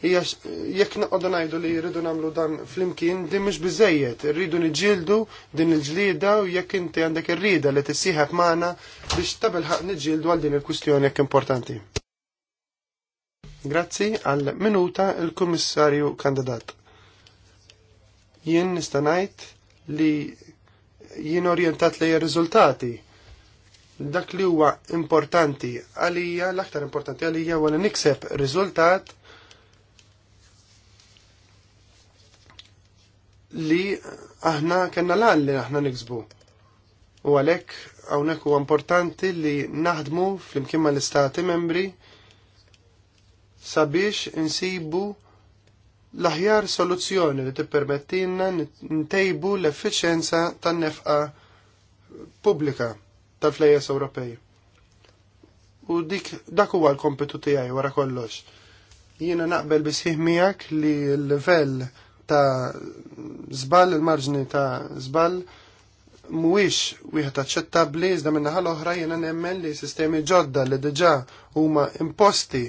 jekk naqqa najdu li jridu namlu dan flimkien, din mux biżejjed, irridu nġildu din il-ġlieda u jekk inti għandek ir li li tissieħab magħna biex tabilħaq nġildu għal din il-kwistjoni jekk importanti. Grazzi għal minuta il-Kummissarju kandidat. Jien nista' ngħid li jien orientat lejn riżultati. Dak li huwa importanti għalija, l-aktar importanti għalija wara nikseb riżultat li aħna kena l-għal li aħna niksbu. U għalek, għawnek u importanti li naħdmu fl imkimma l-istati membri sabiex insibu l-aħjar soluzzjoni li tippermettilna ntejbu l-effiċenza tan-nefqa pubblika tal-flejjes Ewropej. U dik dak huwa l-kompetu tiegħi wara kollox. Jiena naqbel bisħiħ miegħek li l-livell ta' żball il-marġni ta' żball mhuwiex wieħed aċċettabbli iżda minnaħa l-oħra jiena nemmen li sistemi ġodda li diġà huma imposti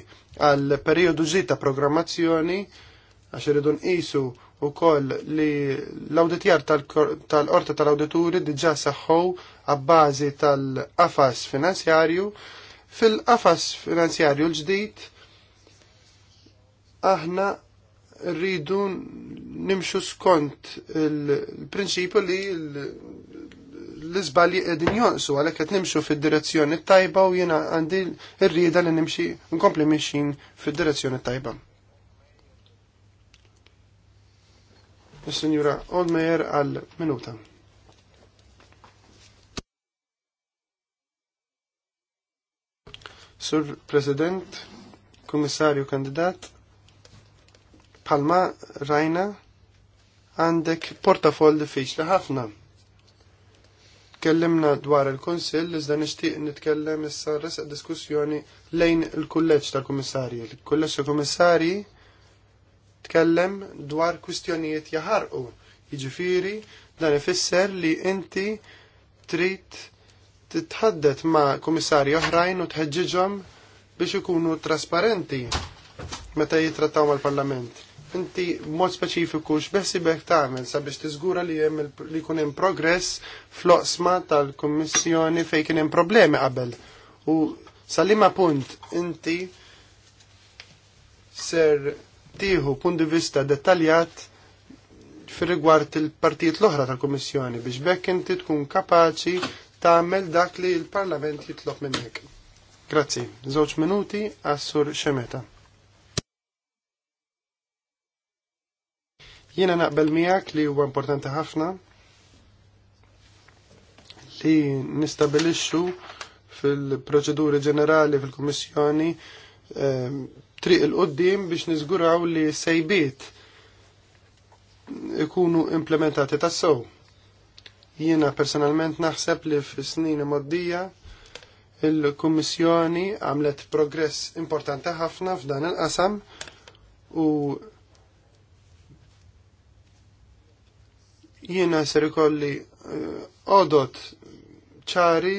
għal perjodu ġdid ta' programmazzjoni għax iridu nqisu wkoll li l-awditjar tal qorta tal-awdituri diġà saħħu għabbażi tal-qafas finanzjarju. Fil-qafas finanzjarju l-ġdid aħna rridu nimxu skont il-prinċipju li l-izbalji qegħdin jonsu, għalhekk għet nimxu fid-direzzjoni tajba u jiena għandi r li nimxi nkompli mixin fid-direzzjoni tajba. Is-Sinjura Olmeyer għal minuta. Sur President, Komissarju Kandidat, palma rajna għandek portafoll diffiċli ħafna Tkellimna dwar il konsil iżda nixtieq nitkellem issa resaq diskussjoni lejn il-kulleġġ tal-Kummissarji. Il-kulleġġ ta' kummissarji tkellem dwar kwistjonijiet jaħarqu. Jiġifieri dan ifisser li inti trid titħaddet ma' kummissarji oħrajn u tħeġġiġhom biex ikunu trasparenti meta jitrattaw mal-Parlament inti mod speċifiku x'beħsibek tagħmel sabiex tiżgura li hemm li jkun hemm progress fl-oqsma tal-Kummissjoni fejn kien hemm problemi qabel. U salima punt inti ser tieħu punt di vista dettaljat fir rigward il-partijiet l-oħra tal-Kummissjoni biex bekk inti tkun kapaċi tagħmel dak li l-Parlament jitlob minnek. Grazzi. Żewġ minuti għas-sur Xemeta. Jiena naqbel miegħek li huwa importanti ħafna li nistabilixxu fil-proċeduri ġenerali fil-Kummissjoni ehm, triq il-qoddim biex niżguraw li sejbiet ikunu implementati tas-sew. Jiena personalment naħseb li fis-snin moddija il-Kummissjoni għamlet progress importanti ħafna f'dan il-qasam u jiena ser ikolli eh, odot ċari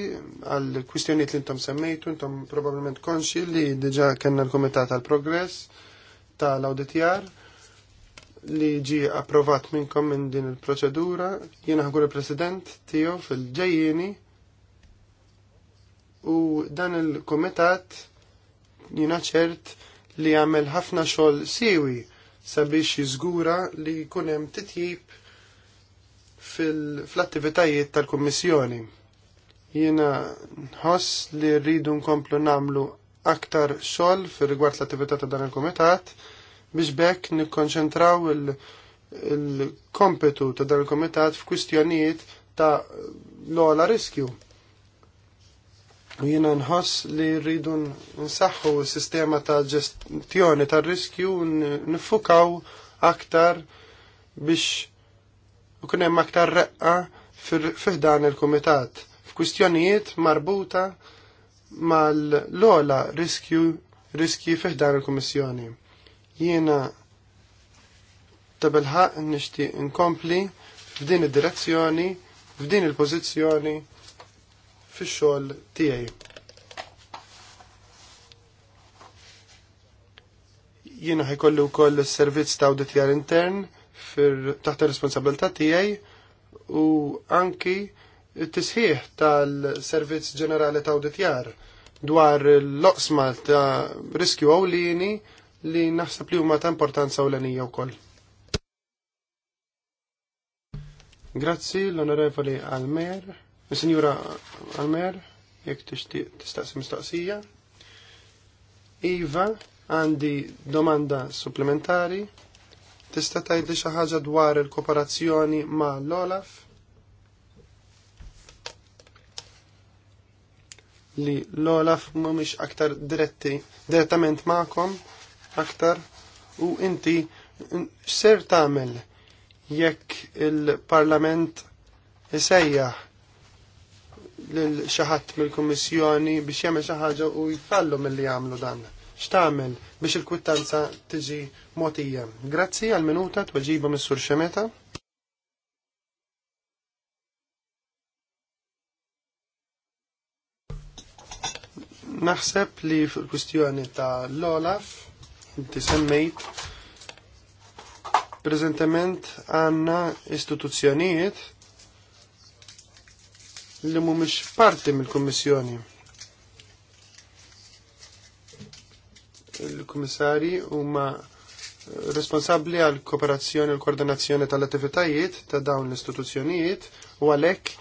għal kwistjoniet li intom semmejtu, intom probablement konxi li diġa kena l-Komitat għal Progress tal-Auditjar li ġi approvat minnkom minn din il-proċedura, jiena ħakur il-President tiegħu fil-ġejjieni u dan il-Komitat jiena ċert li għamel ħafna xogħol siwi sabiex jiżgura li jkun hemm titjib fl-attivitajiet tal-Kummissjoni. Jiena nħoss li rridu nkomplu namlu aktar xogħol fil rigward l-attività ta' dan il-Kumitat biex bekk nikkonċentraw il-kompetu ta' dan il-Kumitat f'kwistjonijiet ta' l-ola riskju. U jiena nħoss li rridu nsaħħu s-sistema ta' ġestjoni tar riskju nifukaw aktar biex u kunem hemm aktar reqqa fiħdan il-kumitat f'kwistjonijiet marbuta mal-lola riskju riski fiħdan il-Kummissjoni. Jiena ta' bilħaq nixtieq inkompli f'din id-direzzjoni, f'din il-pożizzjoni fix-xogħol tiegħi. Jiena ħajkolli wkoll is-servizz ta' awditjar intern taħt ir-responsabilità tiegħi u anki t-tisħiħ tal-Servizz Ġenerali ta' Awditjar dwar l-oqsma ta' riskju għawlini li naħseb li huma ta' importanza ewlenija wkoll. Grazzi l-Onorevoli Almer, Signora sinjura Almer, jekk tixtieq tistaqsi mistoqsija. Iva, għandi domanda supplementari tista' tgħidli xi ħaġa dwar il-kooperazzjoni ma' l-Olaf? Li l-Olaf mhumiex aktar diretti direttament magħkom aktar u inti x'ser tagħmel jekk il-Parlament isejjaħ lil xi ħadd mill-Kummissjoni biex jagħmel xi ħaġa u jfallu milli jagħmlu dan x'tagħmel biex il-kwittanza tiġi motija. Grazzi għal minuta tweġiba mis-sur Xemeta. Naħseb li fil-kwistjoni ta' l-Olaf, inti semmejt, preżentament għanna istituzzjonijiet li mhumiex parti mill-Kummissjoni il-kummissari huma eh, responsabbli għal kooperazzjoni u koordinazzjoni tal-attivitajiet ta' dawn l-istituzzjonijiet u għalhekk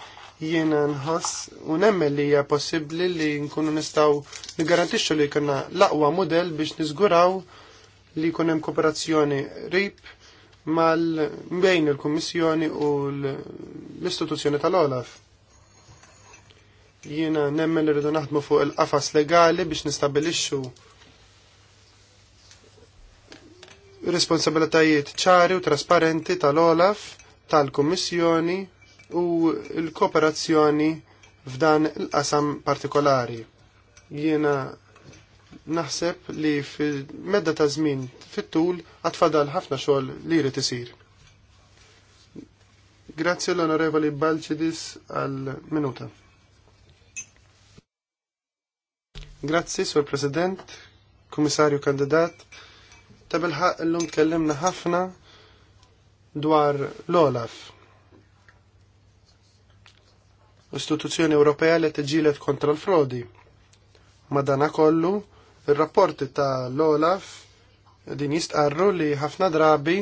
jiena nħoss u nemmen li hija possibbli li nkunu nistgħu nigarantixxu li jkollna l-aqwa mudell biex niżguraw li jkun hemm kooperazzjoni rib mal bejn il-Kummissjoni u l-istituzzjoni tal-Olaf. Jiena nemmen li rridu naħdmu fuq il-qafas legali biex nistabilixxu responsabilitajiet ċari u trasparenti tal-Olaf, tal-Kummissjoni u l-kooperazzjoni f'dan l-qasam partikolari. Jiena naħseb li fil-medda ta' żmien fit-tul għatfadal ħafna xogħol li jrid isir. Grazzi l-Onorevoli Balċidis għal-minuta. Grazzi, Sur President, Kommissarju Kandidat. Ta' bilħaq l-lum kellimna ħafna dwar l-Olaf. Istituzzjoni Ewropea li tiġilet kontra l-frodi. Madana kollu, il-rapporti ta' l-Olaf din jistqarru li ħafna drabi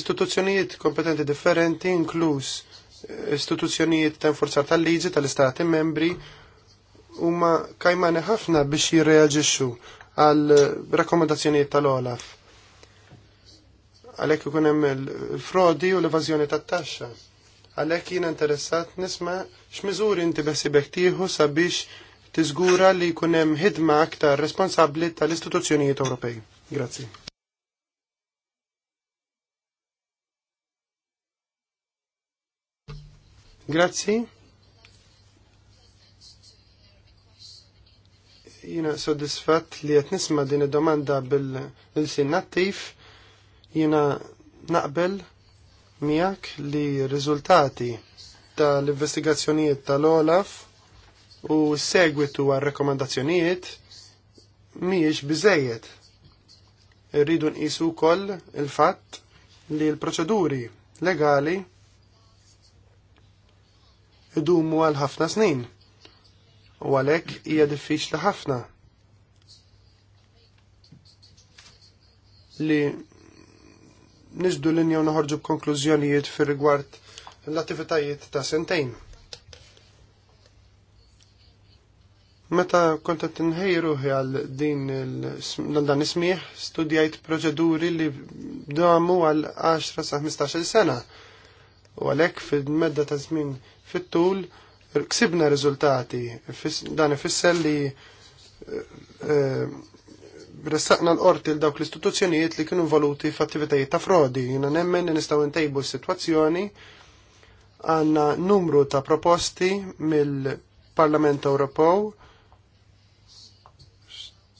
istituzzjonijiet kompetenti differenti, inkluż istituzzjonijiet ta' forzar tal-liġi tal-istati membri, huma kajmani ħafna biex jirreaġixxu għal rakkomandazzjonijiet tal-Olaf. Għalhekk ikun hemm il-frodi u l-evażjoni tat-taxxa. Għalhekk jiena interessat nisma' x'miżuri inti beħsibek tieħu sabiex tiżgura li jkun hemm ħidma aktar responsabbli tal-istituzzjonijiet Ewropej. Grazzi. Grazzi. jina soddisfatt li qed nisma din id-domanda bil-sin nattif jina naqbel miegħek li riżultati tal-investigazzjonijiet tal-Olaf u segwitu għal rekomandazzjonijiet miex biżejjed. Irridu nqisu wkoll il-fatt li l-proċeduri legali idumu għal ħafna snin u għalhekk hija diffiċli ħafna li nisdu l u naħorġu konklużjonijiet fir rigward l-attivitajiet ta' sentejn. Meta kont qed inħejru għal din dan ismieħ studjajt proċeduri li damu għal 10 sa 15 sena. U għalhekk fil-medda ta' żmien fit-tul ksibna riżultati, dan ifisser li eh, eh, ressaqna l-qorti l dawk l-istituzzjonijiet li kienu involuti f'attivitajiet ta' frodi. Jina nemmen nistaw ntejbu s-situazzjoni għanna numru ta' proposti mill-Parlament Ewropew.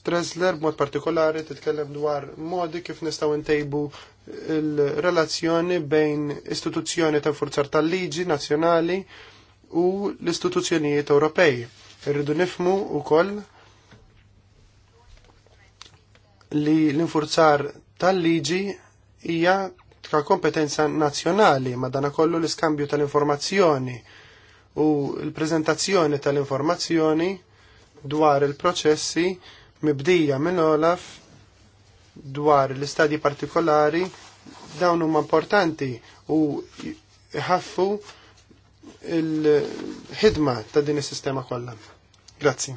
Trezler b'mod partikolari titkellem dwar modi kif nistaw ntejbu il-relazzjoni bejn istituzzjoni ta' forzar tal-liġi nazzjonali u l-istituzzjonijiet Ewropej. Irridu nifmu wkoll li l-infurzar tal-liġi hija ta' kompetenza nazzjonali, kollu l-iskambju tal-informazzjoni u l-prezentazzjoni tal-informazzjoni dwar il-proċessi mibdija minn Olaf dwar l-istadji partikolari dawn huma importanti u ħaffu il-ħidma ta' din is-sistema kollha. Grazzi.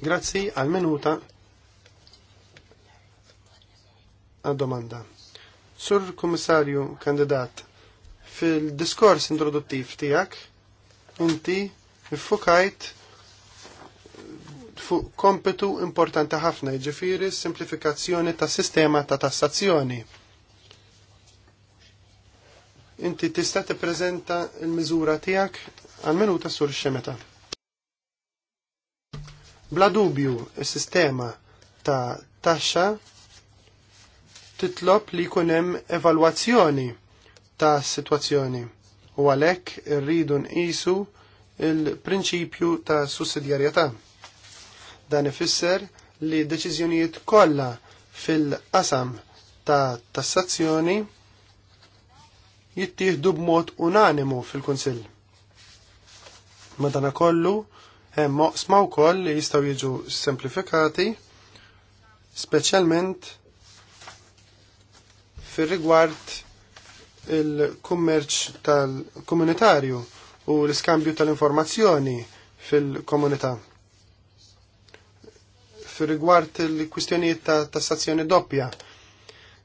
Grazzi għal minuta għad domanda. Sur Kummissarju kandidat, fil-diskors introduttiv tiegħek inti iffukajt fuq kompetu importanti ħafna, ġifiri simplifikazzjoni ta' sistema ta' tassazzjoni Inti tista' tippreżenta l-miżura tiegħek għal minuta sur xemeta. Bla dubju, il sistema ta' taxxa titlob li jkun hemm evalwazzjoni ta' situazzjoni u għalhekk irridu nqisu il-prinċipju ta' sussidjarjetà. Dan ifisser li deċiżjonijiet kollha fil-qasam ta' tassazzjoni jittieħdu b'mod unanimu fil-Kunsill. Madana kollu, hemm moqsma' wkoll li jistgħu jiġu semplifikati, speċjalment fir-rigward il-kummerċ tal-komunitarju u l-iskambju tal-informazzjoni fil-komunità. Fir-rigward il-kwistjonijiet ta' tassazzjoni doppja,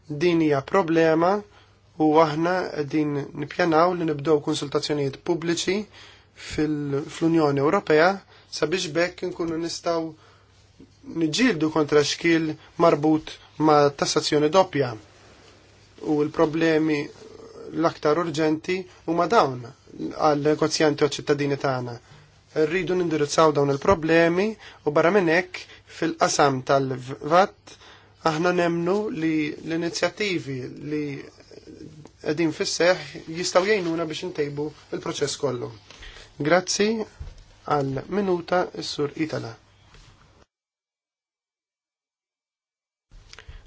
din hija problema u aħna din nipjanaw li nibdew konsultazzjonijiet pubbliċi fl-Unjoni Ewropea sabiex bekk nkunu nistaw niġildu kontra xkil marbut ma' tassazzjoni doppja u l-problemi l-aktar urġenti u ma' dawn għal negozjanti u ċittadini tagħna. Rridu nindirizzaw dawn il-problemi u barra minn hekk fil-qasam tal-VAT aħna nemnu li l-inizjattivi li qegħdin fisseħ jistaw jistgħu jgħinuna biex intejbu il-proċess kollu. Grazzi għal minuta s-sur Itala.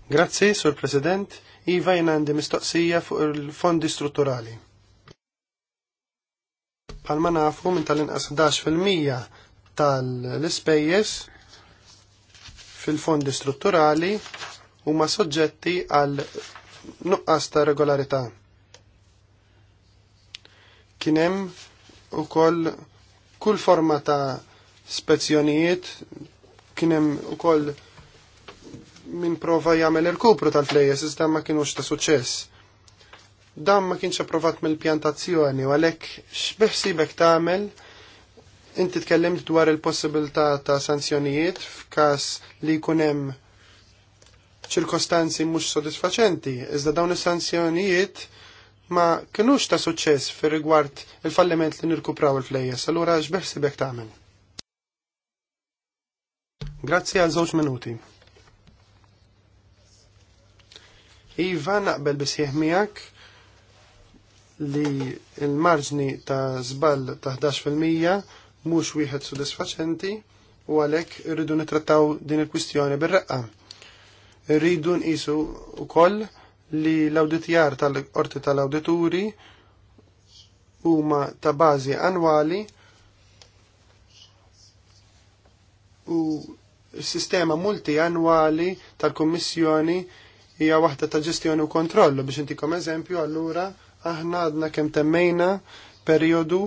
Grazzi, Sur President. Iva jena għandi mistoqsija fuq il-fondi strutturali. Palma nafu minn tal-inqas 11% tal spejjes fil-fondi strutturali huma soġġetti għal nuqqas ta' regolarità kienem u koll kull forma ta' spezzjonijiet kienem u koll min prova jagħmel il-kupru tal-flejjes iżda ma kienux ta' suċċess. Dan ma kienx approvat mill-pjantazzjoni u għalhekk x'beħsibek tagħmel inti tkellimt dwar il-possibilità ta' sanzjonijiet f'każ li jkun hemm ċirkostanzi mhux sodisfaċenti, iżda dawn is-sanzjonijiet ma kinux ta' suċċess fir rigward il-falliment li nirkupraw il-flejjes, allura x'beħsibek tagħmel? Grazzi għal żewġ minuti. Iva naqbel bisħieħ miegħek li l-marġni ta' żball ta' 11% mhux wieħed sodisfaċenti u għalhekk irridu nitrattaw din il-kwistjoni bir-raqqa. Irridu nqisu wkoll li l-auditjar tal-orti tal-awdituri huma ta' bażi annwali u s-sistema multi annwali tal-Kummissjoni hija waħda ta' ġestjoni u kontrollu biex intikom eżempju allura aħna għadna kemm temmejna perjodu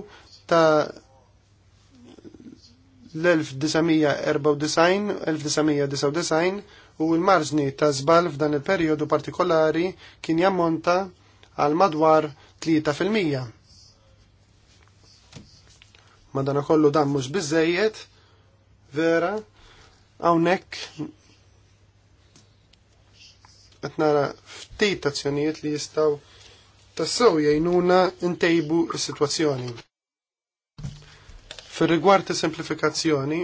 ta' l-1994-1999 u l-marġni ta' żball f'dan il-perjodu partikolari kien jammonta għal madwar 3%. Madana kollu dan mhux biżejjed, vera, hawnhekk qed nara ftit azzjonijiet li jistgħu tassew jgħinuna ntejbu s-sitwazzjoni. Fir-rigward is-semplifikazzjoni,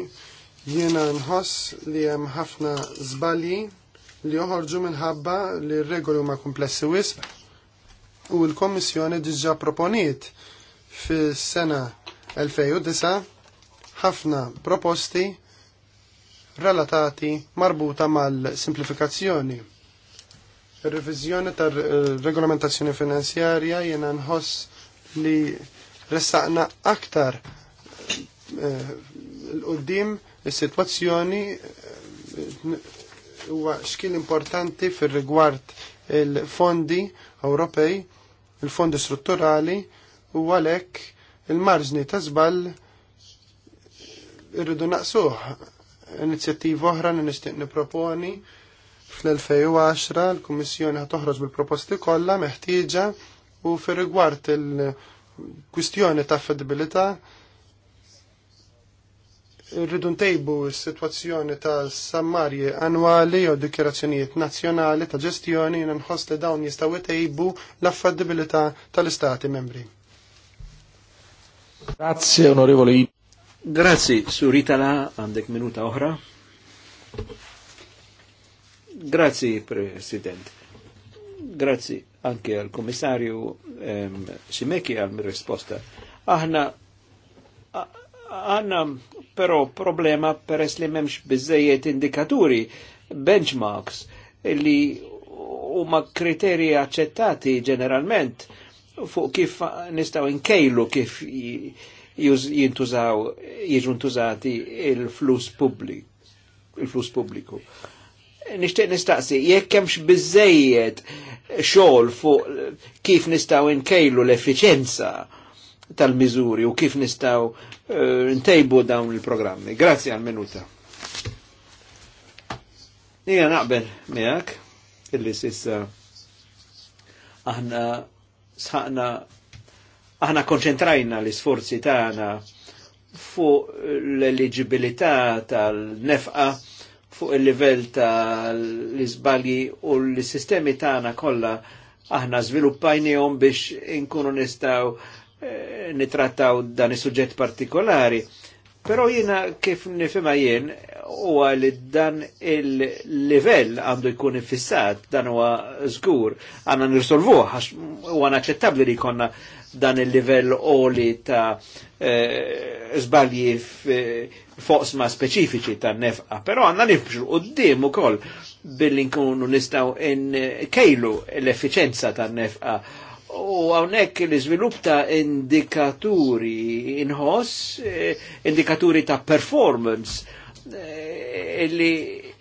Jiena nħoss li hemm ħafna żbalji li joħorġu minħabba li r-regoli huma komplessi wisq u l-Kommissjoni diġà proponiet fis-sena 2009 ħafna proposti relatati marbuta mal-simplifikazzjoni. Ir-reviżjoni tar-regolamentazzjoni finanzjarja jiena nħoss li ressaqna aktar eh, l-qoddim Is-sitwazzjoni eh, huwa xkien importanti fir-rigward il-fondi Ewropej, il-fondi strutturali u għalhekk il-marġni ta' żball irridu naqsuh inizjattiva oħra li nixtieq niproponi fl-2010 l-Kummissjoni ħat toħroġ bil-proposti kollha meħtieġa u fir rigward il-kwistjoni ta' fedibilità rridu ntejbu s-situazzjoni ta' sammarje annwali u dikjerazzjonijiet nazjonali ta' ġestjoni jiena nħoss li dawn jistgħu jtejbu l-affaddibilità tal-istati membri. Grazie onorevoli. Grazie, suritala għandek minuta oħra. Grazie, President. Grazie anke għal komissarju Simeki ehm, għal risposta Aħna għanna però problema peress li memx bizzejiet indikaturi, benchmarks, li huma kriteri accettati ġeneralment fuq kif nistaw inkejlu kif jintużaw, jiġu ntużati il-flus publiku. il-flus publiku. Nishtiq nistaqsi, jekk kemx bizzejiet xogħol fuq kif nistaw inkejlu l-effiċenza tal-miżuri u kif nistaw eh, ntejbu dawn il-programmi. Grazzi għal-minuta. Nija naqbel miegħek illi sissa aħna sħaqna aħna konċentrajna l-isforzi tagħna fuq l-eligibilità tal-nefqa fuq il-livell tal-izbalji u l-sistemi tagħna kollha aħna żviluppajnihom biex inkunu nistgħu Eh, nitrattaw dan is-suġġett partikolari. Però jina kif nifima jien u li dan il-level għandu jkun ifissat dan huwa żgur, għanna nirsolvuh, għax u naċċettabbli li konna dan il-level oli ta' zbalji eh, fosma speċifiċi ta' nefqa, però għanna nifxu u d-dim u koll billi nkunu nistaw in kejlu l-efficienza ta' nefqa U għawnek l-izvilup ta' indikaturi inħoss, eh, indikaturi ta' performance, illi eh,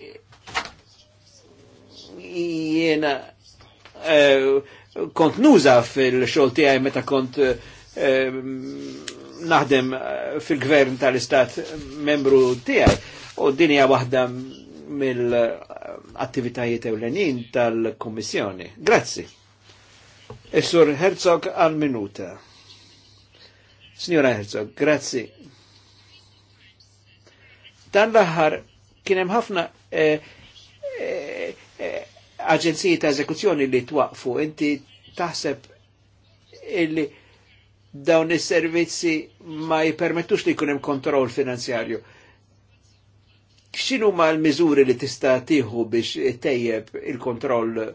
jena eh, kont nuża fil-xol tiegħi meta kont naħdem fil-gvern tal-istat membru tiegħi u din hija waħda mill-attivitajiet ewlenin tal-Kummissjoni. Grazzi. Is-sur Herzog għal minuta. Signora Herzog, grazzi. Dan l-aħħar kien hemm ħafna eh, eh, eh, aġenziji ta' eżekuzzjoni li twaqfu, inti taħseb illi dawn is-servizzi ma jipermettux li jkun hemm kontroll finanzjarju. X'inhuma ma l-miżuri li tista' tieħu biex tejjeb il-kontroll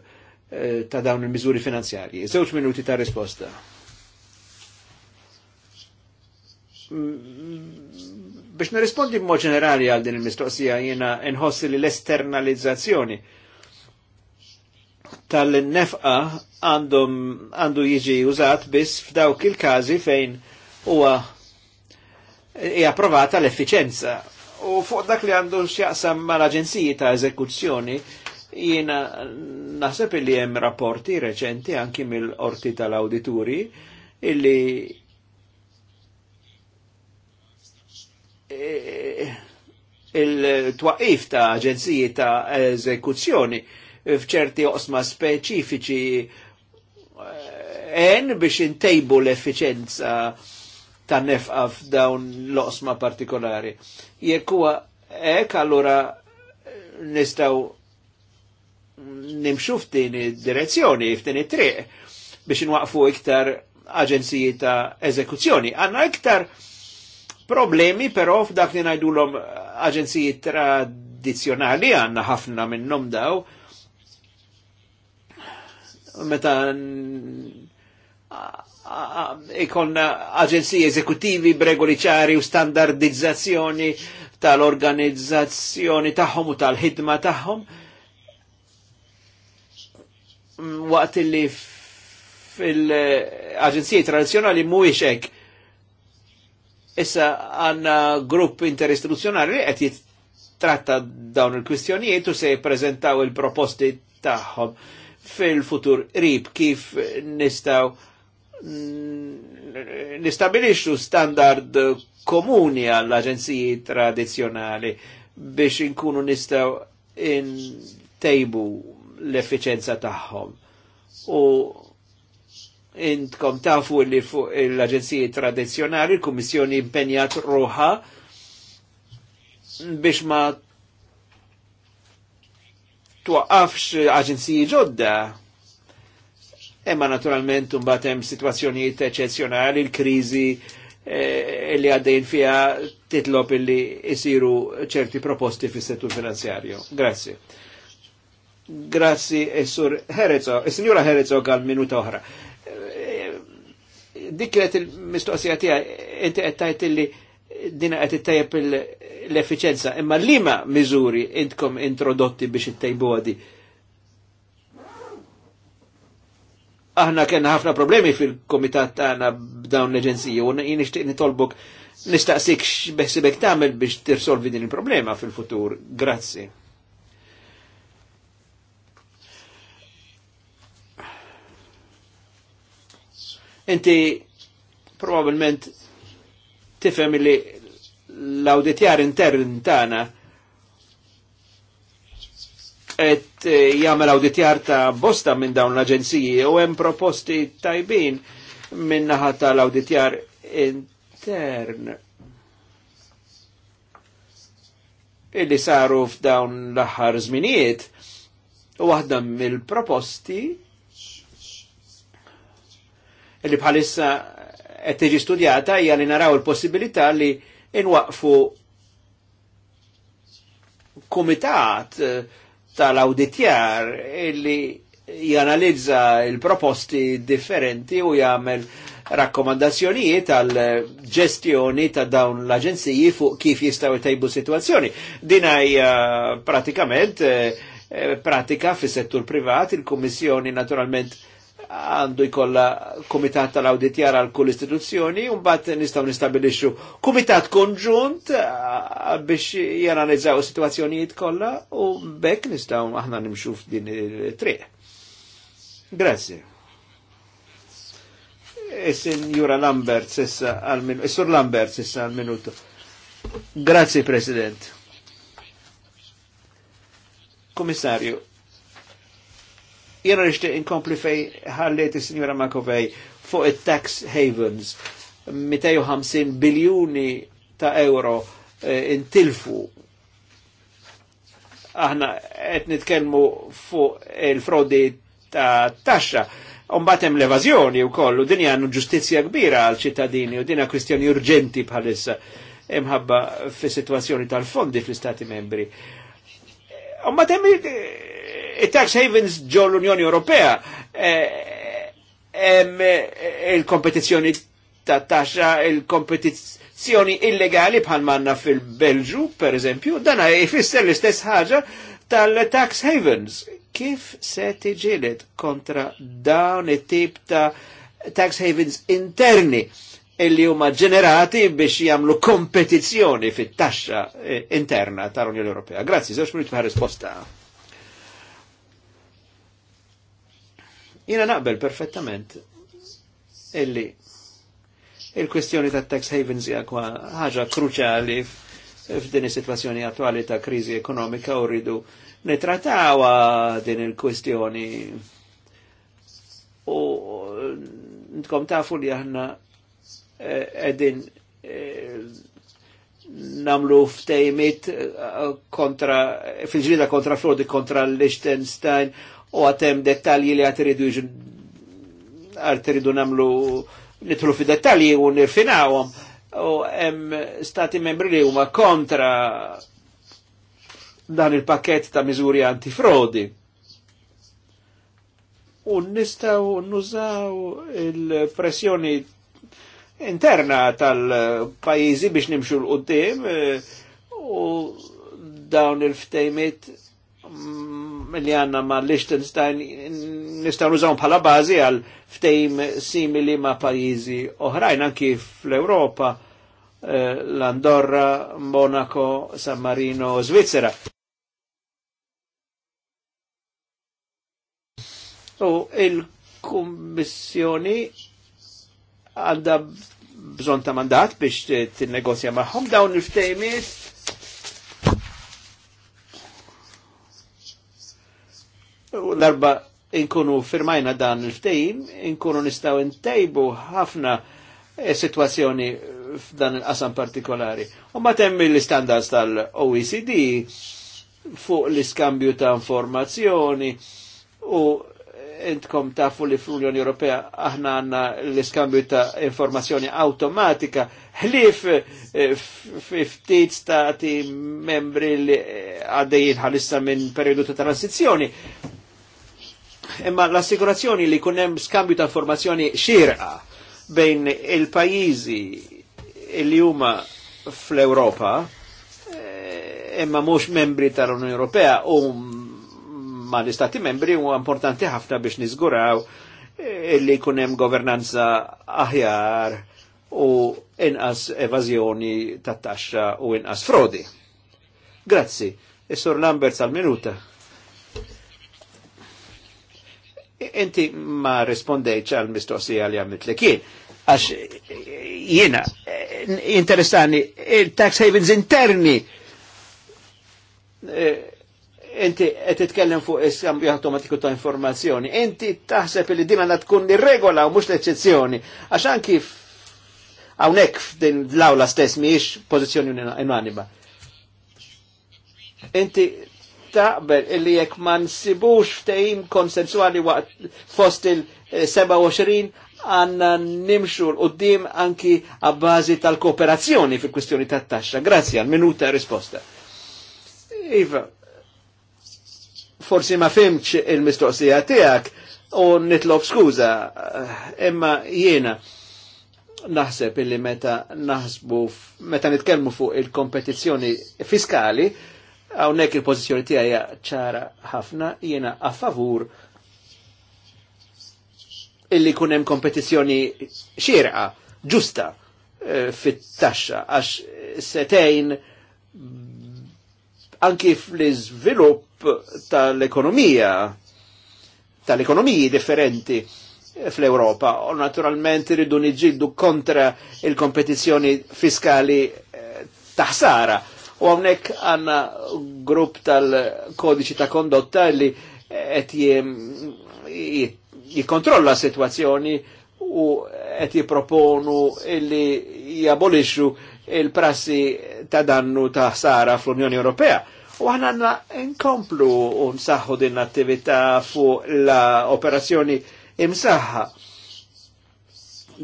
Eh, ta' dawn il mizuri finanzjarji. Zewċ minuti ta' risposta. Mm, biex nirrispondi b'mod ġenerali għal din il-mistoqsija jiena nħossi li l-esternalizzazzjoni tal-nefqa għandu jiġi użat biss f'dawk il kazi fejn huwa hija provata l-effiċenza. U fuq dak li għandu x'jaqsam mal-aġenziji ta' eżekuzzjoni, Jiena naħseb li hemm rapporti reċenti anki mill-orti tal-awdituri illi eh, il-twaqif ta' aġenziji ta' eżekuzzjoni f'ċerti osma speċifiċi eh, en biex intejbu l efficienza ta' nefqaf dawn l osma partikolari. Jekk huwa hekk allura nistgħu nimxu f'tini direzzjoni, f'tini triq biex nwaqfu iktar aġenziji ta' eżekuzzjoni. Għanna iktar problemi però f'dak li l-om aġenziji tradizjonali għanna ħafna minnhom daw. Meta ikon aġenziji eżekutivi bregoli ċari u standardizzazzjoni tal-organizzazzjoni tagħhom u tal-ħidma tagħhom. Ta waqt li fil-aġenziji tradizjonali mhuwiex hekk. Issa għanna grupp interistituzzjonali li qed jittratta dawn il-kwistjonijiet u se jippreżentaw il-proposti tagħhom fil-futur rib kif nistaw nistabilixxu standard komuni għall-aġenziji tradizjonali biex inkunu nistaw in tejbu l-effiċenza tagħhom. U intkom tafu li fuq l-aġenziji tradizjonali l-Kummissjoni impenjat ruħa biex ma twaqqafx aġenziji ġodda. Emma naturalment mbagħad hemm sitwazzjonijiet eċċezzjonali, l-kriżi eh, li għaddejn fija titlob li jisiru ċerti proposti fis-settur finanzjarju. Grazie. Grazzi, eh, Sur Herzog, eh, Signora Herzog għal minuta oħra. Eh, dik kienet il-mistoqsija tiegħi, inti qed tajt li dina qed ittejjeb l-effiċenza, imma lima miżuri intkom introdotti biex ittejbuha di. Aħna kellna ħafna problemi fil-komitat tagħna b'dawn l-eġenziji u jien nixtieq nitolbok nistaqsik x'beħsibek tagħmel biex tirsolvi din il-problema fil-futur. Grazzi. Inti probabilment tifhem li l-auditjar intern tagħna et eh, jagħmel auditjar ta' bosta minn dawn l agenziji u hemm proposti tajbin minn naħa tal-auditjar intern illi saru f'dawn l-aħħar żminijiet u waħda mill-proposti li bħalissa qed tiġi studjata hija li naraw il-possibilità li inwaqfu kumitat eh, tal-auditjar li janalizza il-proposti differenti u jagħmel rakkomandazzjonijiet għal ġestjoni ta' dawn l-aġenziji fuq kif jistaw jtejbu situazzjoni. Dinaj eh, pratikament eh, pratika fis settur privat, il-Kommissjoni naturalment għandu jkolla komitat tal-audit jara l-kull istituzzjoni, un bat nistaw nistabilixu komitat konġunt biex jaranizzaw situazzjonijiet kolla u bekk nistaw aħna nimxu din il-triq. Grazie. Essin Jura Lambert sissa għal-minuto. Essur Lambert sissa għal-minuto. Grazie, President. Komissarju, Jena nishtiq inkompli fej ħalliet il signora Makovej fuq il-tax havens 250 biljuni ta' euro e, intilfu. Aħna qed nitkellmu fuq il-frodi ta' taxxa. Umbatem l-evazjoni u kollu, din għannu ġustizja kbira għal ċittadini u dinja kwistjoni urġenti bħalissa imħabba fi situazzjoni tal-fondi fl istati membri. Umbatem tax havens ġo l-Unjoni Ewropea eh, eh, il-kompetizzjoni ta' taxxa, il-kompetizzjoni illegali bħal manna fil-Belġu, per eżempju, dana jfisser l-istess ħaġa tal-tax havens. Kif se tiġilet kontra dawn it-tip ta' tax havens interni illi huma ġenerati biex jagħmlu kompetizzjoni fit-taxxa eh, interna tal-Unjoni Ewropea? Grazzi, żewġ minuti ma' risposta. Jina naqbel perfettament illi il-kwestjoni ta' tax havens hija ħaġa kruċali f'din is-sitwazzjoni attwali ta' kriżi ekonomika u rridu nitratawa din il-kwestjoni u ntkom tafu li aħna eh, edin eh, namlu ftejmit eh, kontra, fil-ġrida kontra Frodi, kontra Liechtenstein u għatem dettalji li għatiridu għatiridu namlu nitlu fi dettalji u nirfinawom u hemm stati membri li huma kontra dan il-pakket ta' miżuri antifrodi. U nistaw nużaw il-pressjoni interna tal-pajizi biex nimxu l-qoddim eh, u dawn il-ftejmit li għanna ma Liechtenstein nistan nużaw bħala bazi għal ftejm simili ma pajizi oħrajn anki fl-Europa, eh, l-Andorra, Monaco, San Marino, Svizzera. U il-Kummissjoni għanda bżon ta' mandat biex t-negozja maħħom dawn il-ftejmiet U l-arba inkunu firmajna dan il-ftejim, inkunu nistaw intejbu ħafna e situazzjoni f'dan il-qasam partikolari. U ma temmi l istandards tal-OECD fuq l-iskambju ta' informazzjoni u eh, intkom tafu li fl-Unjoni Ewropea aħna għanna l-iskambju ta' informazzjoni automatika ħlif eh, ftit stati membri li għaddejjin ħalissa minn periodu ta' transizjoni imma l-assigurazzjoni li kunem skambju ta' informazzjoni xirqa bejn il-pajizi li huma fl-Europa eh, imma mhux membri tal-Unjoni Ewropea u ma l-istati membri u importanti ħafna biex nizguraw eh, li kunem governanza aħjar u inqas evazjoni tat-taxxa u inqas frodi. Grazzi. is Lambert sal-minuta. inti ma rispondejċ għal jammit li kien. Għax jiena, interessani, il-tax havens interni. Eh, inti qed titkellem fuq iskambju automatiku ta' informazzjoni. Inti taħseb li dima tkun ir-regola u mhux l-eċċezzjoni. Għax anki hawnhekk f'din l-awla stess mhijiex pożizzjoni unanima. Inti taqbel illi jekk ma nsibux ftehim konsensuali waqt fost il-27 għanna nimxu l-qoddim anki għabbażi tal-kooperazzjoni fil kwistjoni tat taxxa Grazzi għal minuta e risposta. Iva, forsi ma fimx il-mistoqsija tijak u nitlob skuza, imma jiena naħseb illi meta naħsbu, meta nitkellmu fuq il-kompetizzjoni fiskali, Hawnhekk il-pożizzjoni tiegħi ċara ħafna jiena a favur illi kun hemm kompetizzjoni ġusta eh, fit-taxxa għax setejn anki fl-iżvilupp tal-ekonomija tal-ekonomiji differenti fl-Europa. U naturalment irridu niġildu kontra il-kompetizzjoni fiskali eh, taħsara U għamnek għanna grupp tal-kodiċi ta' kondotta li għet jikontrolla situazzjoni u għet jiproponu illi jabolixu il-prassi ta' dannu ta' sara fl-Unjoni Ewropea. U għanna nkomplu saħħu din attività fuq la operazzjoni imsaħħa.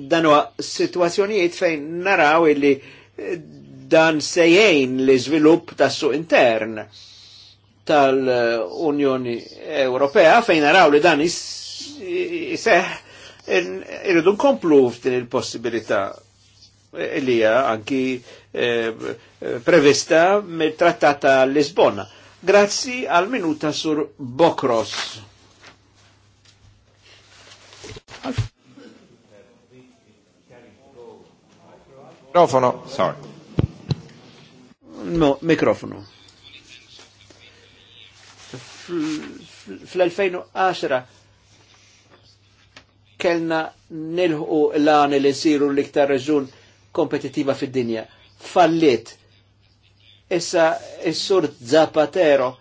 Dan huwa situazzjonijiet fejn naraw illi dan sejjejn li żvilupp tas-suq intern tal-Unjoni Ewropea fejn naraw li dan jiseħ irridu nkomplu f'din il-possibilità li hija anki eh, prevista mit trattata Lisbona. Grazzi għal minuta sur Bokros. Microfono, sorry. No, mikrofonu. Fl-2010 kellna nilħu l-għan li siru l-iktar reġun kompetitiva fid-dinja. Fallit. Issa, s-sur Zapatero uh,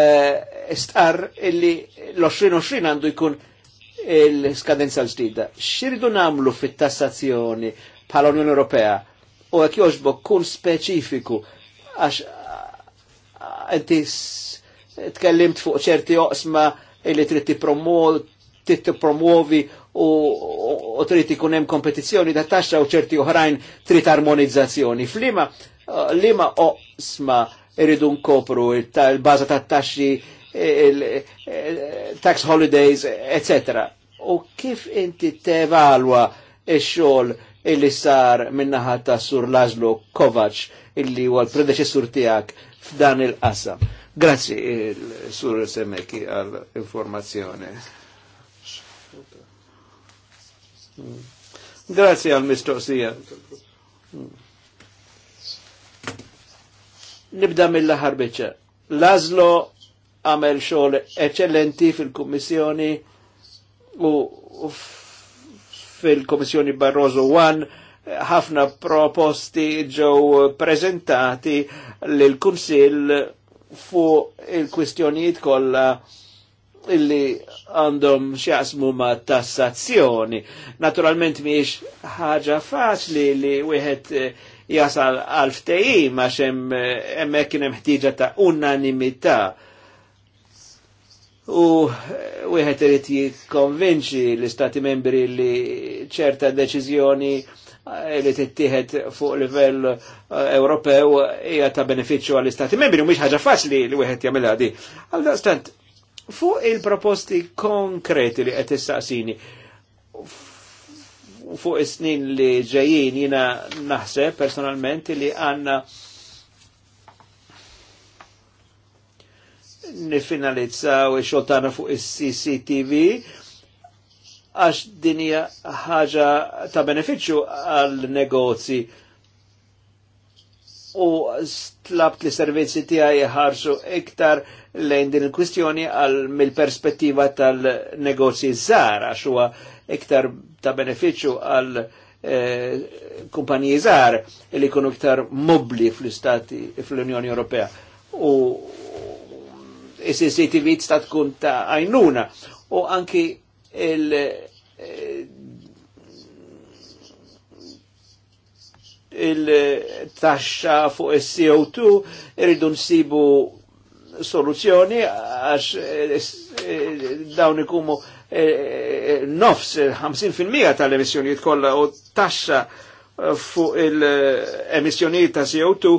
eh, istqar illi l-2020 għandu jkun il-skadenza l-ġdida. Xiridu namlu fit-tassazzjoni pal Unjoni Ewropea? u għak joġbok kun speċifiku għax għanti tkellimt fuq ċerti oqsma illi trid promuovi u trid ikun hemm kompetizzjoni ta' taxxa u ċerti oħrajn trid armonizzazzjoni. Flima lima oqsma irridu nkopru il-baża tat-taxxi tax holidays, etc. U kif inti tevalwa ix-xogħol illi sar minna ta' sur Lazlo Kovac illi għal l-predeċessur tijak f'dan il-qasam. Grazzi sur Semeki għall-informazzjoni. Grazzi għal mistoqsija Nibda mill laħar bieċa. Lazlo għamel xogħol eccellenti fil-Kummissjoni u, u fil-Komissjoni Barroso 1 ħafna proposti ġew prezentati lil kunsill fuq il-kwistjonijiet kollha illi għandhom xjaqsmu ma tassazzjoni. Naturalment miex ħaġa faċli li wieħed eh, jasal għal ftejim għax hemm eh, hemmhekk kien hemm ħtieġa ta' unanimità U wieħed irid jikkonvinċi l-istati membri li ċerta deċiżjoni eh, li tittieħed fuq livell eh, Ewropew hija ta' benefiċċju għall-istati membri u mhix ħaġa faċli li wieħed jagħmilha di. Għaldaqstant, fuq il-proposti konkreti li qed issaqsini fuq is-snin li ġejjin jiena naħseb personalment li għandna nifinalizza u xotana fuq is-CCTV għax din hija ħaġa ta' beneficju għal negozji u stlabt li servizzi tiegħi ħarsu iktar lejn din il-kwistjoni għal mill-perspettiva tal-negozji żgħar għax huwa iktar ta' beneficju għal kumpanji eh, kumpaniji żgħar li jkunu iktar mobli fl-istati fl-Unjoni Ewropea. U CCTV sta tkun ta' għajnuna u anki il eh, il-taxxa fuq il-CO2 irridu nsibu soluzzjoni għax eh, dawn ikumu eh, nofs 50% tal-emissjonijiet kollha u taxxa fuq il-emissjonijiet ta' CO2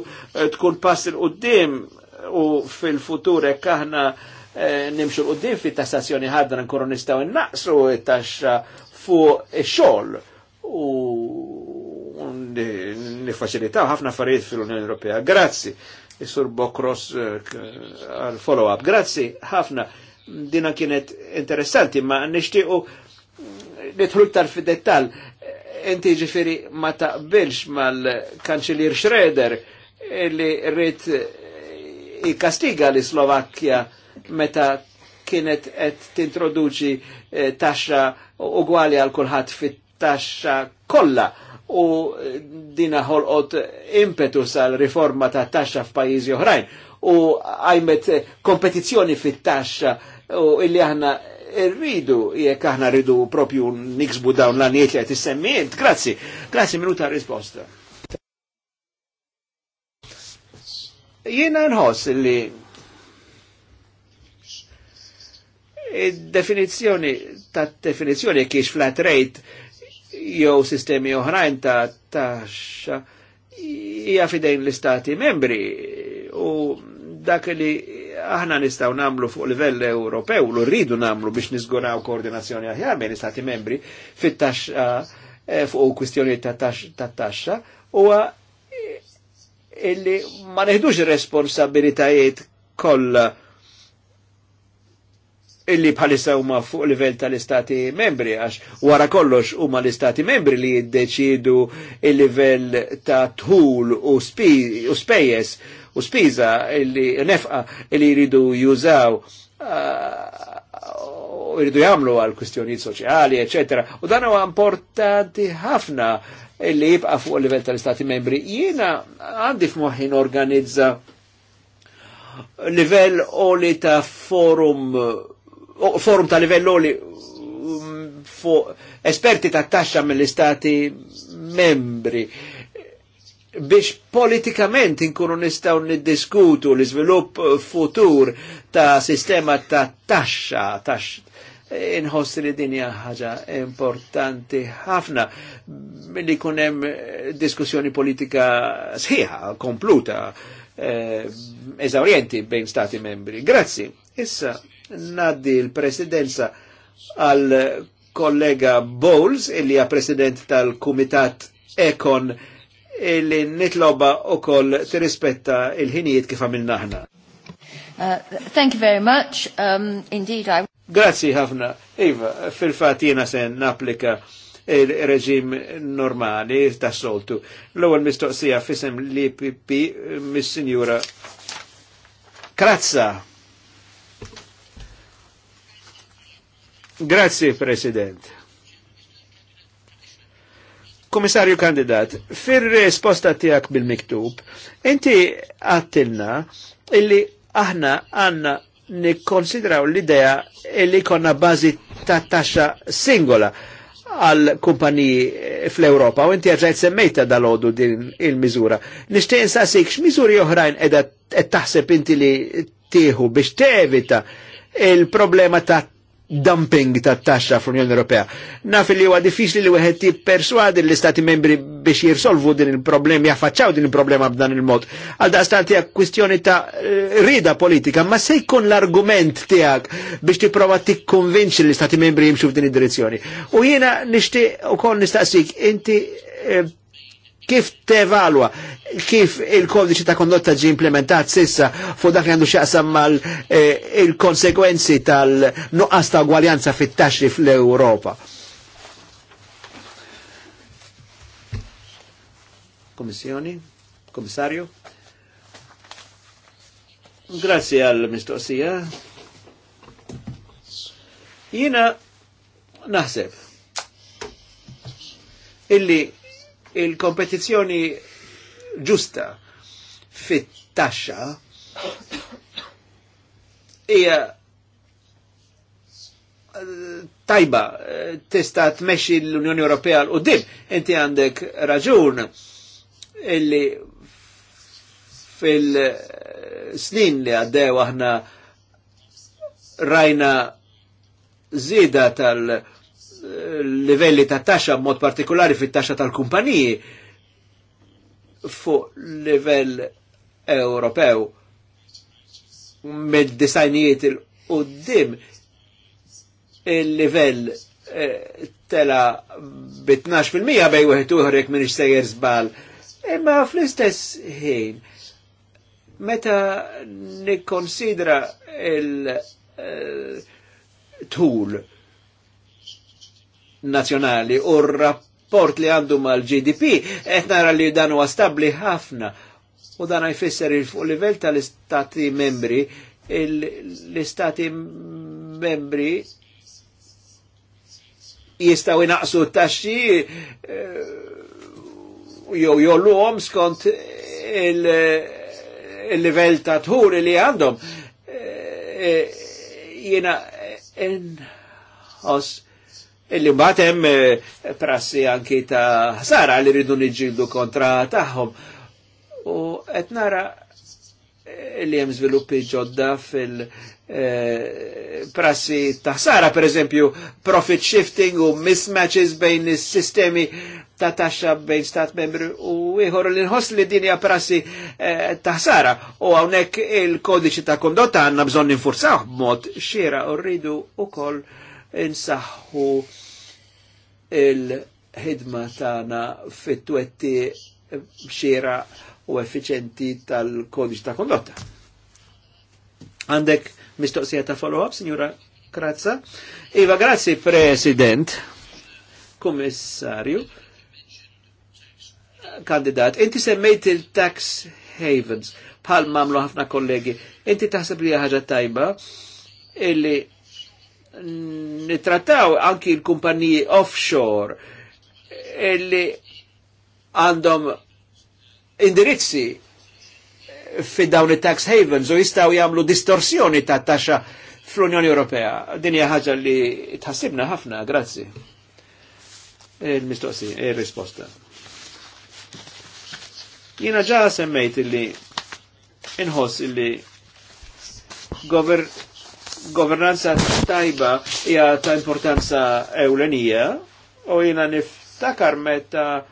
tkun passil il u fil-futur ekk aħna eh, nimxu l-qoddim fit tassazzjoni ħadra nkunu nistgħu innaqsu it-taxxa fuq ix-xogħol u nifaċilitaw ħafna affarijiet fil-Unjoni Ewropea. Grazzi, Sur Bokros eh, għal follow-up. Grazzi ħafna dina kienet interessanti, ma nishtiqu nidħlu tar fi dettal. Inti ġifiri ma taqbilx mal-kanċilir Schroeder illi rrit ikastiga li Slovakkja meta kienet et tintroduċi eh, taxxa ugwali għal kulħadd fit-taxxa kollha u eh, dina ħolqot impetus għal riforma ta' taxxa f'pajjiżi oħrajn u għajmet kompetizzjoni fit-taxxa u illi aħna rridu jekk aħna rridu propju niksbu dawn l-għaniet li għet Grazzi, grazzi minuta risposta. Jiena nħoss li il definizjoni ta' definizjoni kiex flat rate jew sistemi oħrajn ta' taxxa hija fidejn l-istati membri u dak li aħna nistgħu namlu fuq livell Ewropew, u rridu namlu biex nizguraw koordinazzjoni aħjar bejn l istati membri fit-taxxa eh, fuq kwistjoni ta' taxxa huwa illi ma neħdux responsabilitajiet kollha illi bħalissa huma fuq livell tal-istati membri, għax wara kollox huma l-istati membri li jiddeċidu il-livell ta' tħul u spejjes u spiża illi nefqa illi jridu jużaw uh, u jridu jagħmlu għal kwistjonijiet soċjali, eċetera. U dan huwa importanti ħafna li jibqa' fuq il-livell tal-Istati membri. Jiena għandi f'moħħi organizza livell oli ta' forum forum ta' livell oli mm, fuq esperti ta' taxxa mill-istati membri biex politikament inkunu nistaw niddiskutu l izvilup futur ta' sistema ta' taxxa, inħoss li dinja ħaġa importanti ħafna li kunem diskussjoni politika sħiħa, kompluta, eh, eżawrienti bejn stati membri. Grazzi. Issa naddi l-presidenza għal kollega Bowles, illi għa president tal-Kumitat Ekon, illi nitloba u koll t-rispetta il-ħinijiet kif għamilna ħna. Uh, thank you very much. Um, indeed, I... Grazzi ħafna. Iva, fil-fat jena sen naplika il-reġim normali ta' soltu. L-ewwel mistoqsija fisem li pipi mis-Sinjura Krazza. Grazzi, President. Komissarju kandidat, fir-risposta tijak bil-miktub, inti għattilna illi aħna għanna nikkonsidraw l-idea li konna bazi ta' taxxa singola għal kumpaniji eh, fl-Europa u inti għagħajt semmejta dal-ħodu din il-mizura. Nishtiq insasik, x-mizuri oħrajn edha taħseb inti li tieħu biex tevita il-problema ta' dumping ta' taxxa fl-Unjoni Ewropea. Naf li huwa diffiċli li wieħed jipperswadi l-istati membri biex jirsolvu din il-problema, jaffaċċaw din il-problema b'dan il-mod. Għal daqstant hija kwistjoni ta' eh, rida politika, ma se jkun l-argument tiegħek biex tipprova tikkonvinċi l-istati membri jimxu f'din id-direzzjoni. U jiena nixtieq ukoll nistaqsik, inti eh, Kif tevalwa kif il-kodiċi ta' kondotta ġi implementat sissa fu dak li għandu xaqsam mal eh, il-konsekwenzi tal-nuqqas ta' gwaljanza fit-taxri fl-Europa? Komissjoni? Komissarju? Grazie għal-mistoqsija. Jina naħseb illi il-kompetizzjoni ġusta fit-taxxa hija eh, tajba eh, tista' tmexxi l-Unjoni Ewropea l qudiem inti għandek raġun illi fil-snin li għaddew aħna rajna zida tal- livelli ta' taxxa b'mod partikolari fit-taxxa tal-kumpaniji fuq livell Ewropew mid-disajnijiet il qudiem il-livell eh, tela b-12% bej wieħed ieħor jekk minix sejjer żbal. Imma fl-istess ħin, meta nikkonsidra il-tul eh, uh, nazjonali u rapport li għandu mal-GDP, qed nara li dan huwa stabbli ħafna. U dan jfisser fuq livell tal-istati membri, l-istati membri jistaw inaqsu t-taxxi eh, jew jolluhom skont il level ta' tħuri li għandhom. Eh, eh, jiena nħoss illi mbagħad hemm eh, prassi anki ta' sara li rridu niġġieldu kontra tagħhom. U et nara eh, li jem żviluppi ġodda fil-prassi eh, ta' Sara, per eżempju, profit shifting u mismatches bejn is-sistemi ta' taxxa bejn stat membri u ieħor li nħoss li dinja prassi ta' Sara. u hawnhekk il-kodiċi ta' kondotta għandna bżonn ninfurzaw mod xira u rridu wkoll insaħħu il-ħidma tagħna fit-twetti xiera u effiċenti tal-kodiċ ta' kondotta. Għandek mistoqsija ta' follow-up, signora Krazza? Iva, grazzi, President, Kummissarju, kandidat. Inti semmejt il-tax havens, bħal mamlu ħafna kollegi. Inti taħseb li ħaġa tajba illi nitrattaw anki l kumpanji offshore illi għandhom indirizzi fi dawn tax havens u jistaw jagħmlu distorsjoni ta' taxa fl-Unjoni Ewropea. Din hija ħaġa li tħassibna ħafna, grazzi. Il-mistoqsi, il-risposta. Jina ġa semmejt illi inħoss illi govern governanza tajba hija ta' importanza ewlenija u jina niftakar meta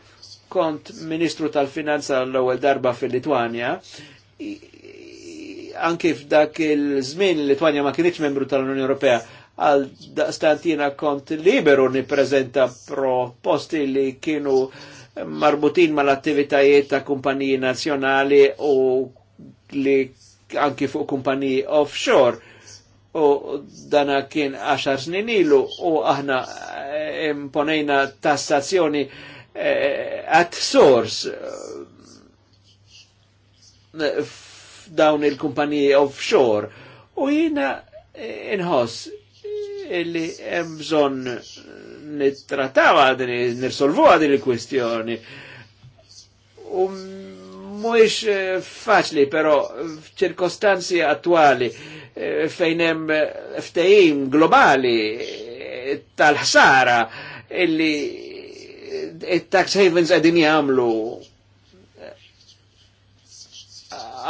kont ministru tal-finanza l-ewwel darba fil-Litwanja anki f'dak il-żmien Litwanja ma kienx membru tal-Unjoni Ewropea għal stantina kont liberu nippreżenta proposti li kienu marbutin mal-attivitajiet ta' kumpaniji nazzjonali u li anki fuq kumpaniji offshore u dana kien 10 snin ilu u aħna eh, imponejna tassazzjoni eh, at source eh, dawn il-kumpaniji offshore u jina eh, inħoss illi jemżon nittrataw għadni, nirsolvu għadni il-kwestjoni. U um, Mhux eh, faċli, però f'ċirkostanzi attwali eh, fejn hemm eh, ftehim globali tal-ħsara illi tax havens qegħdin jagħmlu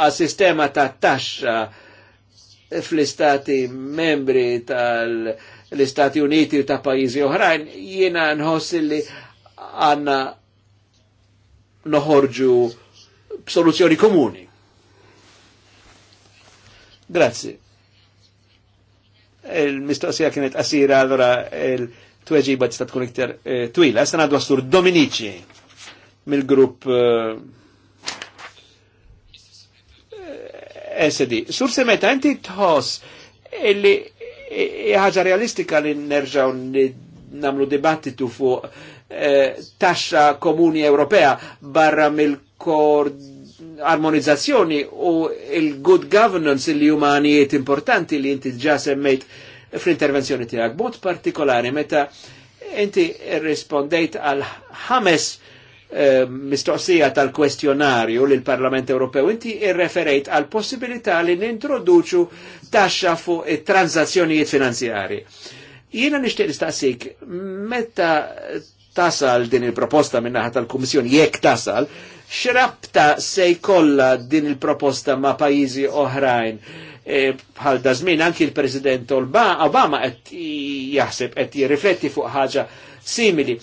għal sistema ta' taxxa fl-istati membri tal-Istati Uniti u ta' pajjiżi oħrajn, jiena nħossi li għanna noħorġu soluzzjoni komuni. Grazzi. Il-mistoqsija kienet qasira, allora il-tweġiba tista' tkun iktar e, twila. Issa għadu għastur Dominici mill-grupp e, eh, SD. Sur semeta, inti tħoss illi ħaġa realistika li nerġaw namlu dibattitu fuq eh, taxxa komuni Ewropea barra mill-kord armonizzazzjoni u il-good governance li umanijiet importanti li inti ġa semmejt fl-intervenzjoni tijak. Bot partikolari, meta inti rispondejt għal ħames eh, mistoqsija tal-kwestjonarju l parlament Ewropew, inti irreferejt għal possibilità li nintroduċu taxxa fuq transazzjonijiet finanzjari. Jiena nishtiq nistaqsik, meta tasal din il-proposta minnaħat tal-Kummissjoni, jekk tasal, xrabta se jkollha din il-proposta ma' pajjiżi oħrajn. E, bħal e, dażmin anki l-President Obama qed jaħseb qed jirrifletti fuq ħaġa simili.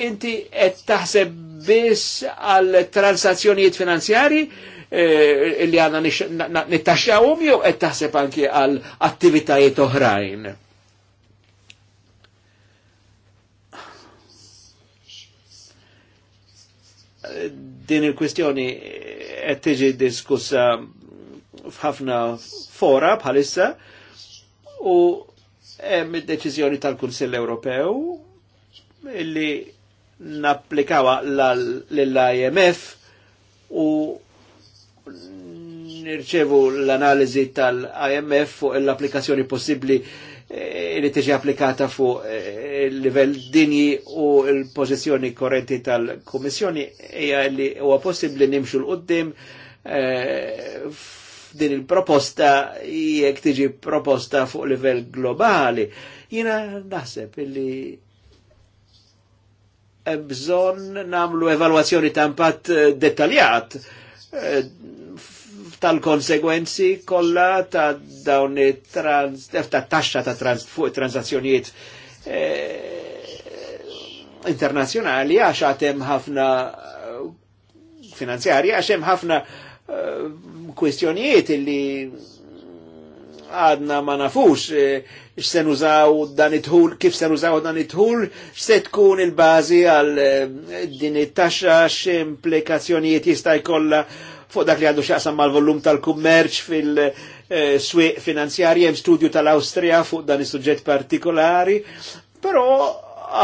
Inti qed taħseb biss għal transazzjonijiet finanzjari e, li għanna nittaxxawhom jew qed taħseb anki għal attivitajiet oħrajn din il-kwistjoni qed tiġi diskussa f'ħafna fora bħalissa u hemm id-deċiżjoni tal-Kunsill Ewropew illi napplikawa lill-IMF u nirċevu l-analiżi tal-IMF fuq l-applikazzjoni possibbli Eh, li tiġi applikata fuq eh, il-livell dinji u l-pożizzjoni korrenti tal-Kummissjoni hija li huwa possibbli nimxu l-qudiem eh, din il-proposta jekk tiġi proposta fuq livell globali. Jina naħseb illi bżon namlu evalwazzjoni ta' impatt dettaljat tal-konsegwenzi kollha ta' dawn eh, ta' taxxa ta' trans fuq transazzjonijiet eh, internazzjonali għax għatem ħafna eh, finanzjarja għax hemm ħafna kwistjonijiet illi għadna ma nafux x'se nużaw dan it tħul kif se nużaw dan it tħul x'se tkun il-bażi għal din it-taxxa x'implikazzjonijiet jista' jkollha fuq dak li għandu xaqsam mal-volum tal-kummerċ fil swiq finanzjarji, jem studju tal austria fuq dan is-suġġett partikolari, però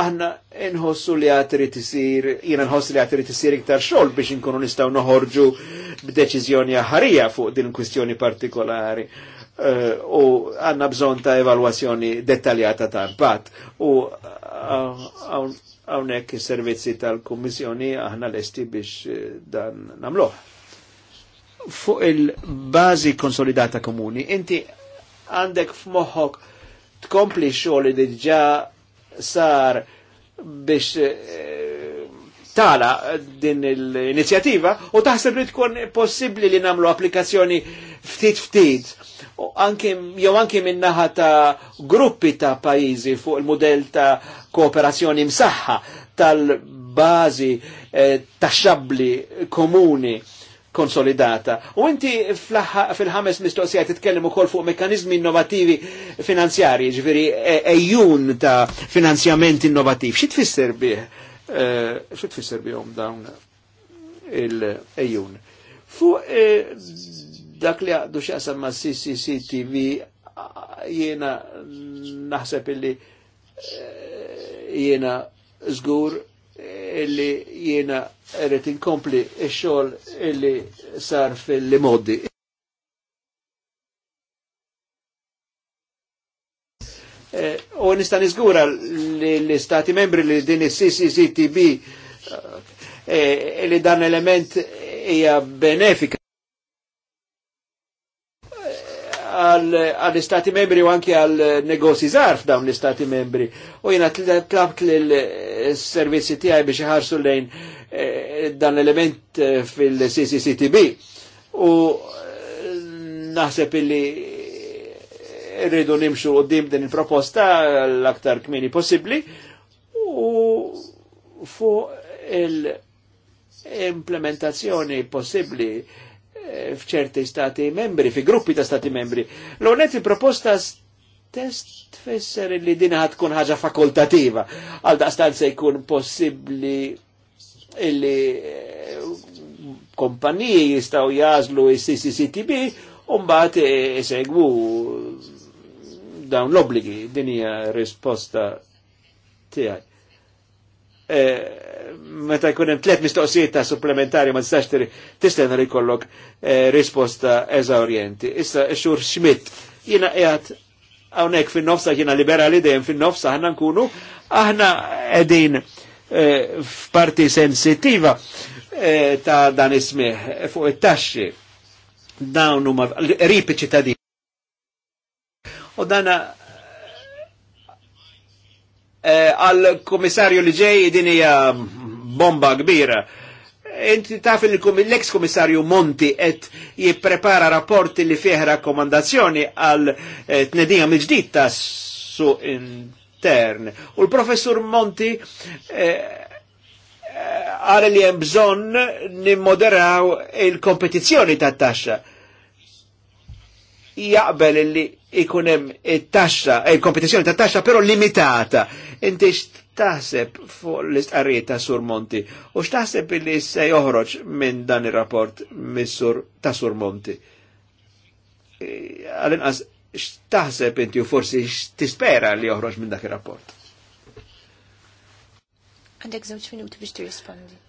aħna nħossu li għatri t-sir, jina nħossu li għatri t-sir iktar xol biex nkunu nistaw noħorġu b'deċizjoni ħarija fuq din kwistjoni partikolari. Uh, u għanna bżon ta' evalwazzjoni dettaljata ta' impatt. U għawnek uh, servizzi tal-Kommissjoni aħna l-esti biex uh, dan namlu fuq il-bazi konsolidata komuni, inti għandek f'moħħok tkompli xogħol li diġà sar biex eh, tala din l-inizjativa u taħseb li tkun possibbli li namlu applikazzjoni ftit ftit jew anke minnaħa ta' gruppi ta' pajizi fuq il-modell ta' kooperazzjoni msaħħa tal-bazi eh, ta' xabli komuni konsolidata. U inti fil-ħames mistoqsija titkellem ukoll fuq mekkanizmi innovativi finanzjari, ġviri e-, ejjun ta' finanzjament innovativ. Xi tfisser bih? E, xi tfisser bihom dawn il-ejjun? Fuq e, dak li għaddu xaqsam ma' CCCTV jiena naħseb illi jiena żgur illi jiena rrit inkompli xol illi sar fil-modi. Eh, u nista nizgura li l-Stati membri li din eh, il-CCCTB li dan element hija benefika għall-istati membri u anki għal-negozji zarf dawn l-istati membri. U jena tlabt l-servizzi eh, tijaj biex ħarsu lejn eh, dan l-element eh, fil-CCCTB. U naħseb illi rridu nimxu dim din il-proposta l-aktar kmini possibli u fu il-implementazzjoni possibli f'ċerti stati membri, fi gruppi ta' stati membri. L-onet il-proposta test tfisser li din ħad tkun ħaġa fakultativa, għal daqstan se jkun possibli illi eh, kompaniji jistaw jazlu il-CCCTB un-bat jisegwu eh, dawn l-obligi, dinija risposta tijaj meta jkun hemm tliet mistoqsijiet ta' supplementari ma tistax tista' li ikollok eh, risposta eżawrjenti. Issa xur Schmidt, jiena qiegħed hawnhekk fin-nofsa jiena liberali dejjem fin-nofsa aħna nkunu aħna qegħdin eh, f'parti sensitiva eh, ta' dan ismih fuq it-taxxi dawn huma rip ċittadin. U dana għal komissarju li ġej din hija bomba kbira. Inti taf l-ex komissarju Monti et jipprepara rapporti li fieħ rakkomandazzjoni għal eh, t mill-ġdid ta' su intern. U l-professur Monti eh, għal li hemm bżonn nimmoderaw il-kompetizzjoni ta' taxxa. Jaqbel li ikunem it-taxxa, eh, il-kompetizzjoni ta' taxxa però limitata. Inti taħseb fuq l-istqarriet ta' Sur Monti u x'taħseb li se joħroġ minn dan ir-rapport mis-sur ta' Sur Monti. E, għal-inqas x'taħseb inti u forsi x'tispera li joħroġ minn dak ir-rapport. Għandek żewġ minuti biex tirrispondi.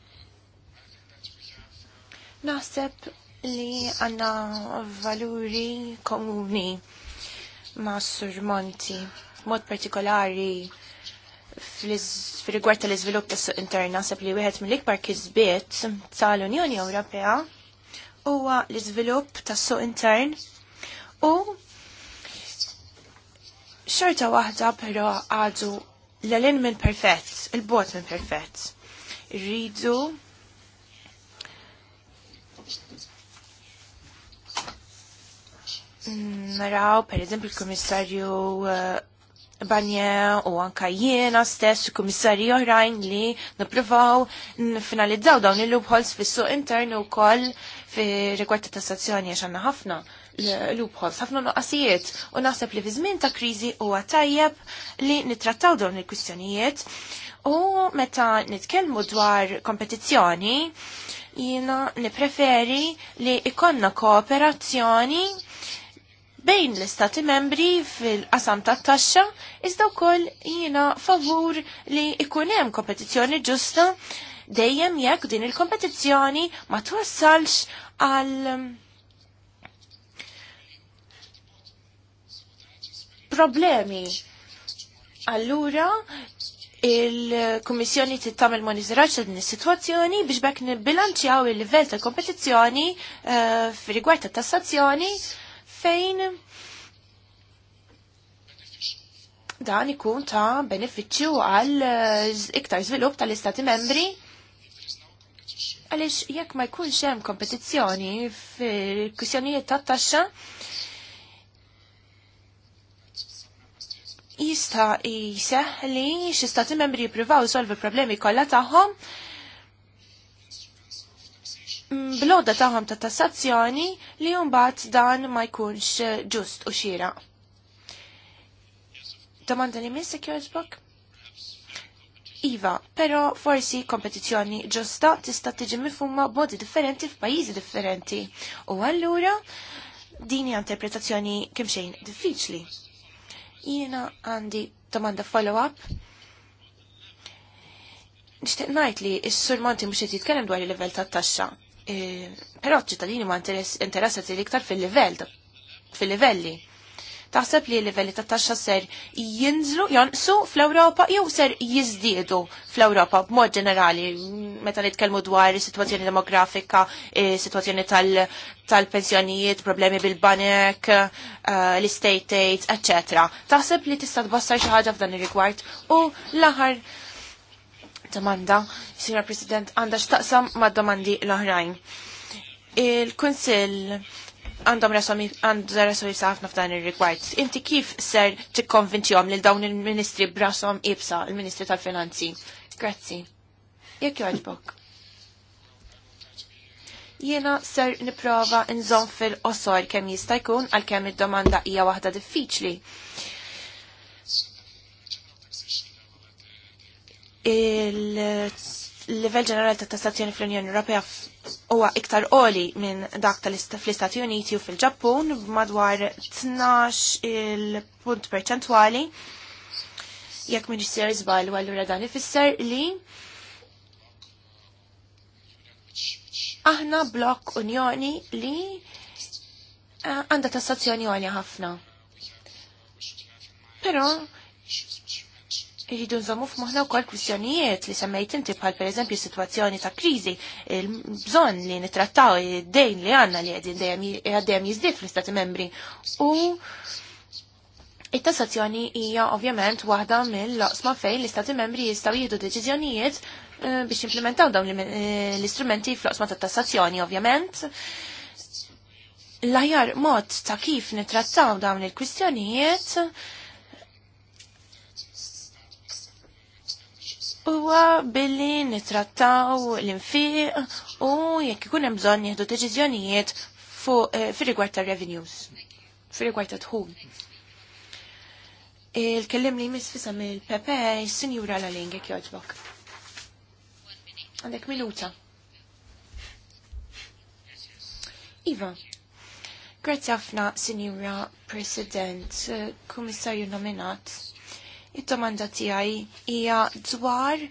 Naħseb li għanna valuri komuni ma' Sur Monti, mod partikolari fil-rigward tal-izvilupp tas suq intern naħseb li wieħed mill-ikbar kisbiet tal-Unjoni Ewropea huwa l-iżvilupp tas suq intern u xorta waħda però għadu l-għalin minn perfett, il-bot minn perfett. Rridu naraw, per eżempju, il-Komissarju eh, Banje u anka jiena stess u kummissarji oħrajn li nippruvaw finalizzaw dawn il-loopholes fis-suq intern u koll fi rigward ta' tassazzjoni għax għandna ħafna loopholes, ħafna nuqqasijiet u naħseb li fi żmien ta' kriżi huwa tajjeb li nittrattaw dawn il-kwistjonijiet u meta nitkellmu dwar kompetizzjoni jiena nipreferi li ikonna kooperazzjoni bejn l-istati membri fil-qasam ta' taxxa iżda wkoll jiena favur li ikun hemm kompetizzjoni ġusta dejjem jekk din il-kompetizzjoni ma twassalx għal mm, problemi. Allura il-Kummissjoni tittamil monitoraġġ ta' din is-sitwazzjoni biex bekk nibbilanċjaw il-livell ta' kompetizzjoni uh, eh, rigward ta' tassazzjoni fejn dan ikun ta' beneficju għal eh, iktar żvilupp tal-Istati membri għaliex jekk ma jkunx hemm kompetizzjoni fil-kwistjonijiet tat-taxxa jista' jseħħ li xi membri jippruvaw solvi problemi kollha tagħhom bil-loda taħam ta' tassazzjoni li mbagħad dan ma jkunx eh, ġust u xira. Domanda li minn Securesbook? Iva, pero forsi kompetizzjoni ġusta tista' tiġi mifhuma b'modi differenti f'pajjiżi differenti. U allura din hija interpretazzjoni kemm xejn diffiċli. Jiena għandi domanda follow-up. Nixtieq ngħid li s surmonti mhux qed jitkellem dwar il-livell tat-taxxa. Eh, però ċittadini ma interessati l-iktar fil level fil-livelli. Taħseb li l-livelli ta' taxxa ser jinżlu, jonqsu fl-Ewropa jew ser jiżdiedu fl-Ewropa b'mod ġenerali meta nitkellmu dwar is-sitwazzjoni demografika, situazzjoni eh, sitwazzjoni tal-pensjonijiet, problemi bil-banek, eh, l-estate aids, eccetera. Taħseb li tista' tbassar xi ħaġa f'dan ir-rigward u l domanda, Sra. President, għandha x'taqsam mad domandi l-oħrajn. Il-Kunsill għandhom għandu rasomi ħafna f'dan ir-rigward. Inti kif ser tikkonvinċjom lil dawn il-Ministri b'rasom ibsa, il-Ministri tal-Finanzi? Grazzi. Jekk jogħġbok. Jiena ser niprofa nżomm fil-qosor kemm jista' jkun għalkemm id-domanda hija waħda diffiċli il-level ġenerali ta' tassazzjoni fl-Unjoni Ewropea huwa iktar qoli minn dak tal-Istati Uniti u fil-Ġappun b'madwar 12 il-punt perċentwali. Jekk minn jisser żball u allura dan ifisser li aħna blokk Unjoni li eh, għandha tassazzjoni għolja ħafna. Però Iħidu nżommu muħna u kol kwistjonijiet li semmejt inti bħal per eżempju situazzjoni ta' krizi, il-bżon li nitrattaw id-dejn li għanna li għaddejm jizdif fl-istati membri. U it-tassazzjoni hija ovvjament waħda mill-loqsma fejn l-istati membri jistaw jieħdu deċiżjonijiet eh, biex implementaw dawn eh, l-istrumenti fl-loqsma ta' tassazzjoni ovvjament. l ajjar mod ta' kif nitrattaw dawn il-kwistjonijiet huwa billi nitrattaw l-infiq u jekk ikun hemm bżonn jieħdu deċiżjonijiet eh, fir-rigward ta' revenues, fir-rigward ta' tħum. Il-kellim li jmiss fisam mill-Pepe, sinjura Laling, jekk jogħġbok. Għandek minuta. Iva, grazzi ħafna, Sinjura President, eh, Kummissarju nominat it domanda tiegħi hija dwar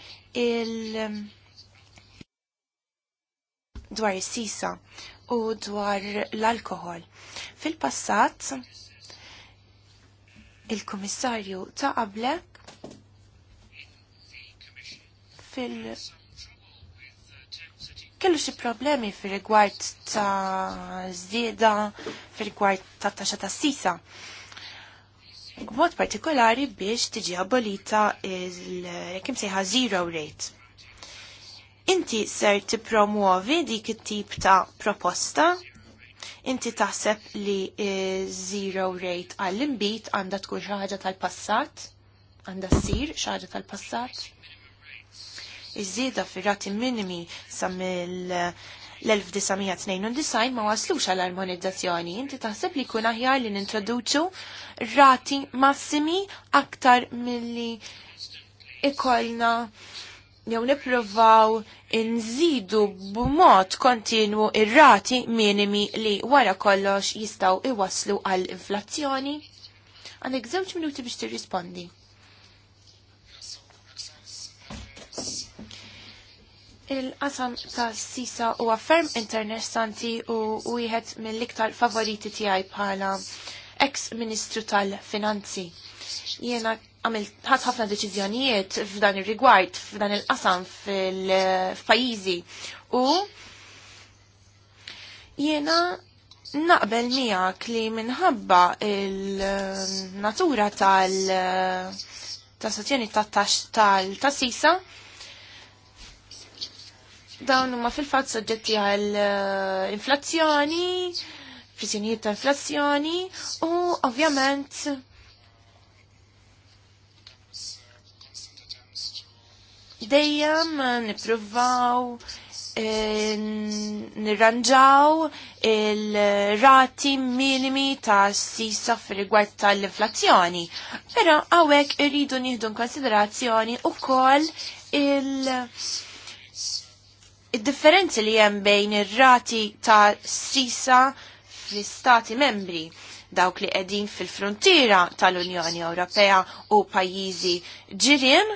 il- dwar is-sisa u dwar l-alkohol. Fil-passat, il-komissarju ta' qablek fil- kellu xi problemi fir rigward ta' żieda, fir rigward ta' taxxa ta' sisa b'mod partikolari biex tiġi abolita il-kim sejħa zero rate. Inti ser tipromuovi dik it-tip ta' proposta inti taħseb li zero rate għall-imbit għanda tkun xaħġa tal-passat, għanda ssir sir xaħġa tal-passat. iż fir-rati minimi sa mill l-1992 ma waslux għal armonizzazzjoni. Inti taħseb li kuna aħjar li nintroduċu rati massimi aktar milli ikolna jew nipprovaw nżidu b'mod kontinwu ir-rati minimi li wara kollox jistaw iwaslu għall inflazzjoni? Għandek żewġ minuti biex tirrispondi. Il-qasam ta' sisa huwa ferm interessanti u wieħed mill-iktar favoriti tiegħi bħala ex-Ministru tal-Finanzi. Jiena għamilt ħadd ħafna deċiżjonijiet f'dan ir-rigward, f'dan il-qasam fil pajizi u jiena naqbel miegħek li minħabba il-natura tal- tassazzjoni tal-tassisa ta Dawn huma fil-fatt soġġetti għal eh, inflazzjoni, prisjonijiet ta' inflazzjoni u ovvjament dejjem nippruvaw eh, nirranġaw il-rati minimi ta' sisa fil-rigward tal-inflazzjoni. Pero għawek irridu nieħdu konsiderazzjoni u il- id-differenzi li hemm bejn ir-rati ta' sisa fl-istati membri dawk li qegħdin fil-frontiera tal-Unjoni Ewropea u pajjiżi ġirien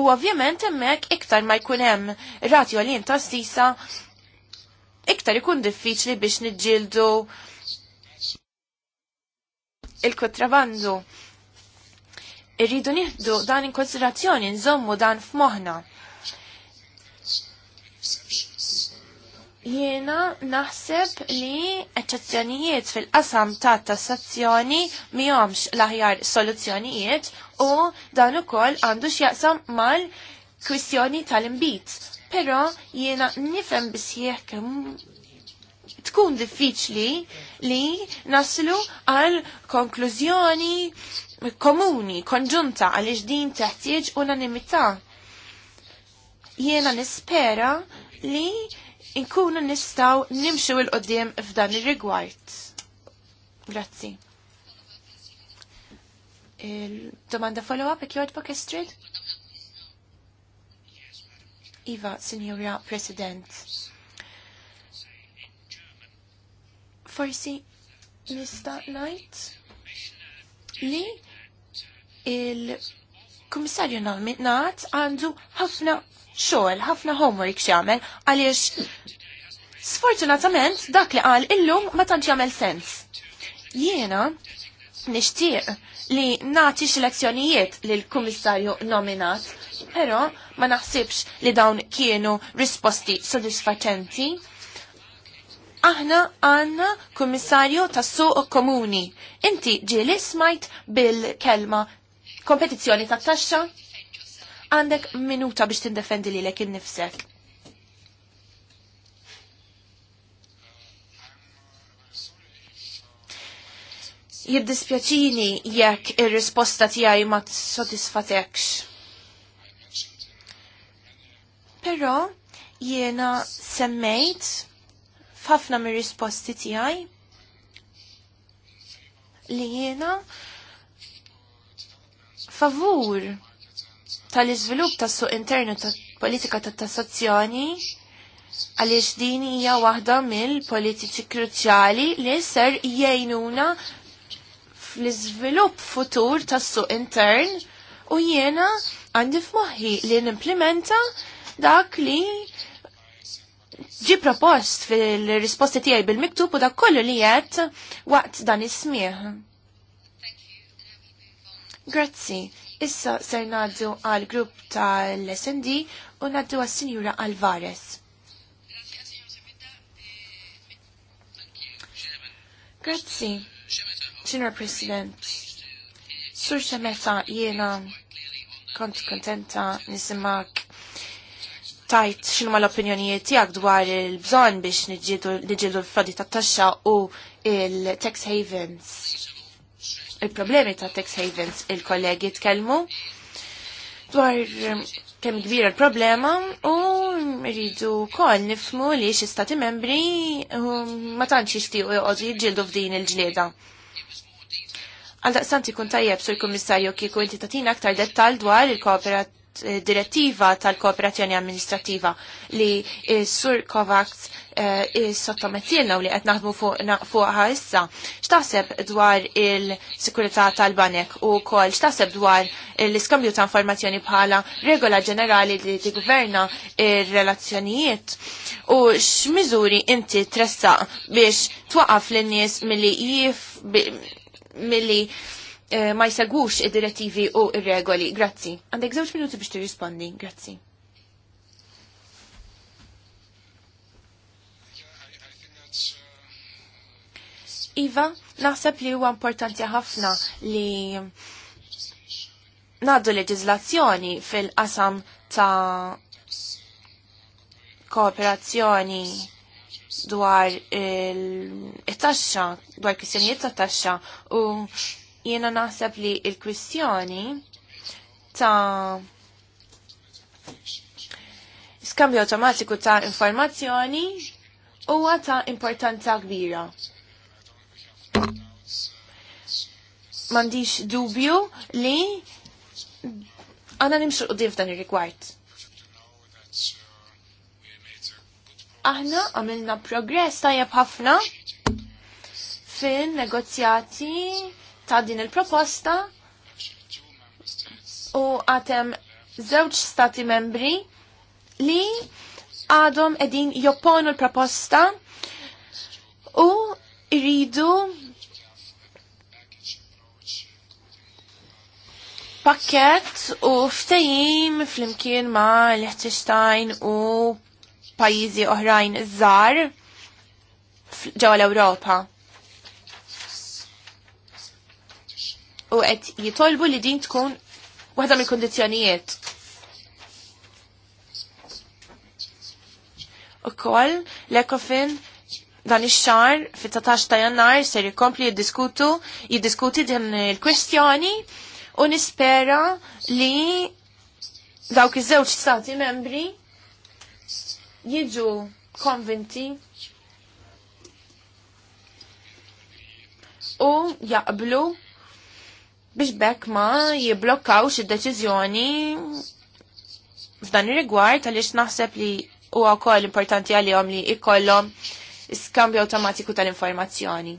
U ovvjament hemmhekk iktar ma jkun hemm rati għalien ta' sisa, iktar ikun diffiċli biex niġġieldu il-kontrabandu. Irridu nieħdu dan in konsiderazzjoni nżommu dan f'moħħna. Jiena naħseb li eċċezzjonijiet fil-qasam ta' tassazzjoni miħomx laħjar soluzzjonijiet u dan ukoll għandu x'jaqsam mal-kwistjoni tal-imbit. Però jiena nifhem bisħieħ kem tkun diffiċli li naslu għal konklużjoni komuni, konġunta għaliex din teħtieġ unanimità. Jiena nispera li inkunu nistaw nimxu il-qoddim f'dan ir-rigward. Grazzi. Il-domanda follow-up ek jodbok kestrid? Iva, Signora President. Forsi nista' ngħid li il-Kummissarju nominat għandu ħafna xogħol, ħafna homework x'jagħmel għaliex sfortunatament dak li qal illum ma tantx jagħmel sens. Jiena nixtieq li nagħti x lezzjonijiet l kummissarju nominat, però ma naħsibx li dawn kienu risposti sodisfaċenti. Aħna għanna kummissarju tas-suq komuni. Inti ġieli smajt bil-kelma kompetizzjoni tat-taxxa? għandek minuta biex tindefendi li lekin innifsek. Jiddispjaċini jekk ir-risposta tiegħi ma tsodisfatekx. Però jiena semmejt f'ħafna mir-risposti tiegħi li jiena favur tal-iżvilupp tas-suq internu tal-politika tat-tassazzjoni għaliex din hija waħda mill-politiċi kruċjali li ser jgħinuna fl-iżvilupp futur tas-suq intern u jiena għandi f'moħħi li nimplementa dak li ġi propost fil-risposti tiegħi bil-miktub u dak kollu li qed waqt dan is-smieħ. Grazzi. Issa ser naddu għal grupp tal-SND u naddu għal Sinjura Alvarez. Grazzi, Signor President. Sur xemeta jiena kont kontenta nisimak tajt xinu ma l-opinjonijiet tijak dwar il-bżon biex nġidu l-frodi ta' taxxa u il-tax havens il-problemi ta' tax havens il-kollegi tkellmu dwar um, kemm kbira l-problema u rridu kol nifmu li xi stati membri um, ma tantx jixtiequ joqogħdu jiġġieldu f'din il-ġlieda. Għal daqstanti kun tajjeb sur kummissarju kieku inti tatina aktar dettal dwar il-kooperat Eh, direttiva tal-kooperazzjoni amministrativa li sur Kovacs e, eh, sottomettilna u li qed naħdmu fuqha issa. X'taħseb dwar il-sikurità tal-banek u wkoll x'taħseb dwar l-iskambju ta' informazzjoni bħala regola ġenerali li tigverna ir-relazzjonijiet u x'miżuri inti tressaq biex twaqaf lin-nies milli jif milli Eh, ma jsegwux id-direttivi u ir-regoli. Grazzi. Għandek żewġ minuti biex tirrispondi. Grazzi. Iva, naħseb li huwa importanti ħafna li naddu leġizlazzjoni fil-qasam ta' kooperazzjoni dwar il-taxxa, dwar kwistjonijiet ta' taxxa u Jiena naħseb li il-kwistjoni ta' skambju automatiku ta' informazzjoni huwa ta' importanza kbira. Mandiċ dubju li għana nimxu u f'dan ir-rigward. Aħna għamilna progress tajjeb ħafna fin negozjati ta' din il-proposta u għatem żewġ stati membri li għadhom edin jopponu l-proposta u iridu pakket u ftejim flimkien ma Liechtenstein u pajizi oħrajn żar ġewwa l-Ewropa. u qed jitolbu li din tkun waħda mill U kol, l-Ekofin dan ix-xar fit-19 ta' Jannar ser jkompli jiddiskutu jiddiskuti din il-kwestjoni u nispera li dawk iż-żewġ stati membri jiġu konvinti u jaqblu biex bekk ma jiblokkaw id-deċiżjoni f'dan ir-rigward għaliex naħseb li huwa wkoll importanti għalihom li jkollhom iskambju awtomatiku tal-informazzjoni.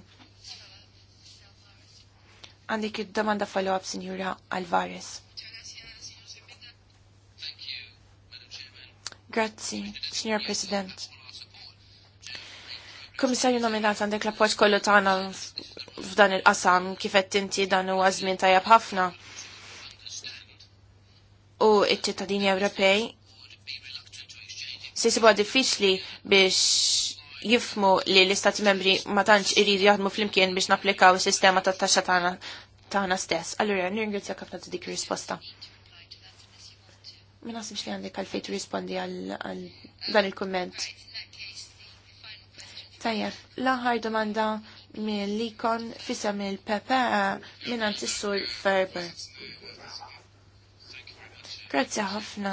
Għandik id-domanda follow-up, Sinjura Alvarez. Grazzi, Signor President. Komissarju nominat għandek l-appoġġ kollu tagħna f'dan il-qasam kifet inti dan huwa żmien tajjeb ħafna. U iċ-ċittadini Ewropej se jsibuha diffiċli biex jifmu li l-Istati membri ma tantx iridu jaħdmu flimkien biex napplikaw is-sistema tat-taxxa tagħna tagħna stess. Allura nirringrazzjak ħafna ta' dik risposta. Ma naħsibx li għandek għalfejn tirrispondi għal dan il-kumment. Tajjeb, l-aħħar domanda mill-likon fisa mill-PPA eh, minnant is-sur Ferber. Grazzi ħafna.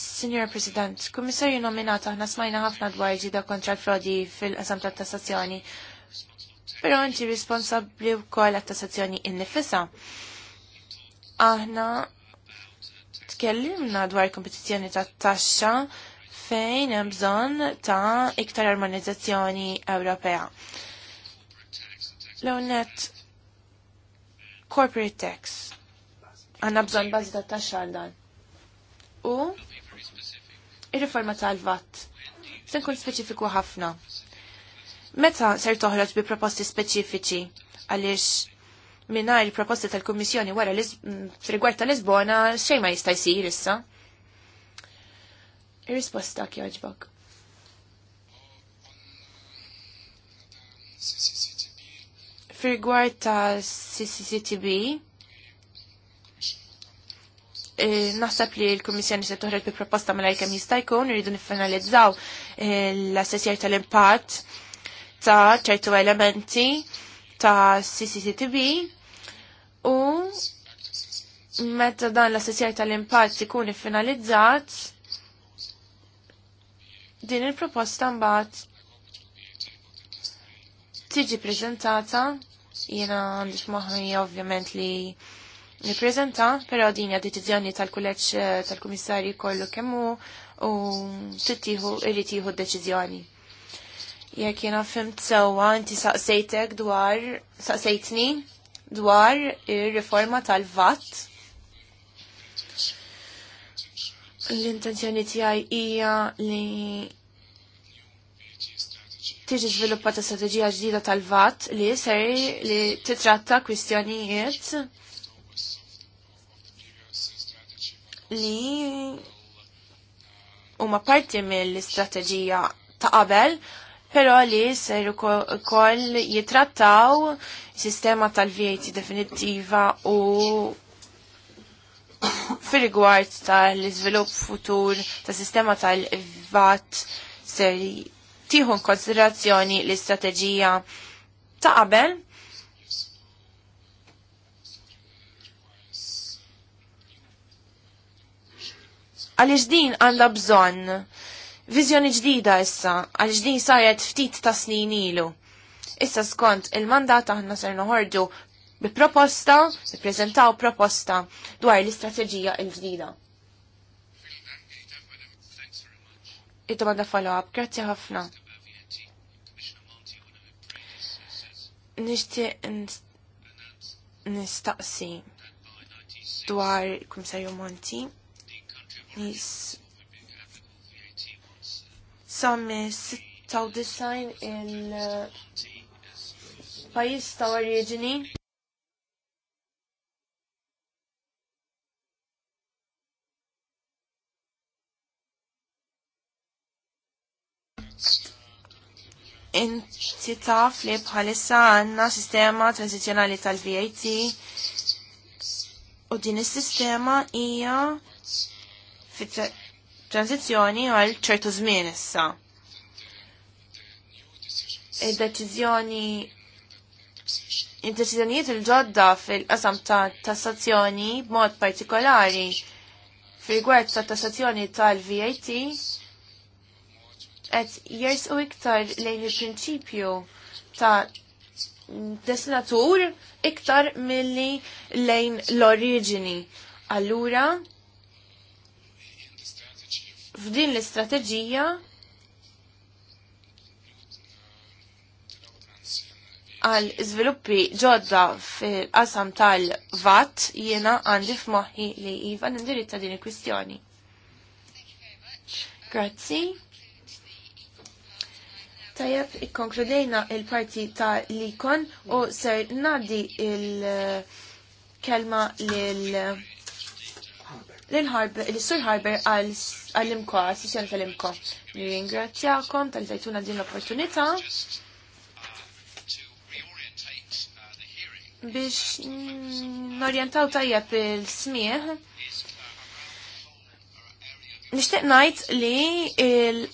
Signor President, kummissarju nominata aħna smajna ħafna dwar ġida kontra l-frodi fil-qasam ta' tassazzjoni, pero inti responsabli wkoll għat-tassazzjoni innifisa. Aħna tkellimna dwar kompetizzjoni ta' taxxa fejn hemm bżonn ta' iktar armonizzazzjoni Ewropea. l net corporate tax. Għanna bżonn bażi ta' taxxa għal dan. U ir-riforma tal-VAT. Se nkun speċifiku ħafna. Meta ser toħroġ bi proposti speċifiċi għaliex minna il-proposti tal-Kommissjoni wara l-rigward tal xej ma jista' jsir issa. Ir-risposta kjoġbok. fir Firgward ta' CCCTB, eh, naħseb li l-Komissjoni se toħroġ bi proposta mela jkemm jista' jkun irridu niffinalizzaw eh, l-assessjar tal-impatt ta' ċertu elementi ta' CCCTB. u meta dan l-assessjar tal-impatt ikun iffinalizzat din il-proposta mbagħad tiġi prezentata jiena għandix maħmi ovvjament li prezenta, però din hija deċiżjoni tal-kulleġġ eh, tal-kummissarji kollu kemm hu u tittieħu irid jieħu deċiżjoni. Jekk jiena fimt sewwa inti saqsejtek dwar saqsejtni dwar ir-riforma tal-VAT L-intenzjoni tiegħi hija li tiġi żviluppata strateġija ġdida tal-VAT li ser li titratta kwistjonijiet li huma parti mill-istrateġija ta' qabel, però li ser ukoll jitrattaw sistema tal-VAT definittiva u fil-rigward tal izvilup futur ta' sistema tal-VAT ser tieħu konsiderazzjoni l-istrateġija ta' qabel għaliex din għandha bżonn viżjoni ġdida issa għaliex din saret ftit ta' snin ilu. Issa skont il-mandat aħna ser noħorġu bi proposta, b-prezentaw proposta dwar l-istrateġija l-ġdida. Id-domanda follow-up, grazzi ħafna. Nishti nistaqsi dwar il Monti. Nis sammi 96 il-pajis ta' oriġini inti taf li bħalissa għanna sistema transizjonali tal-VAT u din is-sistema hija fit tranzizzjoni għal ċertu żmien issa. Id-deċiżjoni id-deċiżjonijiet il-ġodda fil-qasam ta' tassazzjoni b'mod partikolari fil-gwert ta' tassazzjoni tal-VAT qed jersqu iktar lejn il-prinċipju ta' destinatur iktar milli lejn l-oriġini. Allura, f'din l-istrateġija għal sviluppi ġodda fil-qasam tal-VAT jiena għandi f'moħħi li iva nindirizza din il-kwistjoni. Grazzi. Tajab, ikkonkludejna il-parti ta' likon u ser nadi il-kelma l-Sur Harber għall-imko, għal-sessjoni tal-imko. Ringrazzjakom tal-tajtuna din l-opportunità biex norjentaw tajjeb il-smieħ. Nishtiq najt li il-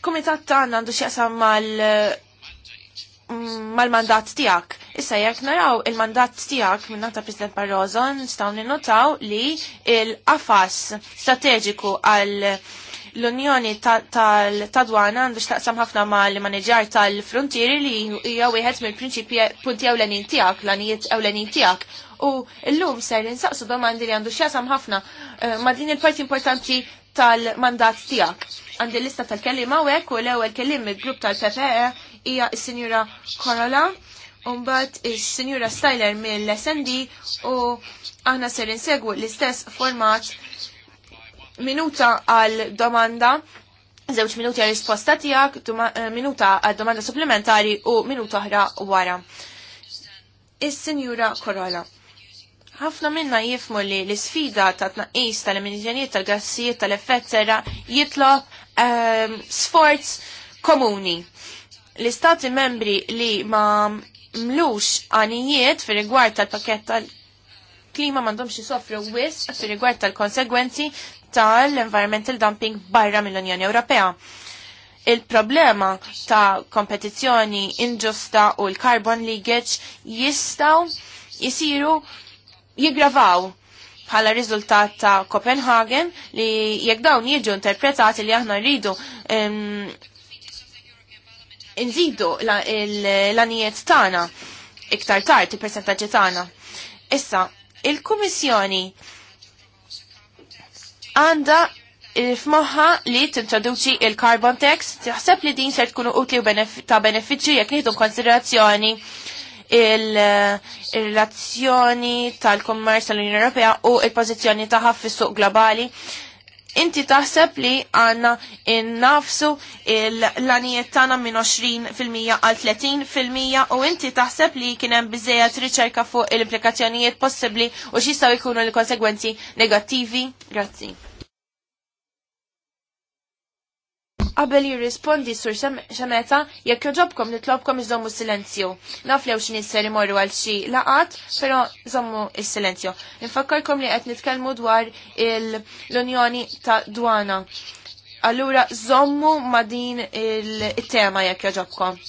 Il-komitat tagħna għandu x'jaqsam mal mm, mal-mandat tijak. Issa jek naraw il-mandat tijak minna ta' President Barroso nistaw ninotaw li il-qafas strategiku għal l-Unjoni tal-Tadwana għandu xtaqsam ħafna ma l tal-frontieri li hija wieħed mill-prinċipi punti ewlenin tijak, l-anijiet ewlenin tijak. U l-lum ser insaqsu domandi li għandu xjasam ħafna eh, ma din il-parti importanti tal-mandat tijak. Għandi lista tal-kellima u u l-ewel kellim il-grupp tal-PPE hija s senjura Korola, umbat is-Sinjura Styler mill-SND u aħna ser insegwu l-istess format minuta għal domanda zewċ minuti għal risposta tijak, eh, minuta għal domanda supplementari u minuta oħra wara. Is-Sinjura Korola ħafna minna jifmu li l-sfida ta' tnaqqis tal-emissjonijiet tal-gassijiet tal-effett serra jitlob um, sforz komuni. L-istati membri li ma mlux għanijiet fi rigward tal-pakett tal-klima mandomx jisofru wisq fi rigward tal-konsegwenzi tal-environmental dumping barra mill-Unjoni Ewropea il-problema ta' kompetizzjoni inġusta u l-carbon leakage jistaw jisiru jiggravaw bħala riżultat ta' Copenhagen li jekk dawn jiġu interpretati li aħna rridu nżidu l-anijiet tagħna iktar tard il-persentaġġi tagħna. Issa, il-Kummissjoni għandha f'moħħa li tintroduċi il-carbon tax, taħseb li din se tkun utli ta' benefiċċju jekk nieħdu konsiderazzjoni il-relazzjoni tal-kommerz tal-Unjoni Ewropea u il-pożizzjoni tagħha fis-suq globali. Inti taħseb li għanna innafsu l-lanijiet tagħna minn 20% għal 30% u inti taħseb li kien hemm biżejjed riċerka fuq l-implikazzjonijiet possibbli u x'jistgħu jkunu l-konsegwenzi negattivi? Grazzi. Qabel jirrispondi sur xameta, jekk joġobkom nitlobkom iżommu silenzju. Naf lew xini s imorru għal xi laqat, pero żommu s-silenzju. Nfakkarkom li qed nitkellmu dwar l-Unjoni ta' Dwana. Allura zommu ma' din il-tema jekk joġobkom.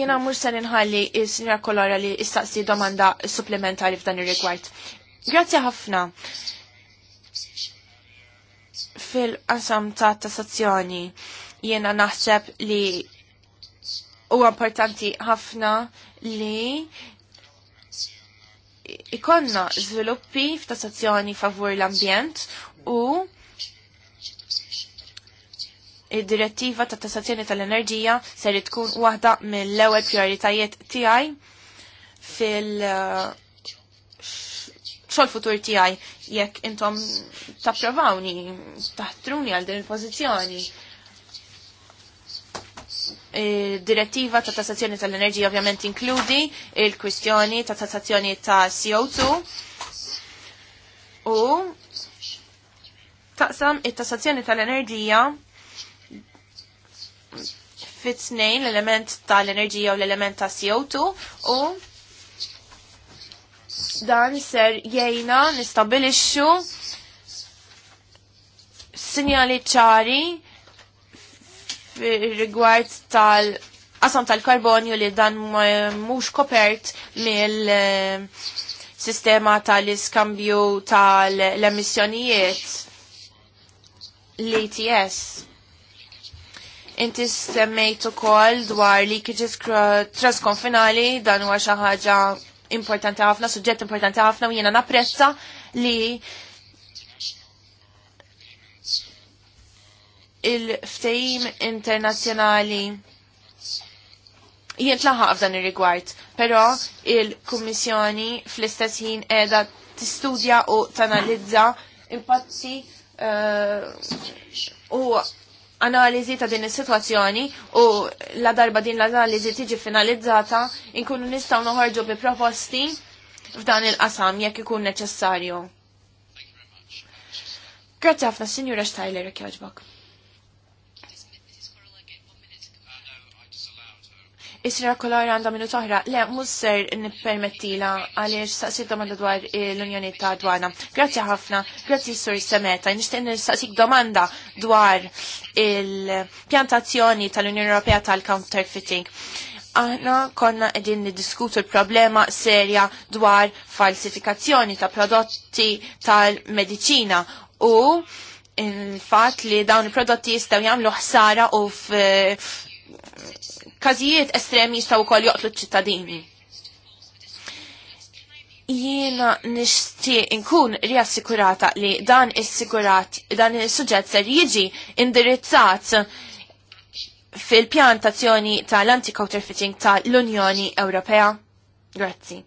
Jena mux se inħalli s-sinjora Kolora li istaqsi domanda supplementari f'dan ir-rigward. Grazzi ħafna fil-qasam ta' tassazzjoni jiena naħseb li huwa importanti ħafna li ikonna żviluppi f'tassazzjoni favur l-ambjent u id-direttiva ta' tassazzjoni tal-enerġija ser tkun waħda mill-ewwel prioritajiet tiegħi fil- uh, xol futur tijaj jekk intom tapprovawni, taħtruni għal din il-pozizjoni. E, direttiva ta' tassazzjoni tal-enerġija ovvjament inkludi il-kwistjoni ta' tassazzjoni ta' CO2 u taqsam it-tassazzjoni tal-enerġija fit-snejn l-element tal-enerġija u l-element ta' CO2 u dan ser jgħina nistabilixxu sinjali ċari rigward tal- qasam tal-karbonju li dan mhux kopert mill eh, sistema tal-iskambju tal-emissjonijiet l ats Inti semmejtu ukoll dwar li kħiġis trasconfinali dan huwa xi ħaġa importanti ħafna, suġġett importanti ħafna u jiena napprezza li il-ftejim internazzjonali jien tlaħaq f'dan ir-rigward, però il-Kummissjoni fl-istess ħin qiegħda tistudja u tanalizza impatti eh, u analiżi ta' din is-sitwazzjoni u la darba din l-analiżi tiġi finalizzata inkunu nistgħu noħorġu bi proposti f'dan il-qasam jekk ikun neċessarju. Grazzi ħafna, Sinjura Steiler, kjaġbak. Isra kolor għandha minu toħra, le, musser nippermettila għaliex saqsik domanda dwar l-Unjoni ta' Dwana. Grazie ħafna, s Sur Semeta, nishtiq nistaqsik domanda dwar il-pjantazzjoni tal-Unjoni Ewropea tal-counterfeiting. Aħna konna edin niddiskutu l-problema serja dwar falsifikazzjoni ta' prodotti tal-medicina u il-fat li dawn il-prodotti jistaw jagħmlu ħsara u f kazijiet estremi jistaw kol joqtlu ċittadini. Jiena nishti inkun riassikurata li dan is-sigurat, dan is-suġġett ser jiġi indirizzat fil pjantazzjoni tal-anti-counterfeiting tal-Unjoni Ewropea. Grazzi.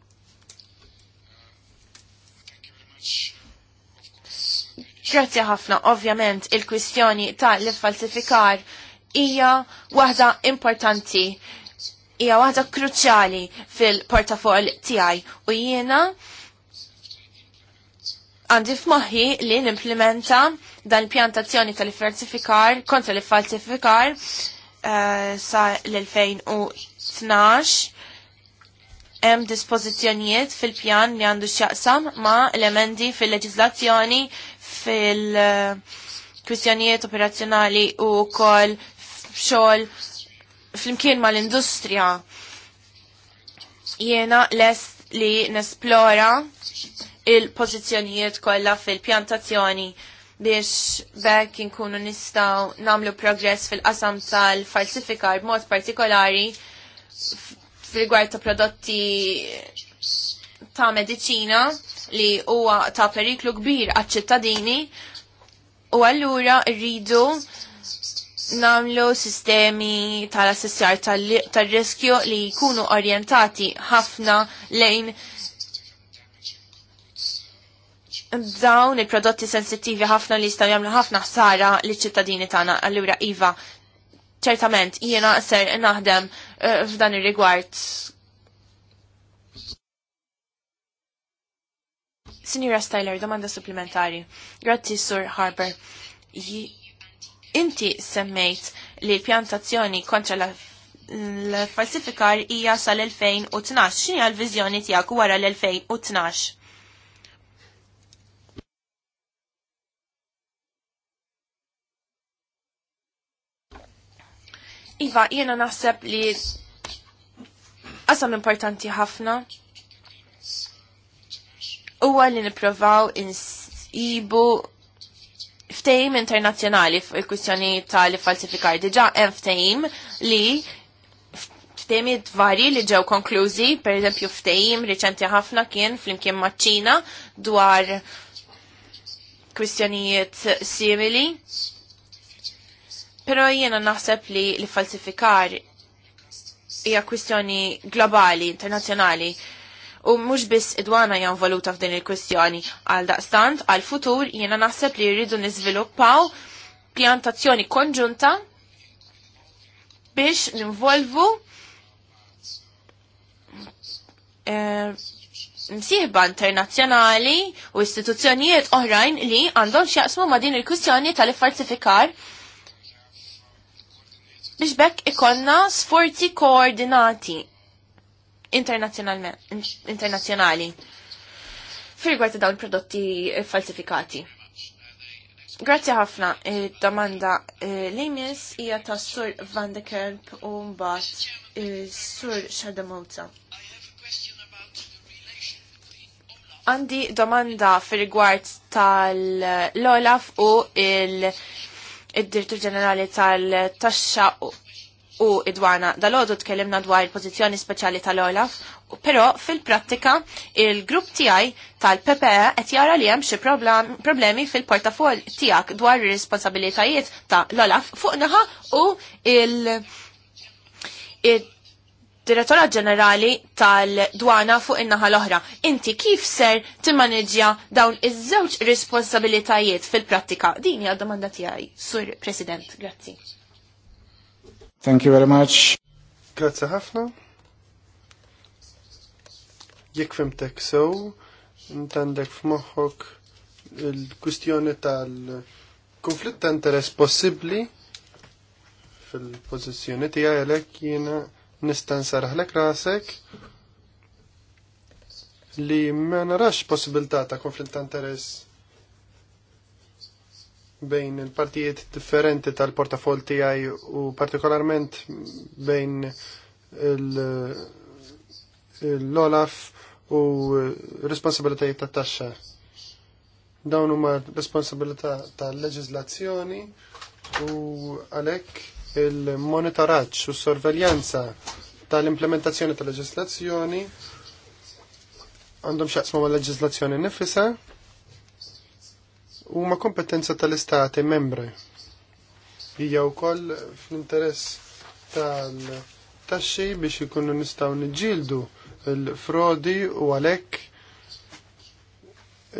Grazzi ħafna, ovvjament, il-kwistjoni tal-falsifikar hija waħda importanti, hija waħda kruċjali fil-portafol tiegħi u jiena għandi f'moħħi li nimplementa dan pjantazzjoni tal-falsifikar kontra l-falsifikar uh, sa l-2012 hemm dispożizzjonijiet fil-pjan li għandu x'jaqsam ma' elementi fil-leġiżlazzjoni fil-kwistjonijiet eh, operazzjonali u kol B'xogħol flimkien mal-industrija. Jiena lest li nesplora il-pożizzjonijiet kollha fil-pjantazzjoni biex bekk inkunu nistaw namlu progress fil-qasam tal-falsifikar b'mod partikolari fil ta' prodotti ta' medicina li huwa ta' periklu kbir għal ċittadini u allura rridu namlu sistemi tal-assessjar tal-riskju li jkunu orientati ħafna lejn dawn il-prodotti sensittivi ħafna li jistaw jagħmlu ħafna ħsara li ċittadini tagħna. Allura iva, ċertament jiena ser naħdem eh, f'dan ir-rigward. Signora Styler, domanda supplementari. Grazie, Sur Harper. Inti semmejt li l-pjantazzjoni kontra la l-falsifikar hija sal-2012. X'inhi l-viżjoni tiegħek wara l-2012? Iva, jiena naħseb li qasam importanti ħafna huwa li nipprovaw insibu ftejim internazzjonali il kwistjoni tal-falsifikar diġa hemm ftejm li ftejmiet varji li ġew konklużi, per eżempju ftejm riċenti ħafna kien flimkien maċ-Ċina dwar kwistjonijiet simili. Pero jiena naħseb li l-falsifikar hija kwistjoni globali, internazzjonali u mhux biss idwana hija involuta f'din il-kwistjoni. Għal daqstant, għal futur jiena naħseb li jridu niżviluppaw pjantazzjoni konġunta biex ninvolvu eh, msieħba internazzjonali u istituzzjonijiet oħrajn li għandhom xjaqsmu ma' din il-kwistjoni tal-falsifikar biex bekk ikonna sforzi koordinati internazjonali fil-gwar ta' dawn prodotti eh, falsifikati. Grazzi ħafna, eh, domanda eh, li mis hija ta' Sur Van de Kerp u mbagħad Sur Shadamota. Għandi domanda fil-rigward tal-Olaf u il-Dirtur Ġenerali tal-Taxxa u idwana, Dal-ħodu tkellimna dwar il-pozizjoni speċjali tal-Olaf, pero fil-prattika il-grupp tiegħi tal-PPE qed jara li hemm xi problemi fil-portafol tiegħek dwar ir-responsabilitajiet ta' l-Olaf fuq naħa u il-, direttora ġenerali tal-dwana fuq in-naħa l-oħra. Inti kif ser timmaneġja dawn iż-żewġ responsabilitajiet fil-prattika? Din hija domanda tiegħi, Sur President. Grazzi. Thank you very much. Grazzi ħafna. Jekk femtek sew, intandek f'moħħok il-kustjoni tal-konflitt ta' interess possibbli fil-pozizjoni tiegħi għalhekk jiena nista' nsarħlek rasek li ma narax possibilità ta' konflitt ta' interess bejn il-partijiet differenti tal-portafol tiegħi u partikolarment bejn l-Olaf u responsabilitajiet ta' taxxa. Dawn huma responsabilità tal-leġiżlazzjoni u għalhekk il-monitoraġġ u s-sorveljanza tal-implementazzjoni tal leġislazzjoni għandhom xaqsmu ma' leġislazzjoni nifisa' huma kompetenza tal-istati membri. Hija wkoll fl-interess tal-taxxi biex ikunu nistgħu niġġieldu l-frodi u għalhekk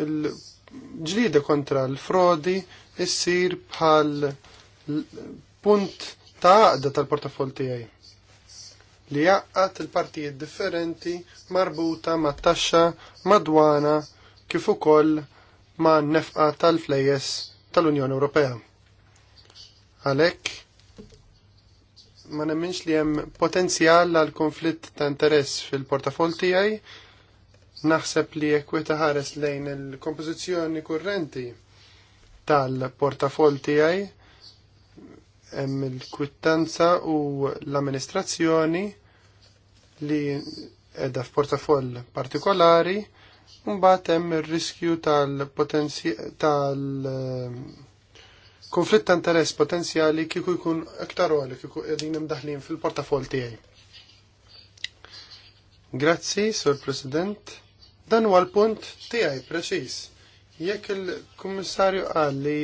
il-ġlida kontra l-frodi issir bħal punt ta' għaqda tal-portafol tiegħi li jaqqat il-partijiet differenti marbuta ma' taxxa madwana kif ukoll ma' nefqa tal-flejes tal-Unjoni Ewropea. Għalek, ma nemminx li hemm potenzjal għal konflitt ta' interess fil-portafol tiegħi, naħseb li jekk ħares lejn il-kompożizzjoni kurrenti tal-portafol tiegħi hemm il-kwittanza u l-amministrazzjoni li edha f'portafoll partikolari Mbagħad hemm ir-riskju tal-konflitt ta' interess potenzjali kieku jkun aktar għal kieku qegħdin imdaħlin fil-portafol tiegħi. Grazzi, Sur President. Dan huwa l-punt tiegħi preċiż. Jekk il-Kummissarju qal li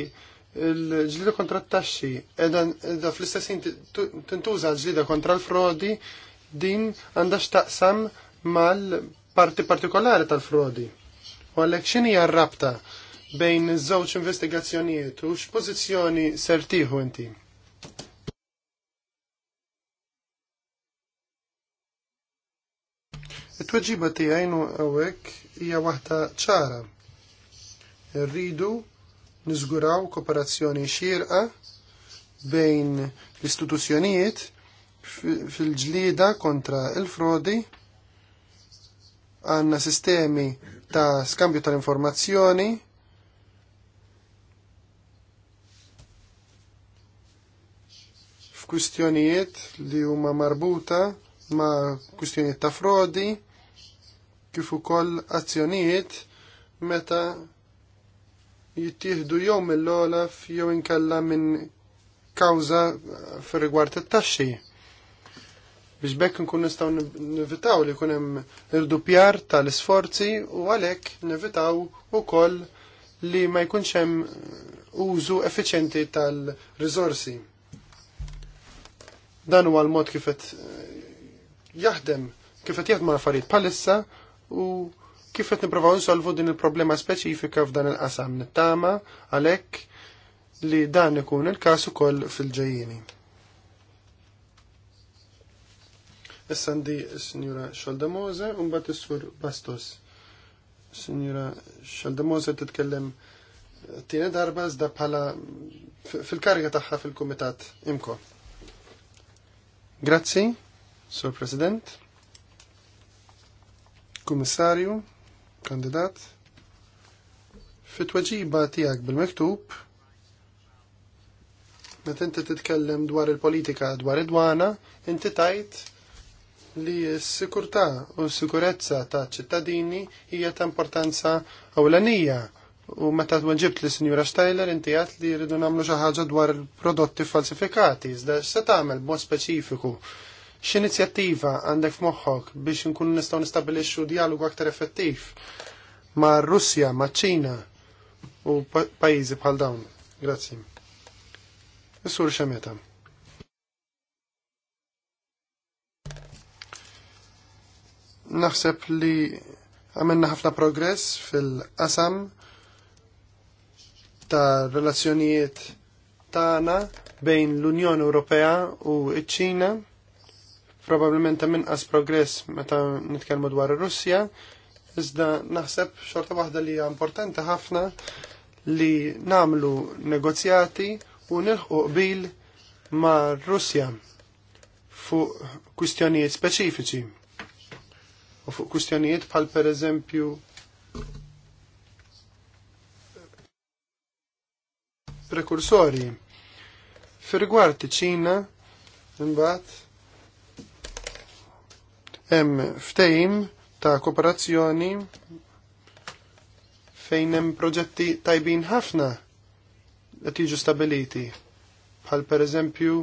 l-ġlida kontra t-taxxi edha fl-istessin tintuża l-ġlida kontra l-frodi din għandax taqsam mal parti partikolari tal-frodi. U għalhekk xini rabta bejn iż-żewġ investigazzjonijiet u x'pożizzjoni ser tieħu inti? It-tweġiba tiegħi hawnhekk hija waħda ċara. Irridu niżguraw kooperazzjoni xierqa bejn l-istituzzjonijiet fil-ġlida kontra il-frodi għanna sistemi ta' skambju tal-informazzjoni f'kustjonijiet li huma marbuta ma' kustjonijiet ta' frodi kif ukoll azzjonijiet meta jittieħdu jew mill-olaf jew inkella minn kawża fir rigward it-taxxi biex bekk nkun nistgħu nivitaw li jkun hemm irdupjar tal-isforzi u nivitaw u ukoll li ma jkunx hemm uh, użu effiċenti tal rizorsi Dan huwa l-mod kif uh, jaħdem kif qed l affarijiet bħalissa u kif qed nipprovaw insolvu din il-problema speċifika f'dan il-qasam nittama għalhekk li dan ikun il-każ ukoll fil-ġejjieni. Essandi signora s un Xaldamoza u mbagħad is Bastos. Sinjura Xaldamoza titkellem tieni darba zda bħala fil-karga tagħha fil-Kumitat imko. Grazzi, Sur President, Kummissarju, Kandidat. Fit-tweġiba tiegħek bil mektub meta inti titkellem dwar il-politika dwar id-dwana, inti tajt li s-sikurtà u s-sikurezza ta' ċittadini hija ta' importanza ewlenija U meta ġibt li Sinjura Steiler inti għat li rridu namlu xi ħaġa dwar prodotti falsifikati, iżda se tagħmel mod speċifiku. X'inizjattiva għandek f'moħħok biex nkunu nistgħu nistabilixxu dialogu aktar effettiv ma' Russja, ma' Ċina u pajjiżi bħal dawn. Grazzi. Is-sur xemeta. naħseb li għamilna ħafna progress fil-qasam ta' relazzjonijiet tagħna bejn l-Unjoni Ewropea u ċ-Ċina, probabbilment ta' minqas progress meta nitkellmu dwar ir-Russja, iżda naħseb xorta waħda li hija importanti ħafna li namlu negozjati u nilħu qbil ma' Russja fuq kwistjonijiet speċifiċi u fuq kustjonijiet bħal per eżempju prekursori. Fir-rigward ċina, imbagħad hemm ftehim ta' kooperazzjoni fejn hemm proġetti tajbin ħafna qed jiġu stabiliti bħal pereżempju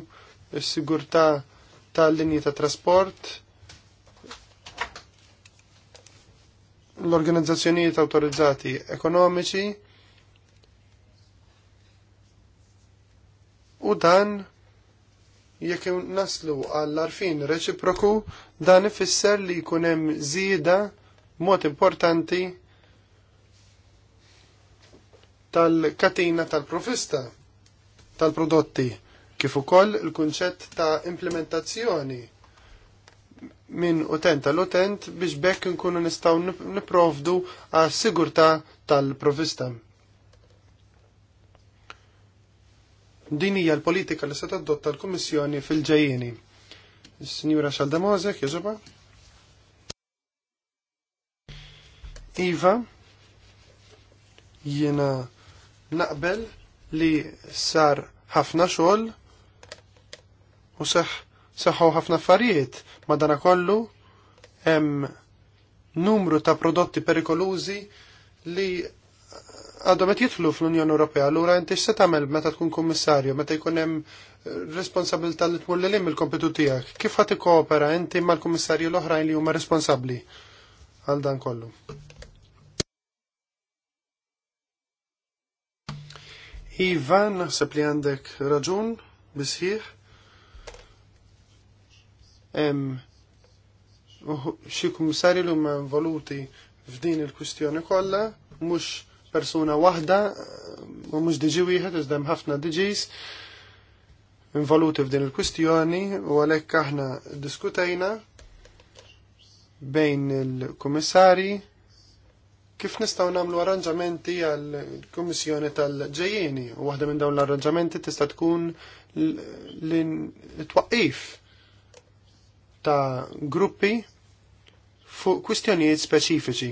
s-sigurtà tal-linji ta' trasport, l-organizzazzjonijiet autorizzati ekonomiċi u dan jekk naslu għall-arfin reċiproku dan ifisser li jkun hemm żieda mod importanti tal-katina tal-profista tal-prodotti kif ukoll il-kunċett ta' implementazzjoni minn utent tal-utent biex bekk nkunu nistaw niprovdu għas sigurta tal-provista. Din hija l-politika li se tadotta l-Kummissjoni fil-ġejjieni. Sinjura Xalda Mozek, jeżoba? Iva, jiena naqbel li sar ħafna xogħol u seħħ seħħu ħafna affarijiet, madana kollu hemm numru ta' prodotti perikolużi li għadhom qed jidħlu fl-Unjoni Ewropea. Allura inti x'se tagħmel meta tkun kummissarju, meta jkun hemm responsabilità li tmur lilim il-kompetu tiegħek. Kif ħadd ikkoopera inti mal-kummissarju l-oħrajn li huma responsabbli għal dan kollu? Iva, naħseb li għandek raġun bisħiħ xi kumissari li huma involuti f'din il-kwistjoni kollha, mhux persuna waħda, u mhux diġi wieħed iżda hemm ħafna diġis involuti f'din il-kwistjoni u għalhekk aħna diskutejna bejn il-kummissari kif nistaw namlu arranġamenti għal kummissjoni tal-ġejjeni u waħda minn dawn l-arranġamenti tista' tkun l-twaqqif ta' gruppi fuq kwistjonijiet speċifiċi.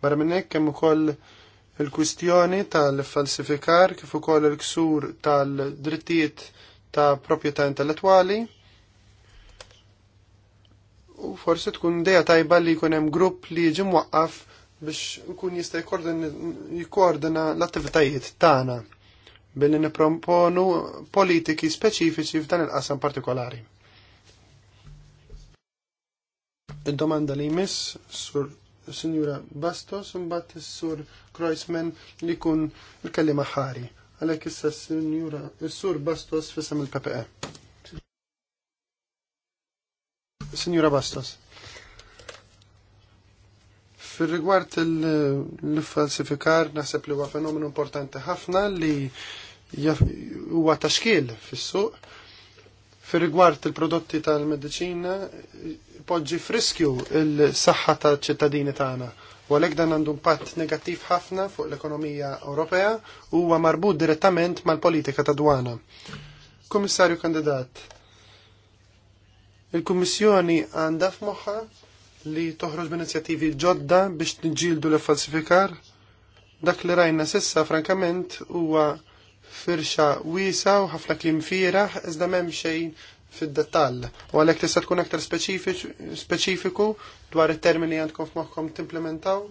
Barra minnek kemm ukoll il-kwistjoni tal-falsifikar kif ukoll il-ksur tal-drittijiet ta' proprjetà intellettwali. U forsi tkun dejja tajba li jkun hemm grupp li jiġi mwaqqaf biex ikun jista' jikkoordina l-attivitajiet tagħna billi nipproponu politiki speċifiċi f'dan il-qasam partikolari. Id-domanda li jmiss sur Signora Bastos mbagħad is-sur Kreuzman li jkun il-kellima ħari. Għalhekk issa Sinjura is-sur Bastos fisem il-PPE. Sinjura Bastos. Fil-rigward il falsifikar naħseb li huwa fenomenu importanti ħafna li huwa taxkil fis-suq. Fil-rigward il-prodotti tal-medicina, poġġi friskju il-saħħa ta' ċittadini tagħna. U għalhekk dan għandu impatt negattiv ħafna fuq l-ekonomija Ewropea u huwa marbut direttament mal-politika ta' dwana. Kummissarju kandidat, il-Kummissjoni għandha f'moħħa li toħroġ b'inizjattivi ġodda biex tinġildu l-falsifikar. Dak li rajna sissa, frankament, huwa firxa wiesa u ħafna klim fieraħ, iżda m'hemm xejn fid-dettall. U għalhekk tista' tkun aktar speċifiku dwar it-termini għandkom t timplementaw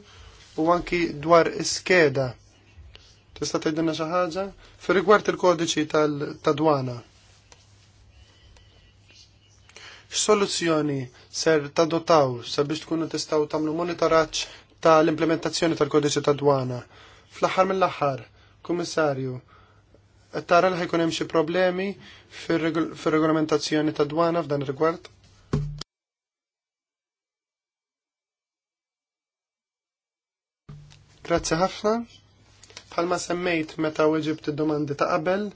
u anki dwar iskeda. Tista' t xi ħaġa fir rigward il-kodiċi tad-dwana. X'soluzzjoni ser tadotaw sabiex tkunu tistgħu tagħmlu monitoraġġ tal-implementazzjoni tal-kodiċi tal dwana Fl-aħħar mill-aħħar, Kummissarju, tara li ħajkun hemm xi problemi fir-regolamentazzjoni ta' dwana f'dan ir-rigward? Grazzi ħafna. Bħalma semmejt meta weġib id-domandi ta' qabel,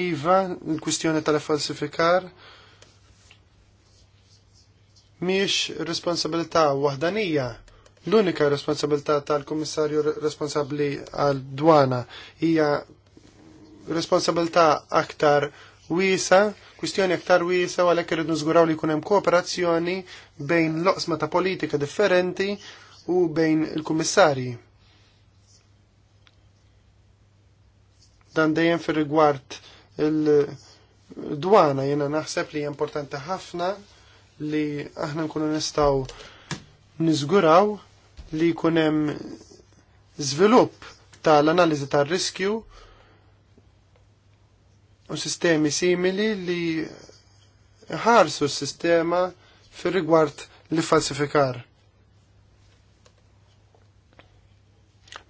iva, l-kwistjoni tal-falsifikar, miex responsabilità waħdanija l-unika responsabilità tal-Kummissarju responsabbli għal dwana hija responsabilità aktar wiesa, kwistjoni aktar wiesa u għalhekk irridu nżguraw li jkun hemm kooperazzjoni bejn loqsma ta' politika differenti u bejn il-kummissarji. Dan dejjem fir-rigward il-dwana jiena naħseb li importanti ħafna li aħna nkunu nistgħu niżguraw li jkun hemm żvilupp tal-analiżi tar-riskju u sistemi simili li ħarsu s-sistema fir rigward li falsifikar.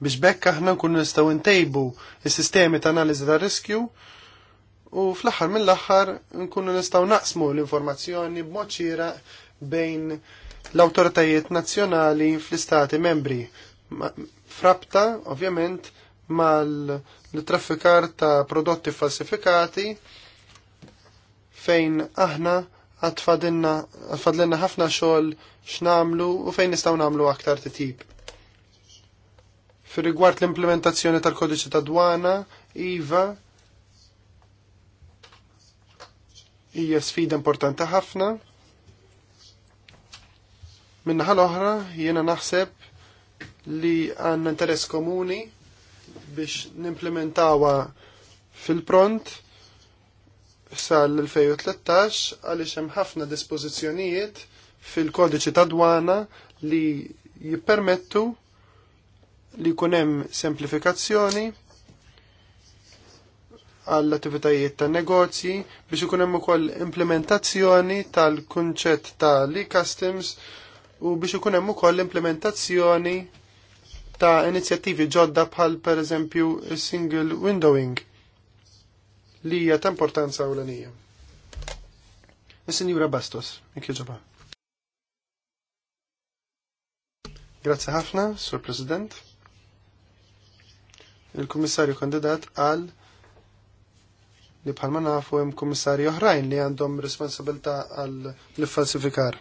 Biex bekk aħna nkunu nistgħu ntejbu s-sistemi ta' analiżi ta' riskju u fl-aħħar mill-aħħar nkunu nistgħu naqsmu l-informazzjoni b'mod xieraq bejn l-awtoritajiet nazzjonali fl-istati membri. Frabta, ovvjament, mal-traffikar ta' prodotti falsifikati fejn aħna għatfadlenna ħafna xogħol x'namlu u fejn nistgħu nagħmlu aktar titib. Fir-rigward l-implementazzjoni tal-kodiċi ta' dwana, IVA hija sfida importanti ħafna. Minnaħal l-oħra jiena naħseb li għandna interess komuni biex nimplementawa fil-pront sal-2013 għaliex hemm ħafna dispożizzjonijiet fil-kodiċi ta' dwana li jippermettu li jkun hemm semplifikazzjoni għall attivitajiet ta' negozji biex ikun hemm ukoll implementazzjoni tal-kunċett ta' li customs u biex ikun hemm ukoll implementazzjoni ta' inizjattivi ġodda bħal per eżempju single windowing li hija ta' importanza ewlenija. Is-Sinjura Bastos, jekk ġoba. Grazzi ħafna, Sur President. Il-Kummissarju kandidat għal li bħalma nafu hemm kummissarji oħrajn li għandhom responsabilità għal l-falsifikar.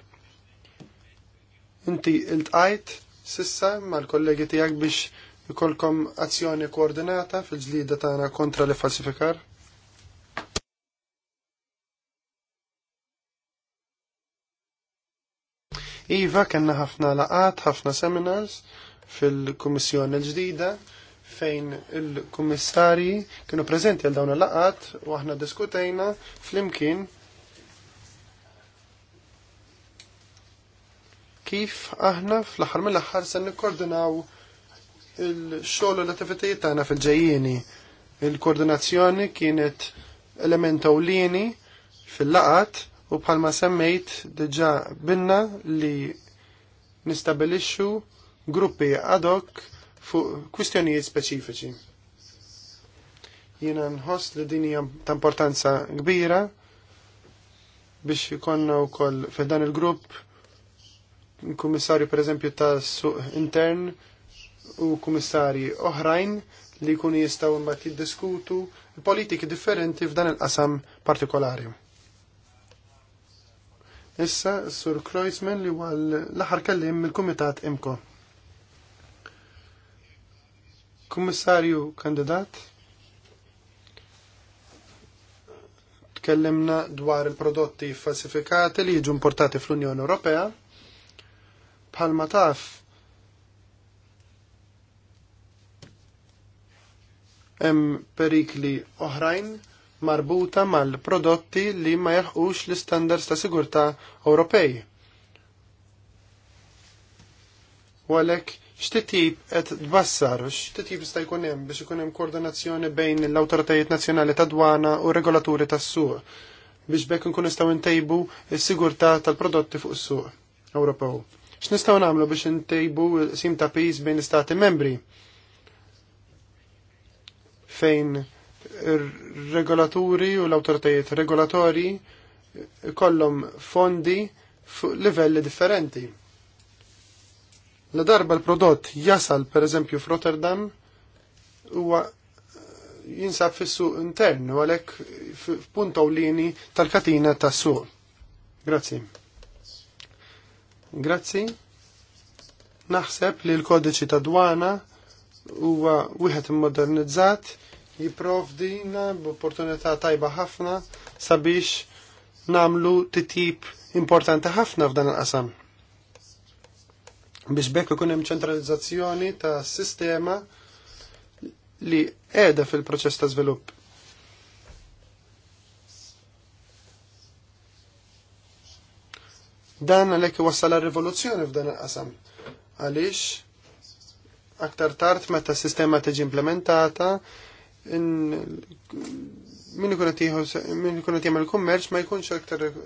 Inti iltqajt sissa mal-kollegi tiegħek biex ikolkom azzjoni koordinata fil-ġlida tagħna kontra li falsifikar? Iva, kena ħafna laqat, ħafna seminars fil-Kummissjoni l-ġdida fejn il-kummissarji kienu prezenti għal dawn il-laqat u aħna diskutejna fl-imkien kif aħna fl-aħħar mill-aħħar se nikkoordinaw il-xogħol u l-attivitajiet tagħna fil-ġejjieni. Il-koordinazzjoni kienet element ewlieni fil-laqat u bħalma semmejt diġà binna li nistabilixxu gruppi ad hoc fuq kwistjonijiet speċifiċi. Jiena nħoss li din hija ta' importanza kbira biex ikonna wkoll f'dan il-grupp kummissarju pereżempju ta' suq intern u kummissarji oħrajn li jkunu jistgħu mbagħad jiddiskutu politiki differenti f'dan il-qasam partikolari. Issa Sur Kreuzman li huwa l-aħħar kellim mill-Kumitat Imko. Kummissarju kandidat, tkellimna dwar il-prodotti falsifikati li jiġu importati fl-Unjoni Ewropea bħalma taf hemm perikli oħrajn marbuta mal-prodotti li ma jaħqux l-istandards ta' sigurtà Ewropej. U għalhekk x'titib qed tbassar, x'titib jista' jkun hemm biex ikun hemm koordinazzjoni bejn l-awtoritajiet nazzjonali ta' dwana u regolaturi tas-suq biex bekk nkun nistgħu ntejbu s-sigurtà tal-prodotti fuq is-suq Ewropew. X'nistgħu nagħmlu biex intejbu sim ta' pis bejn l-istati membri fejn regolaturi u l-awtoritajiet regolatori kollhom fondi fuq livelli differenti. La darba l-prodott jasal per eżempju f'Rotterdam huwa jinsab fis-suq intern u għalhekk f'punt tal-katina tas-suq. Grazzi. Grazzi. Naħseb li l-kodiċi ta' dwana huwa wieħed immodernizzat jipprovdina b'opportunità tajba ħafna sabiex namlu titip importanti ħafna f'dan il-qasam biex bekk ikun hemm ċentralizzazzjoni ta' sistema li qiegħda fil-proċess ta' żvilupp. Dan għalhekk iwassal rivoluzzjoni f'dan il-qasam. Għaliex aktar tard meta s-sistema tiġi implementata min ikun qed jagħmel kummerċ ma jkunx aktar eh,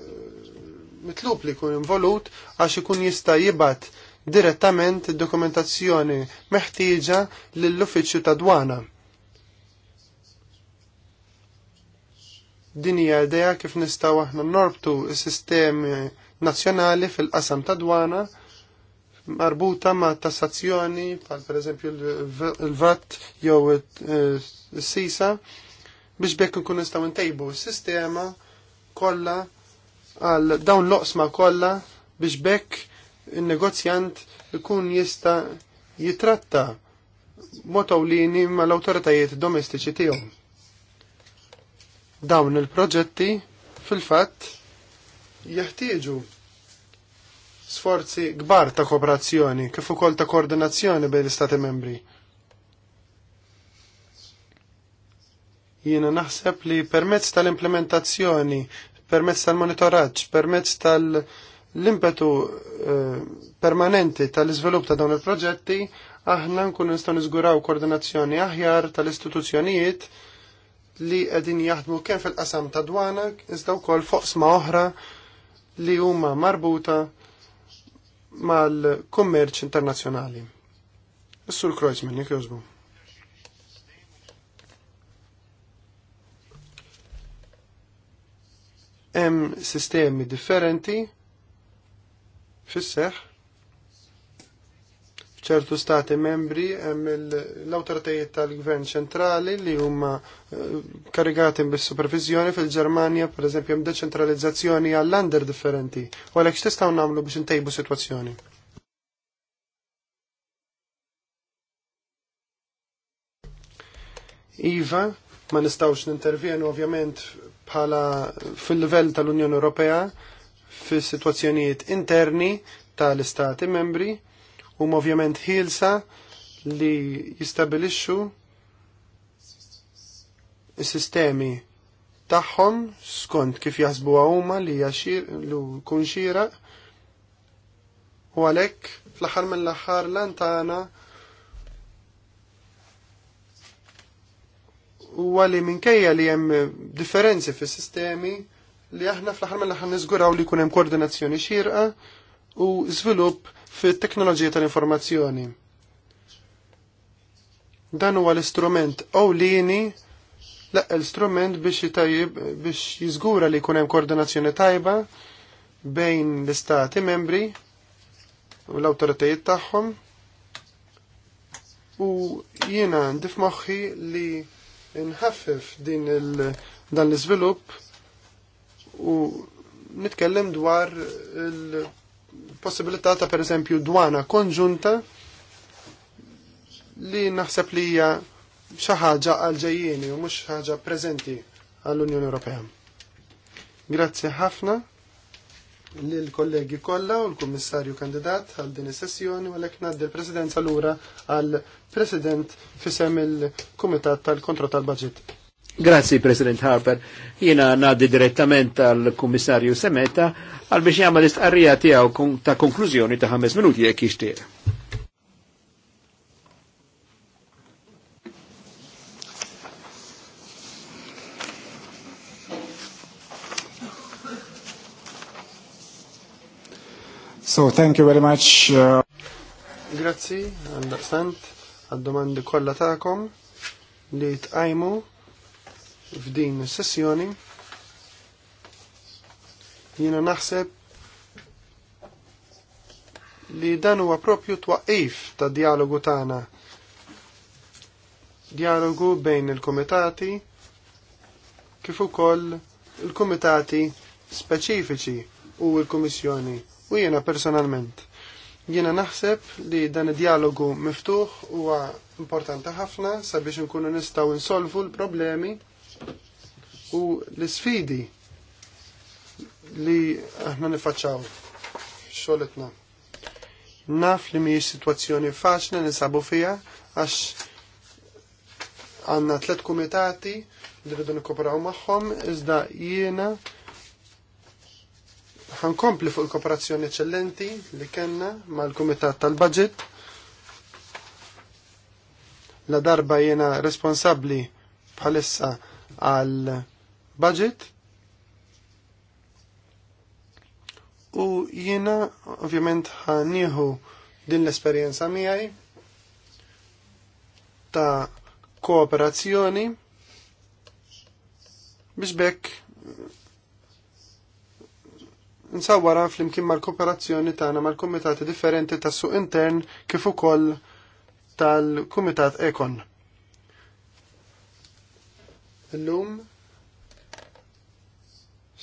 mitlub li jkun involut għax ikun jista' jibgħat direttament dokumentazzjoni meħtieġa lill-uffiċċju ta' dwana. Din hija idea kif nistgħu aħna norbtu s-sistemi nazzjonali fil-qasam ta' dwana marbuta ma' tassazzjoni, pal per eżempju il-VAT jew il-sisa, eh, biex bekk nkun nistgħu ntejbu s-sistema kollha għal dawn l-oqsma kollha biex bekk il-negozjant ikun jista' jitratta mod ma mal-awtoritajiet domestiċi tiegħu. Dawn il-proġetti fil-fatt jeħtieġu sforzi kbar ta' kooperazzjoni kif ukoll ta' koordinazzjoni bejn l-Istati membri. Jiena naħseb li permezz tal-implementazzjoni, permezz tal-monitoraġġ, permezz tal-impetu eh, permanenti tal-iżvilupp ta' dawn il-proġetti, aħna nkunu nistgħu niżguraw koordinazzjoni aħjar tal-istituzzjonijiet li qegħdin jaħdmu kemm fil-qasam ta' dwana, iżda wkoll foqsma oħra li huma marbuta mal-kummerċ internazzjonali. sur Kreuzmann, jek jozbu. Hemm sistemi differenti fis-seħħ ċertu stati membri hemm l-awtoritajiet tal-Gvern ċentrali li huma eh, karigati bis-supervizjoni fil-Ġermanja pereżempju hemm deċentralizzazzjoni għall-under differenti. U għalhekk x'tistgħu nagħmlu biex intejbu sitwazzjoni? Iva, ma nistawx nintervjenu ovvjament bħala fil-livell tal-Unjoni Ewropea fis-sitwazzjonijiet interni tal-istati membri huma ovvjament ħielsa li jistabilixxu is-sistemi tagħhom skont kif jaħsbuha huma li jkun xieraq u għalhekk fl-aħħar mill-aħħar lan tagħna huwa li minkejja li hemm differenzi fis-sistemi li aħna fl-aħħar mill-aħħar niżguraw li jkun hemm koordinazzjoni xierqa u żvilupp fit-teknoloġija tal-informazzjoni. Dan huwa l-istrument ewlieni l strument biex jitajib biex jiżgura li jkun hemm koordinazzjoni tajba bejn l-istati membri u l-awtoritajiet tagħhom u jiena ndif moħħi li nħaffef din il dan l-iżvilupp u nitkellem dwar il- possibilità ta' per esempio dwana konġunta li naħseb li hija xi ħaġa għal-ġejjieni u mhux ħaġa preżenti għall-Unjoni Ewropea. Grazzi ħafna lill kollegi kollha u l-Kummissarju kandidat għal din is-sessjoni u għalhekk ngħaddi l-Presidenza lura għall-President fisem il-Kumitat tal kontro tal-Baġit. Grazzi, President Harper. Jina nadi direttament għal kummissarju Semeta għal biex jgħamma l-istqarrija tiegħu ta' konklużjoni ta' ħames minuti jekk jixtieq. So, thank you very much. Uh... Grazzi, għandaqstant, għad-domandi kolla ta'kom li tqajmu f'din is-sessjoni. Jiena naħseb li dan huwa propju twaqif ta' dialogu tagħna. Dialogu bejn il-kumitati kif ukoll il-kumitati speċifiċi u l-Kummissjoni u jiena personalment. Jiena naħseb li dan id-dialogu miftuħ huwa importanti ħafna sabiex inkunu nistgħu insolvu l-problemi u l-sfidi li aħna nifaċċaw xoletna. Naf li mhijiex sitwazzjoni faċli nisabu fiha għax għandna tliet kumitati li rridu nikoperaw magħhom iżda jiena ħankompli fuq il-kooperazzjoni eċċellenti li kellna mal-Kumitat tal-Budget. La darba jiena responsabbli bħalissa għal budget u jiena ovvjament ħanieħu din l-esperjenza miegħi ta' kooperazzjoni biex bekk nsawwara flimkien mal-kooperazzjoni tagħna mal-kumitati differenti tas-suq intern kif ukoll tal-kumitat Ekon l-lum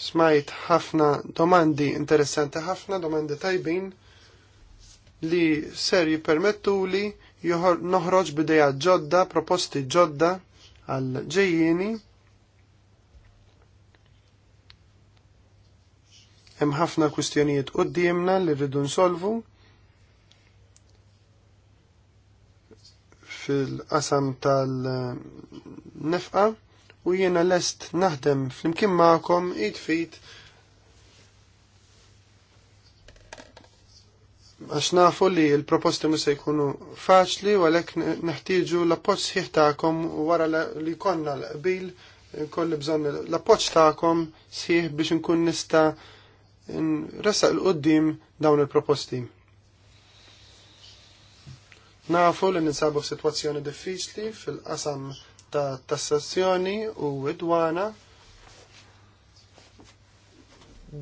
smajt ħafna domandi interessanti ħafna, domandi tajbin li ser jipermettu li noħroġ bideja ġodda, proposti ġodda għal ġejjini. Hemm ħafna kwistjonijiet qudiemna li rridu nsolvu fil-qasam tal-nefqa' u jiena lest naħdem flimkien magħkom id fit għax nafu li l-proposti musa jkunu faċli u għalek neħtieġu l-appoċ sħiħ ta'kom u wara li konna l-qbil kolli bżon l-appoċ ta'kom sħiħ biex nkun nista nressaq l-qoddim dawn il-proposti. Nafu li ninsabu f-situazzjoni diffiċli fil-qasam ta' tassazzjoni u idwana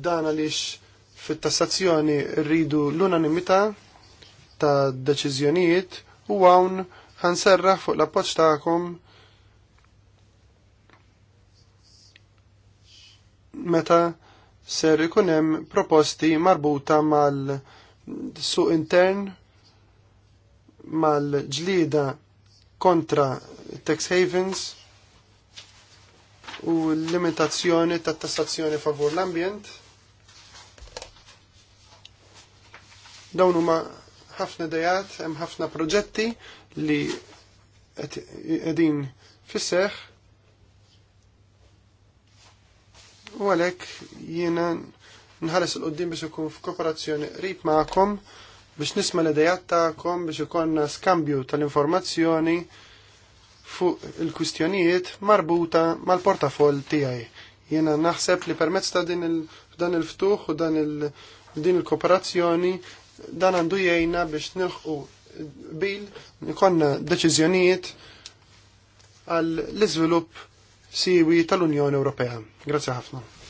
dan għaliex fit-tassazzjoni rridu l-unanimità ta' deċiżjonijiet u għan ħanserraħ fuq l-appoġġ tagħkom meta ser ikunem hemm proposti marbuta mal-suq intern mal-ġlida kontra tax havens u l-limitazzjoni ta' tassazzjoni favur l-ambjent. Dawn huma ħafna dejat, hemm ħafna proġetti li qegħdin fis u għalhekk jiena nħares il qoddim biex ikun f'kooperazzjoni qrib magħkom biex nisma l-idejat ta'kom biex ikonna skambju tal-informazzjoni fuq il-kustjonijiet marbuta mal-portafol tiegħi. Jiena naħseb li permezz ta' din il-dan il-ftuħ u dan il-din il-kooperazzjoni dan għandu jgħina biex nilħu bil ikonna deċiżjonijiet għall-iżvilupp siwi tal-Unjoni Ewropea. Grazzi ħafna.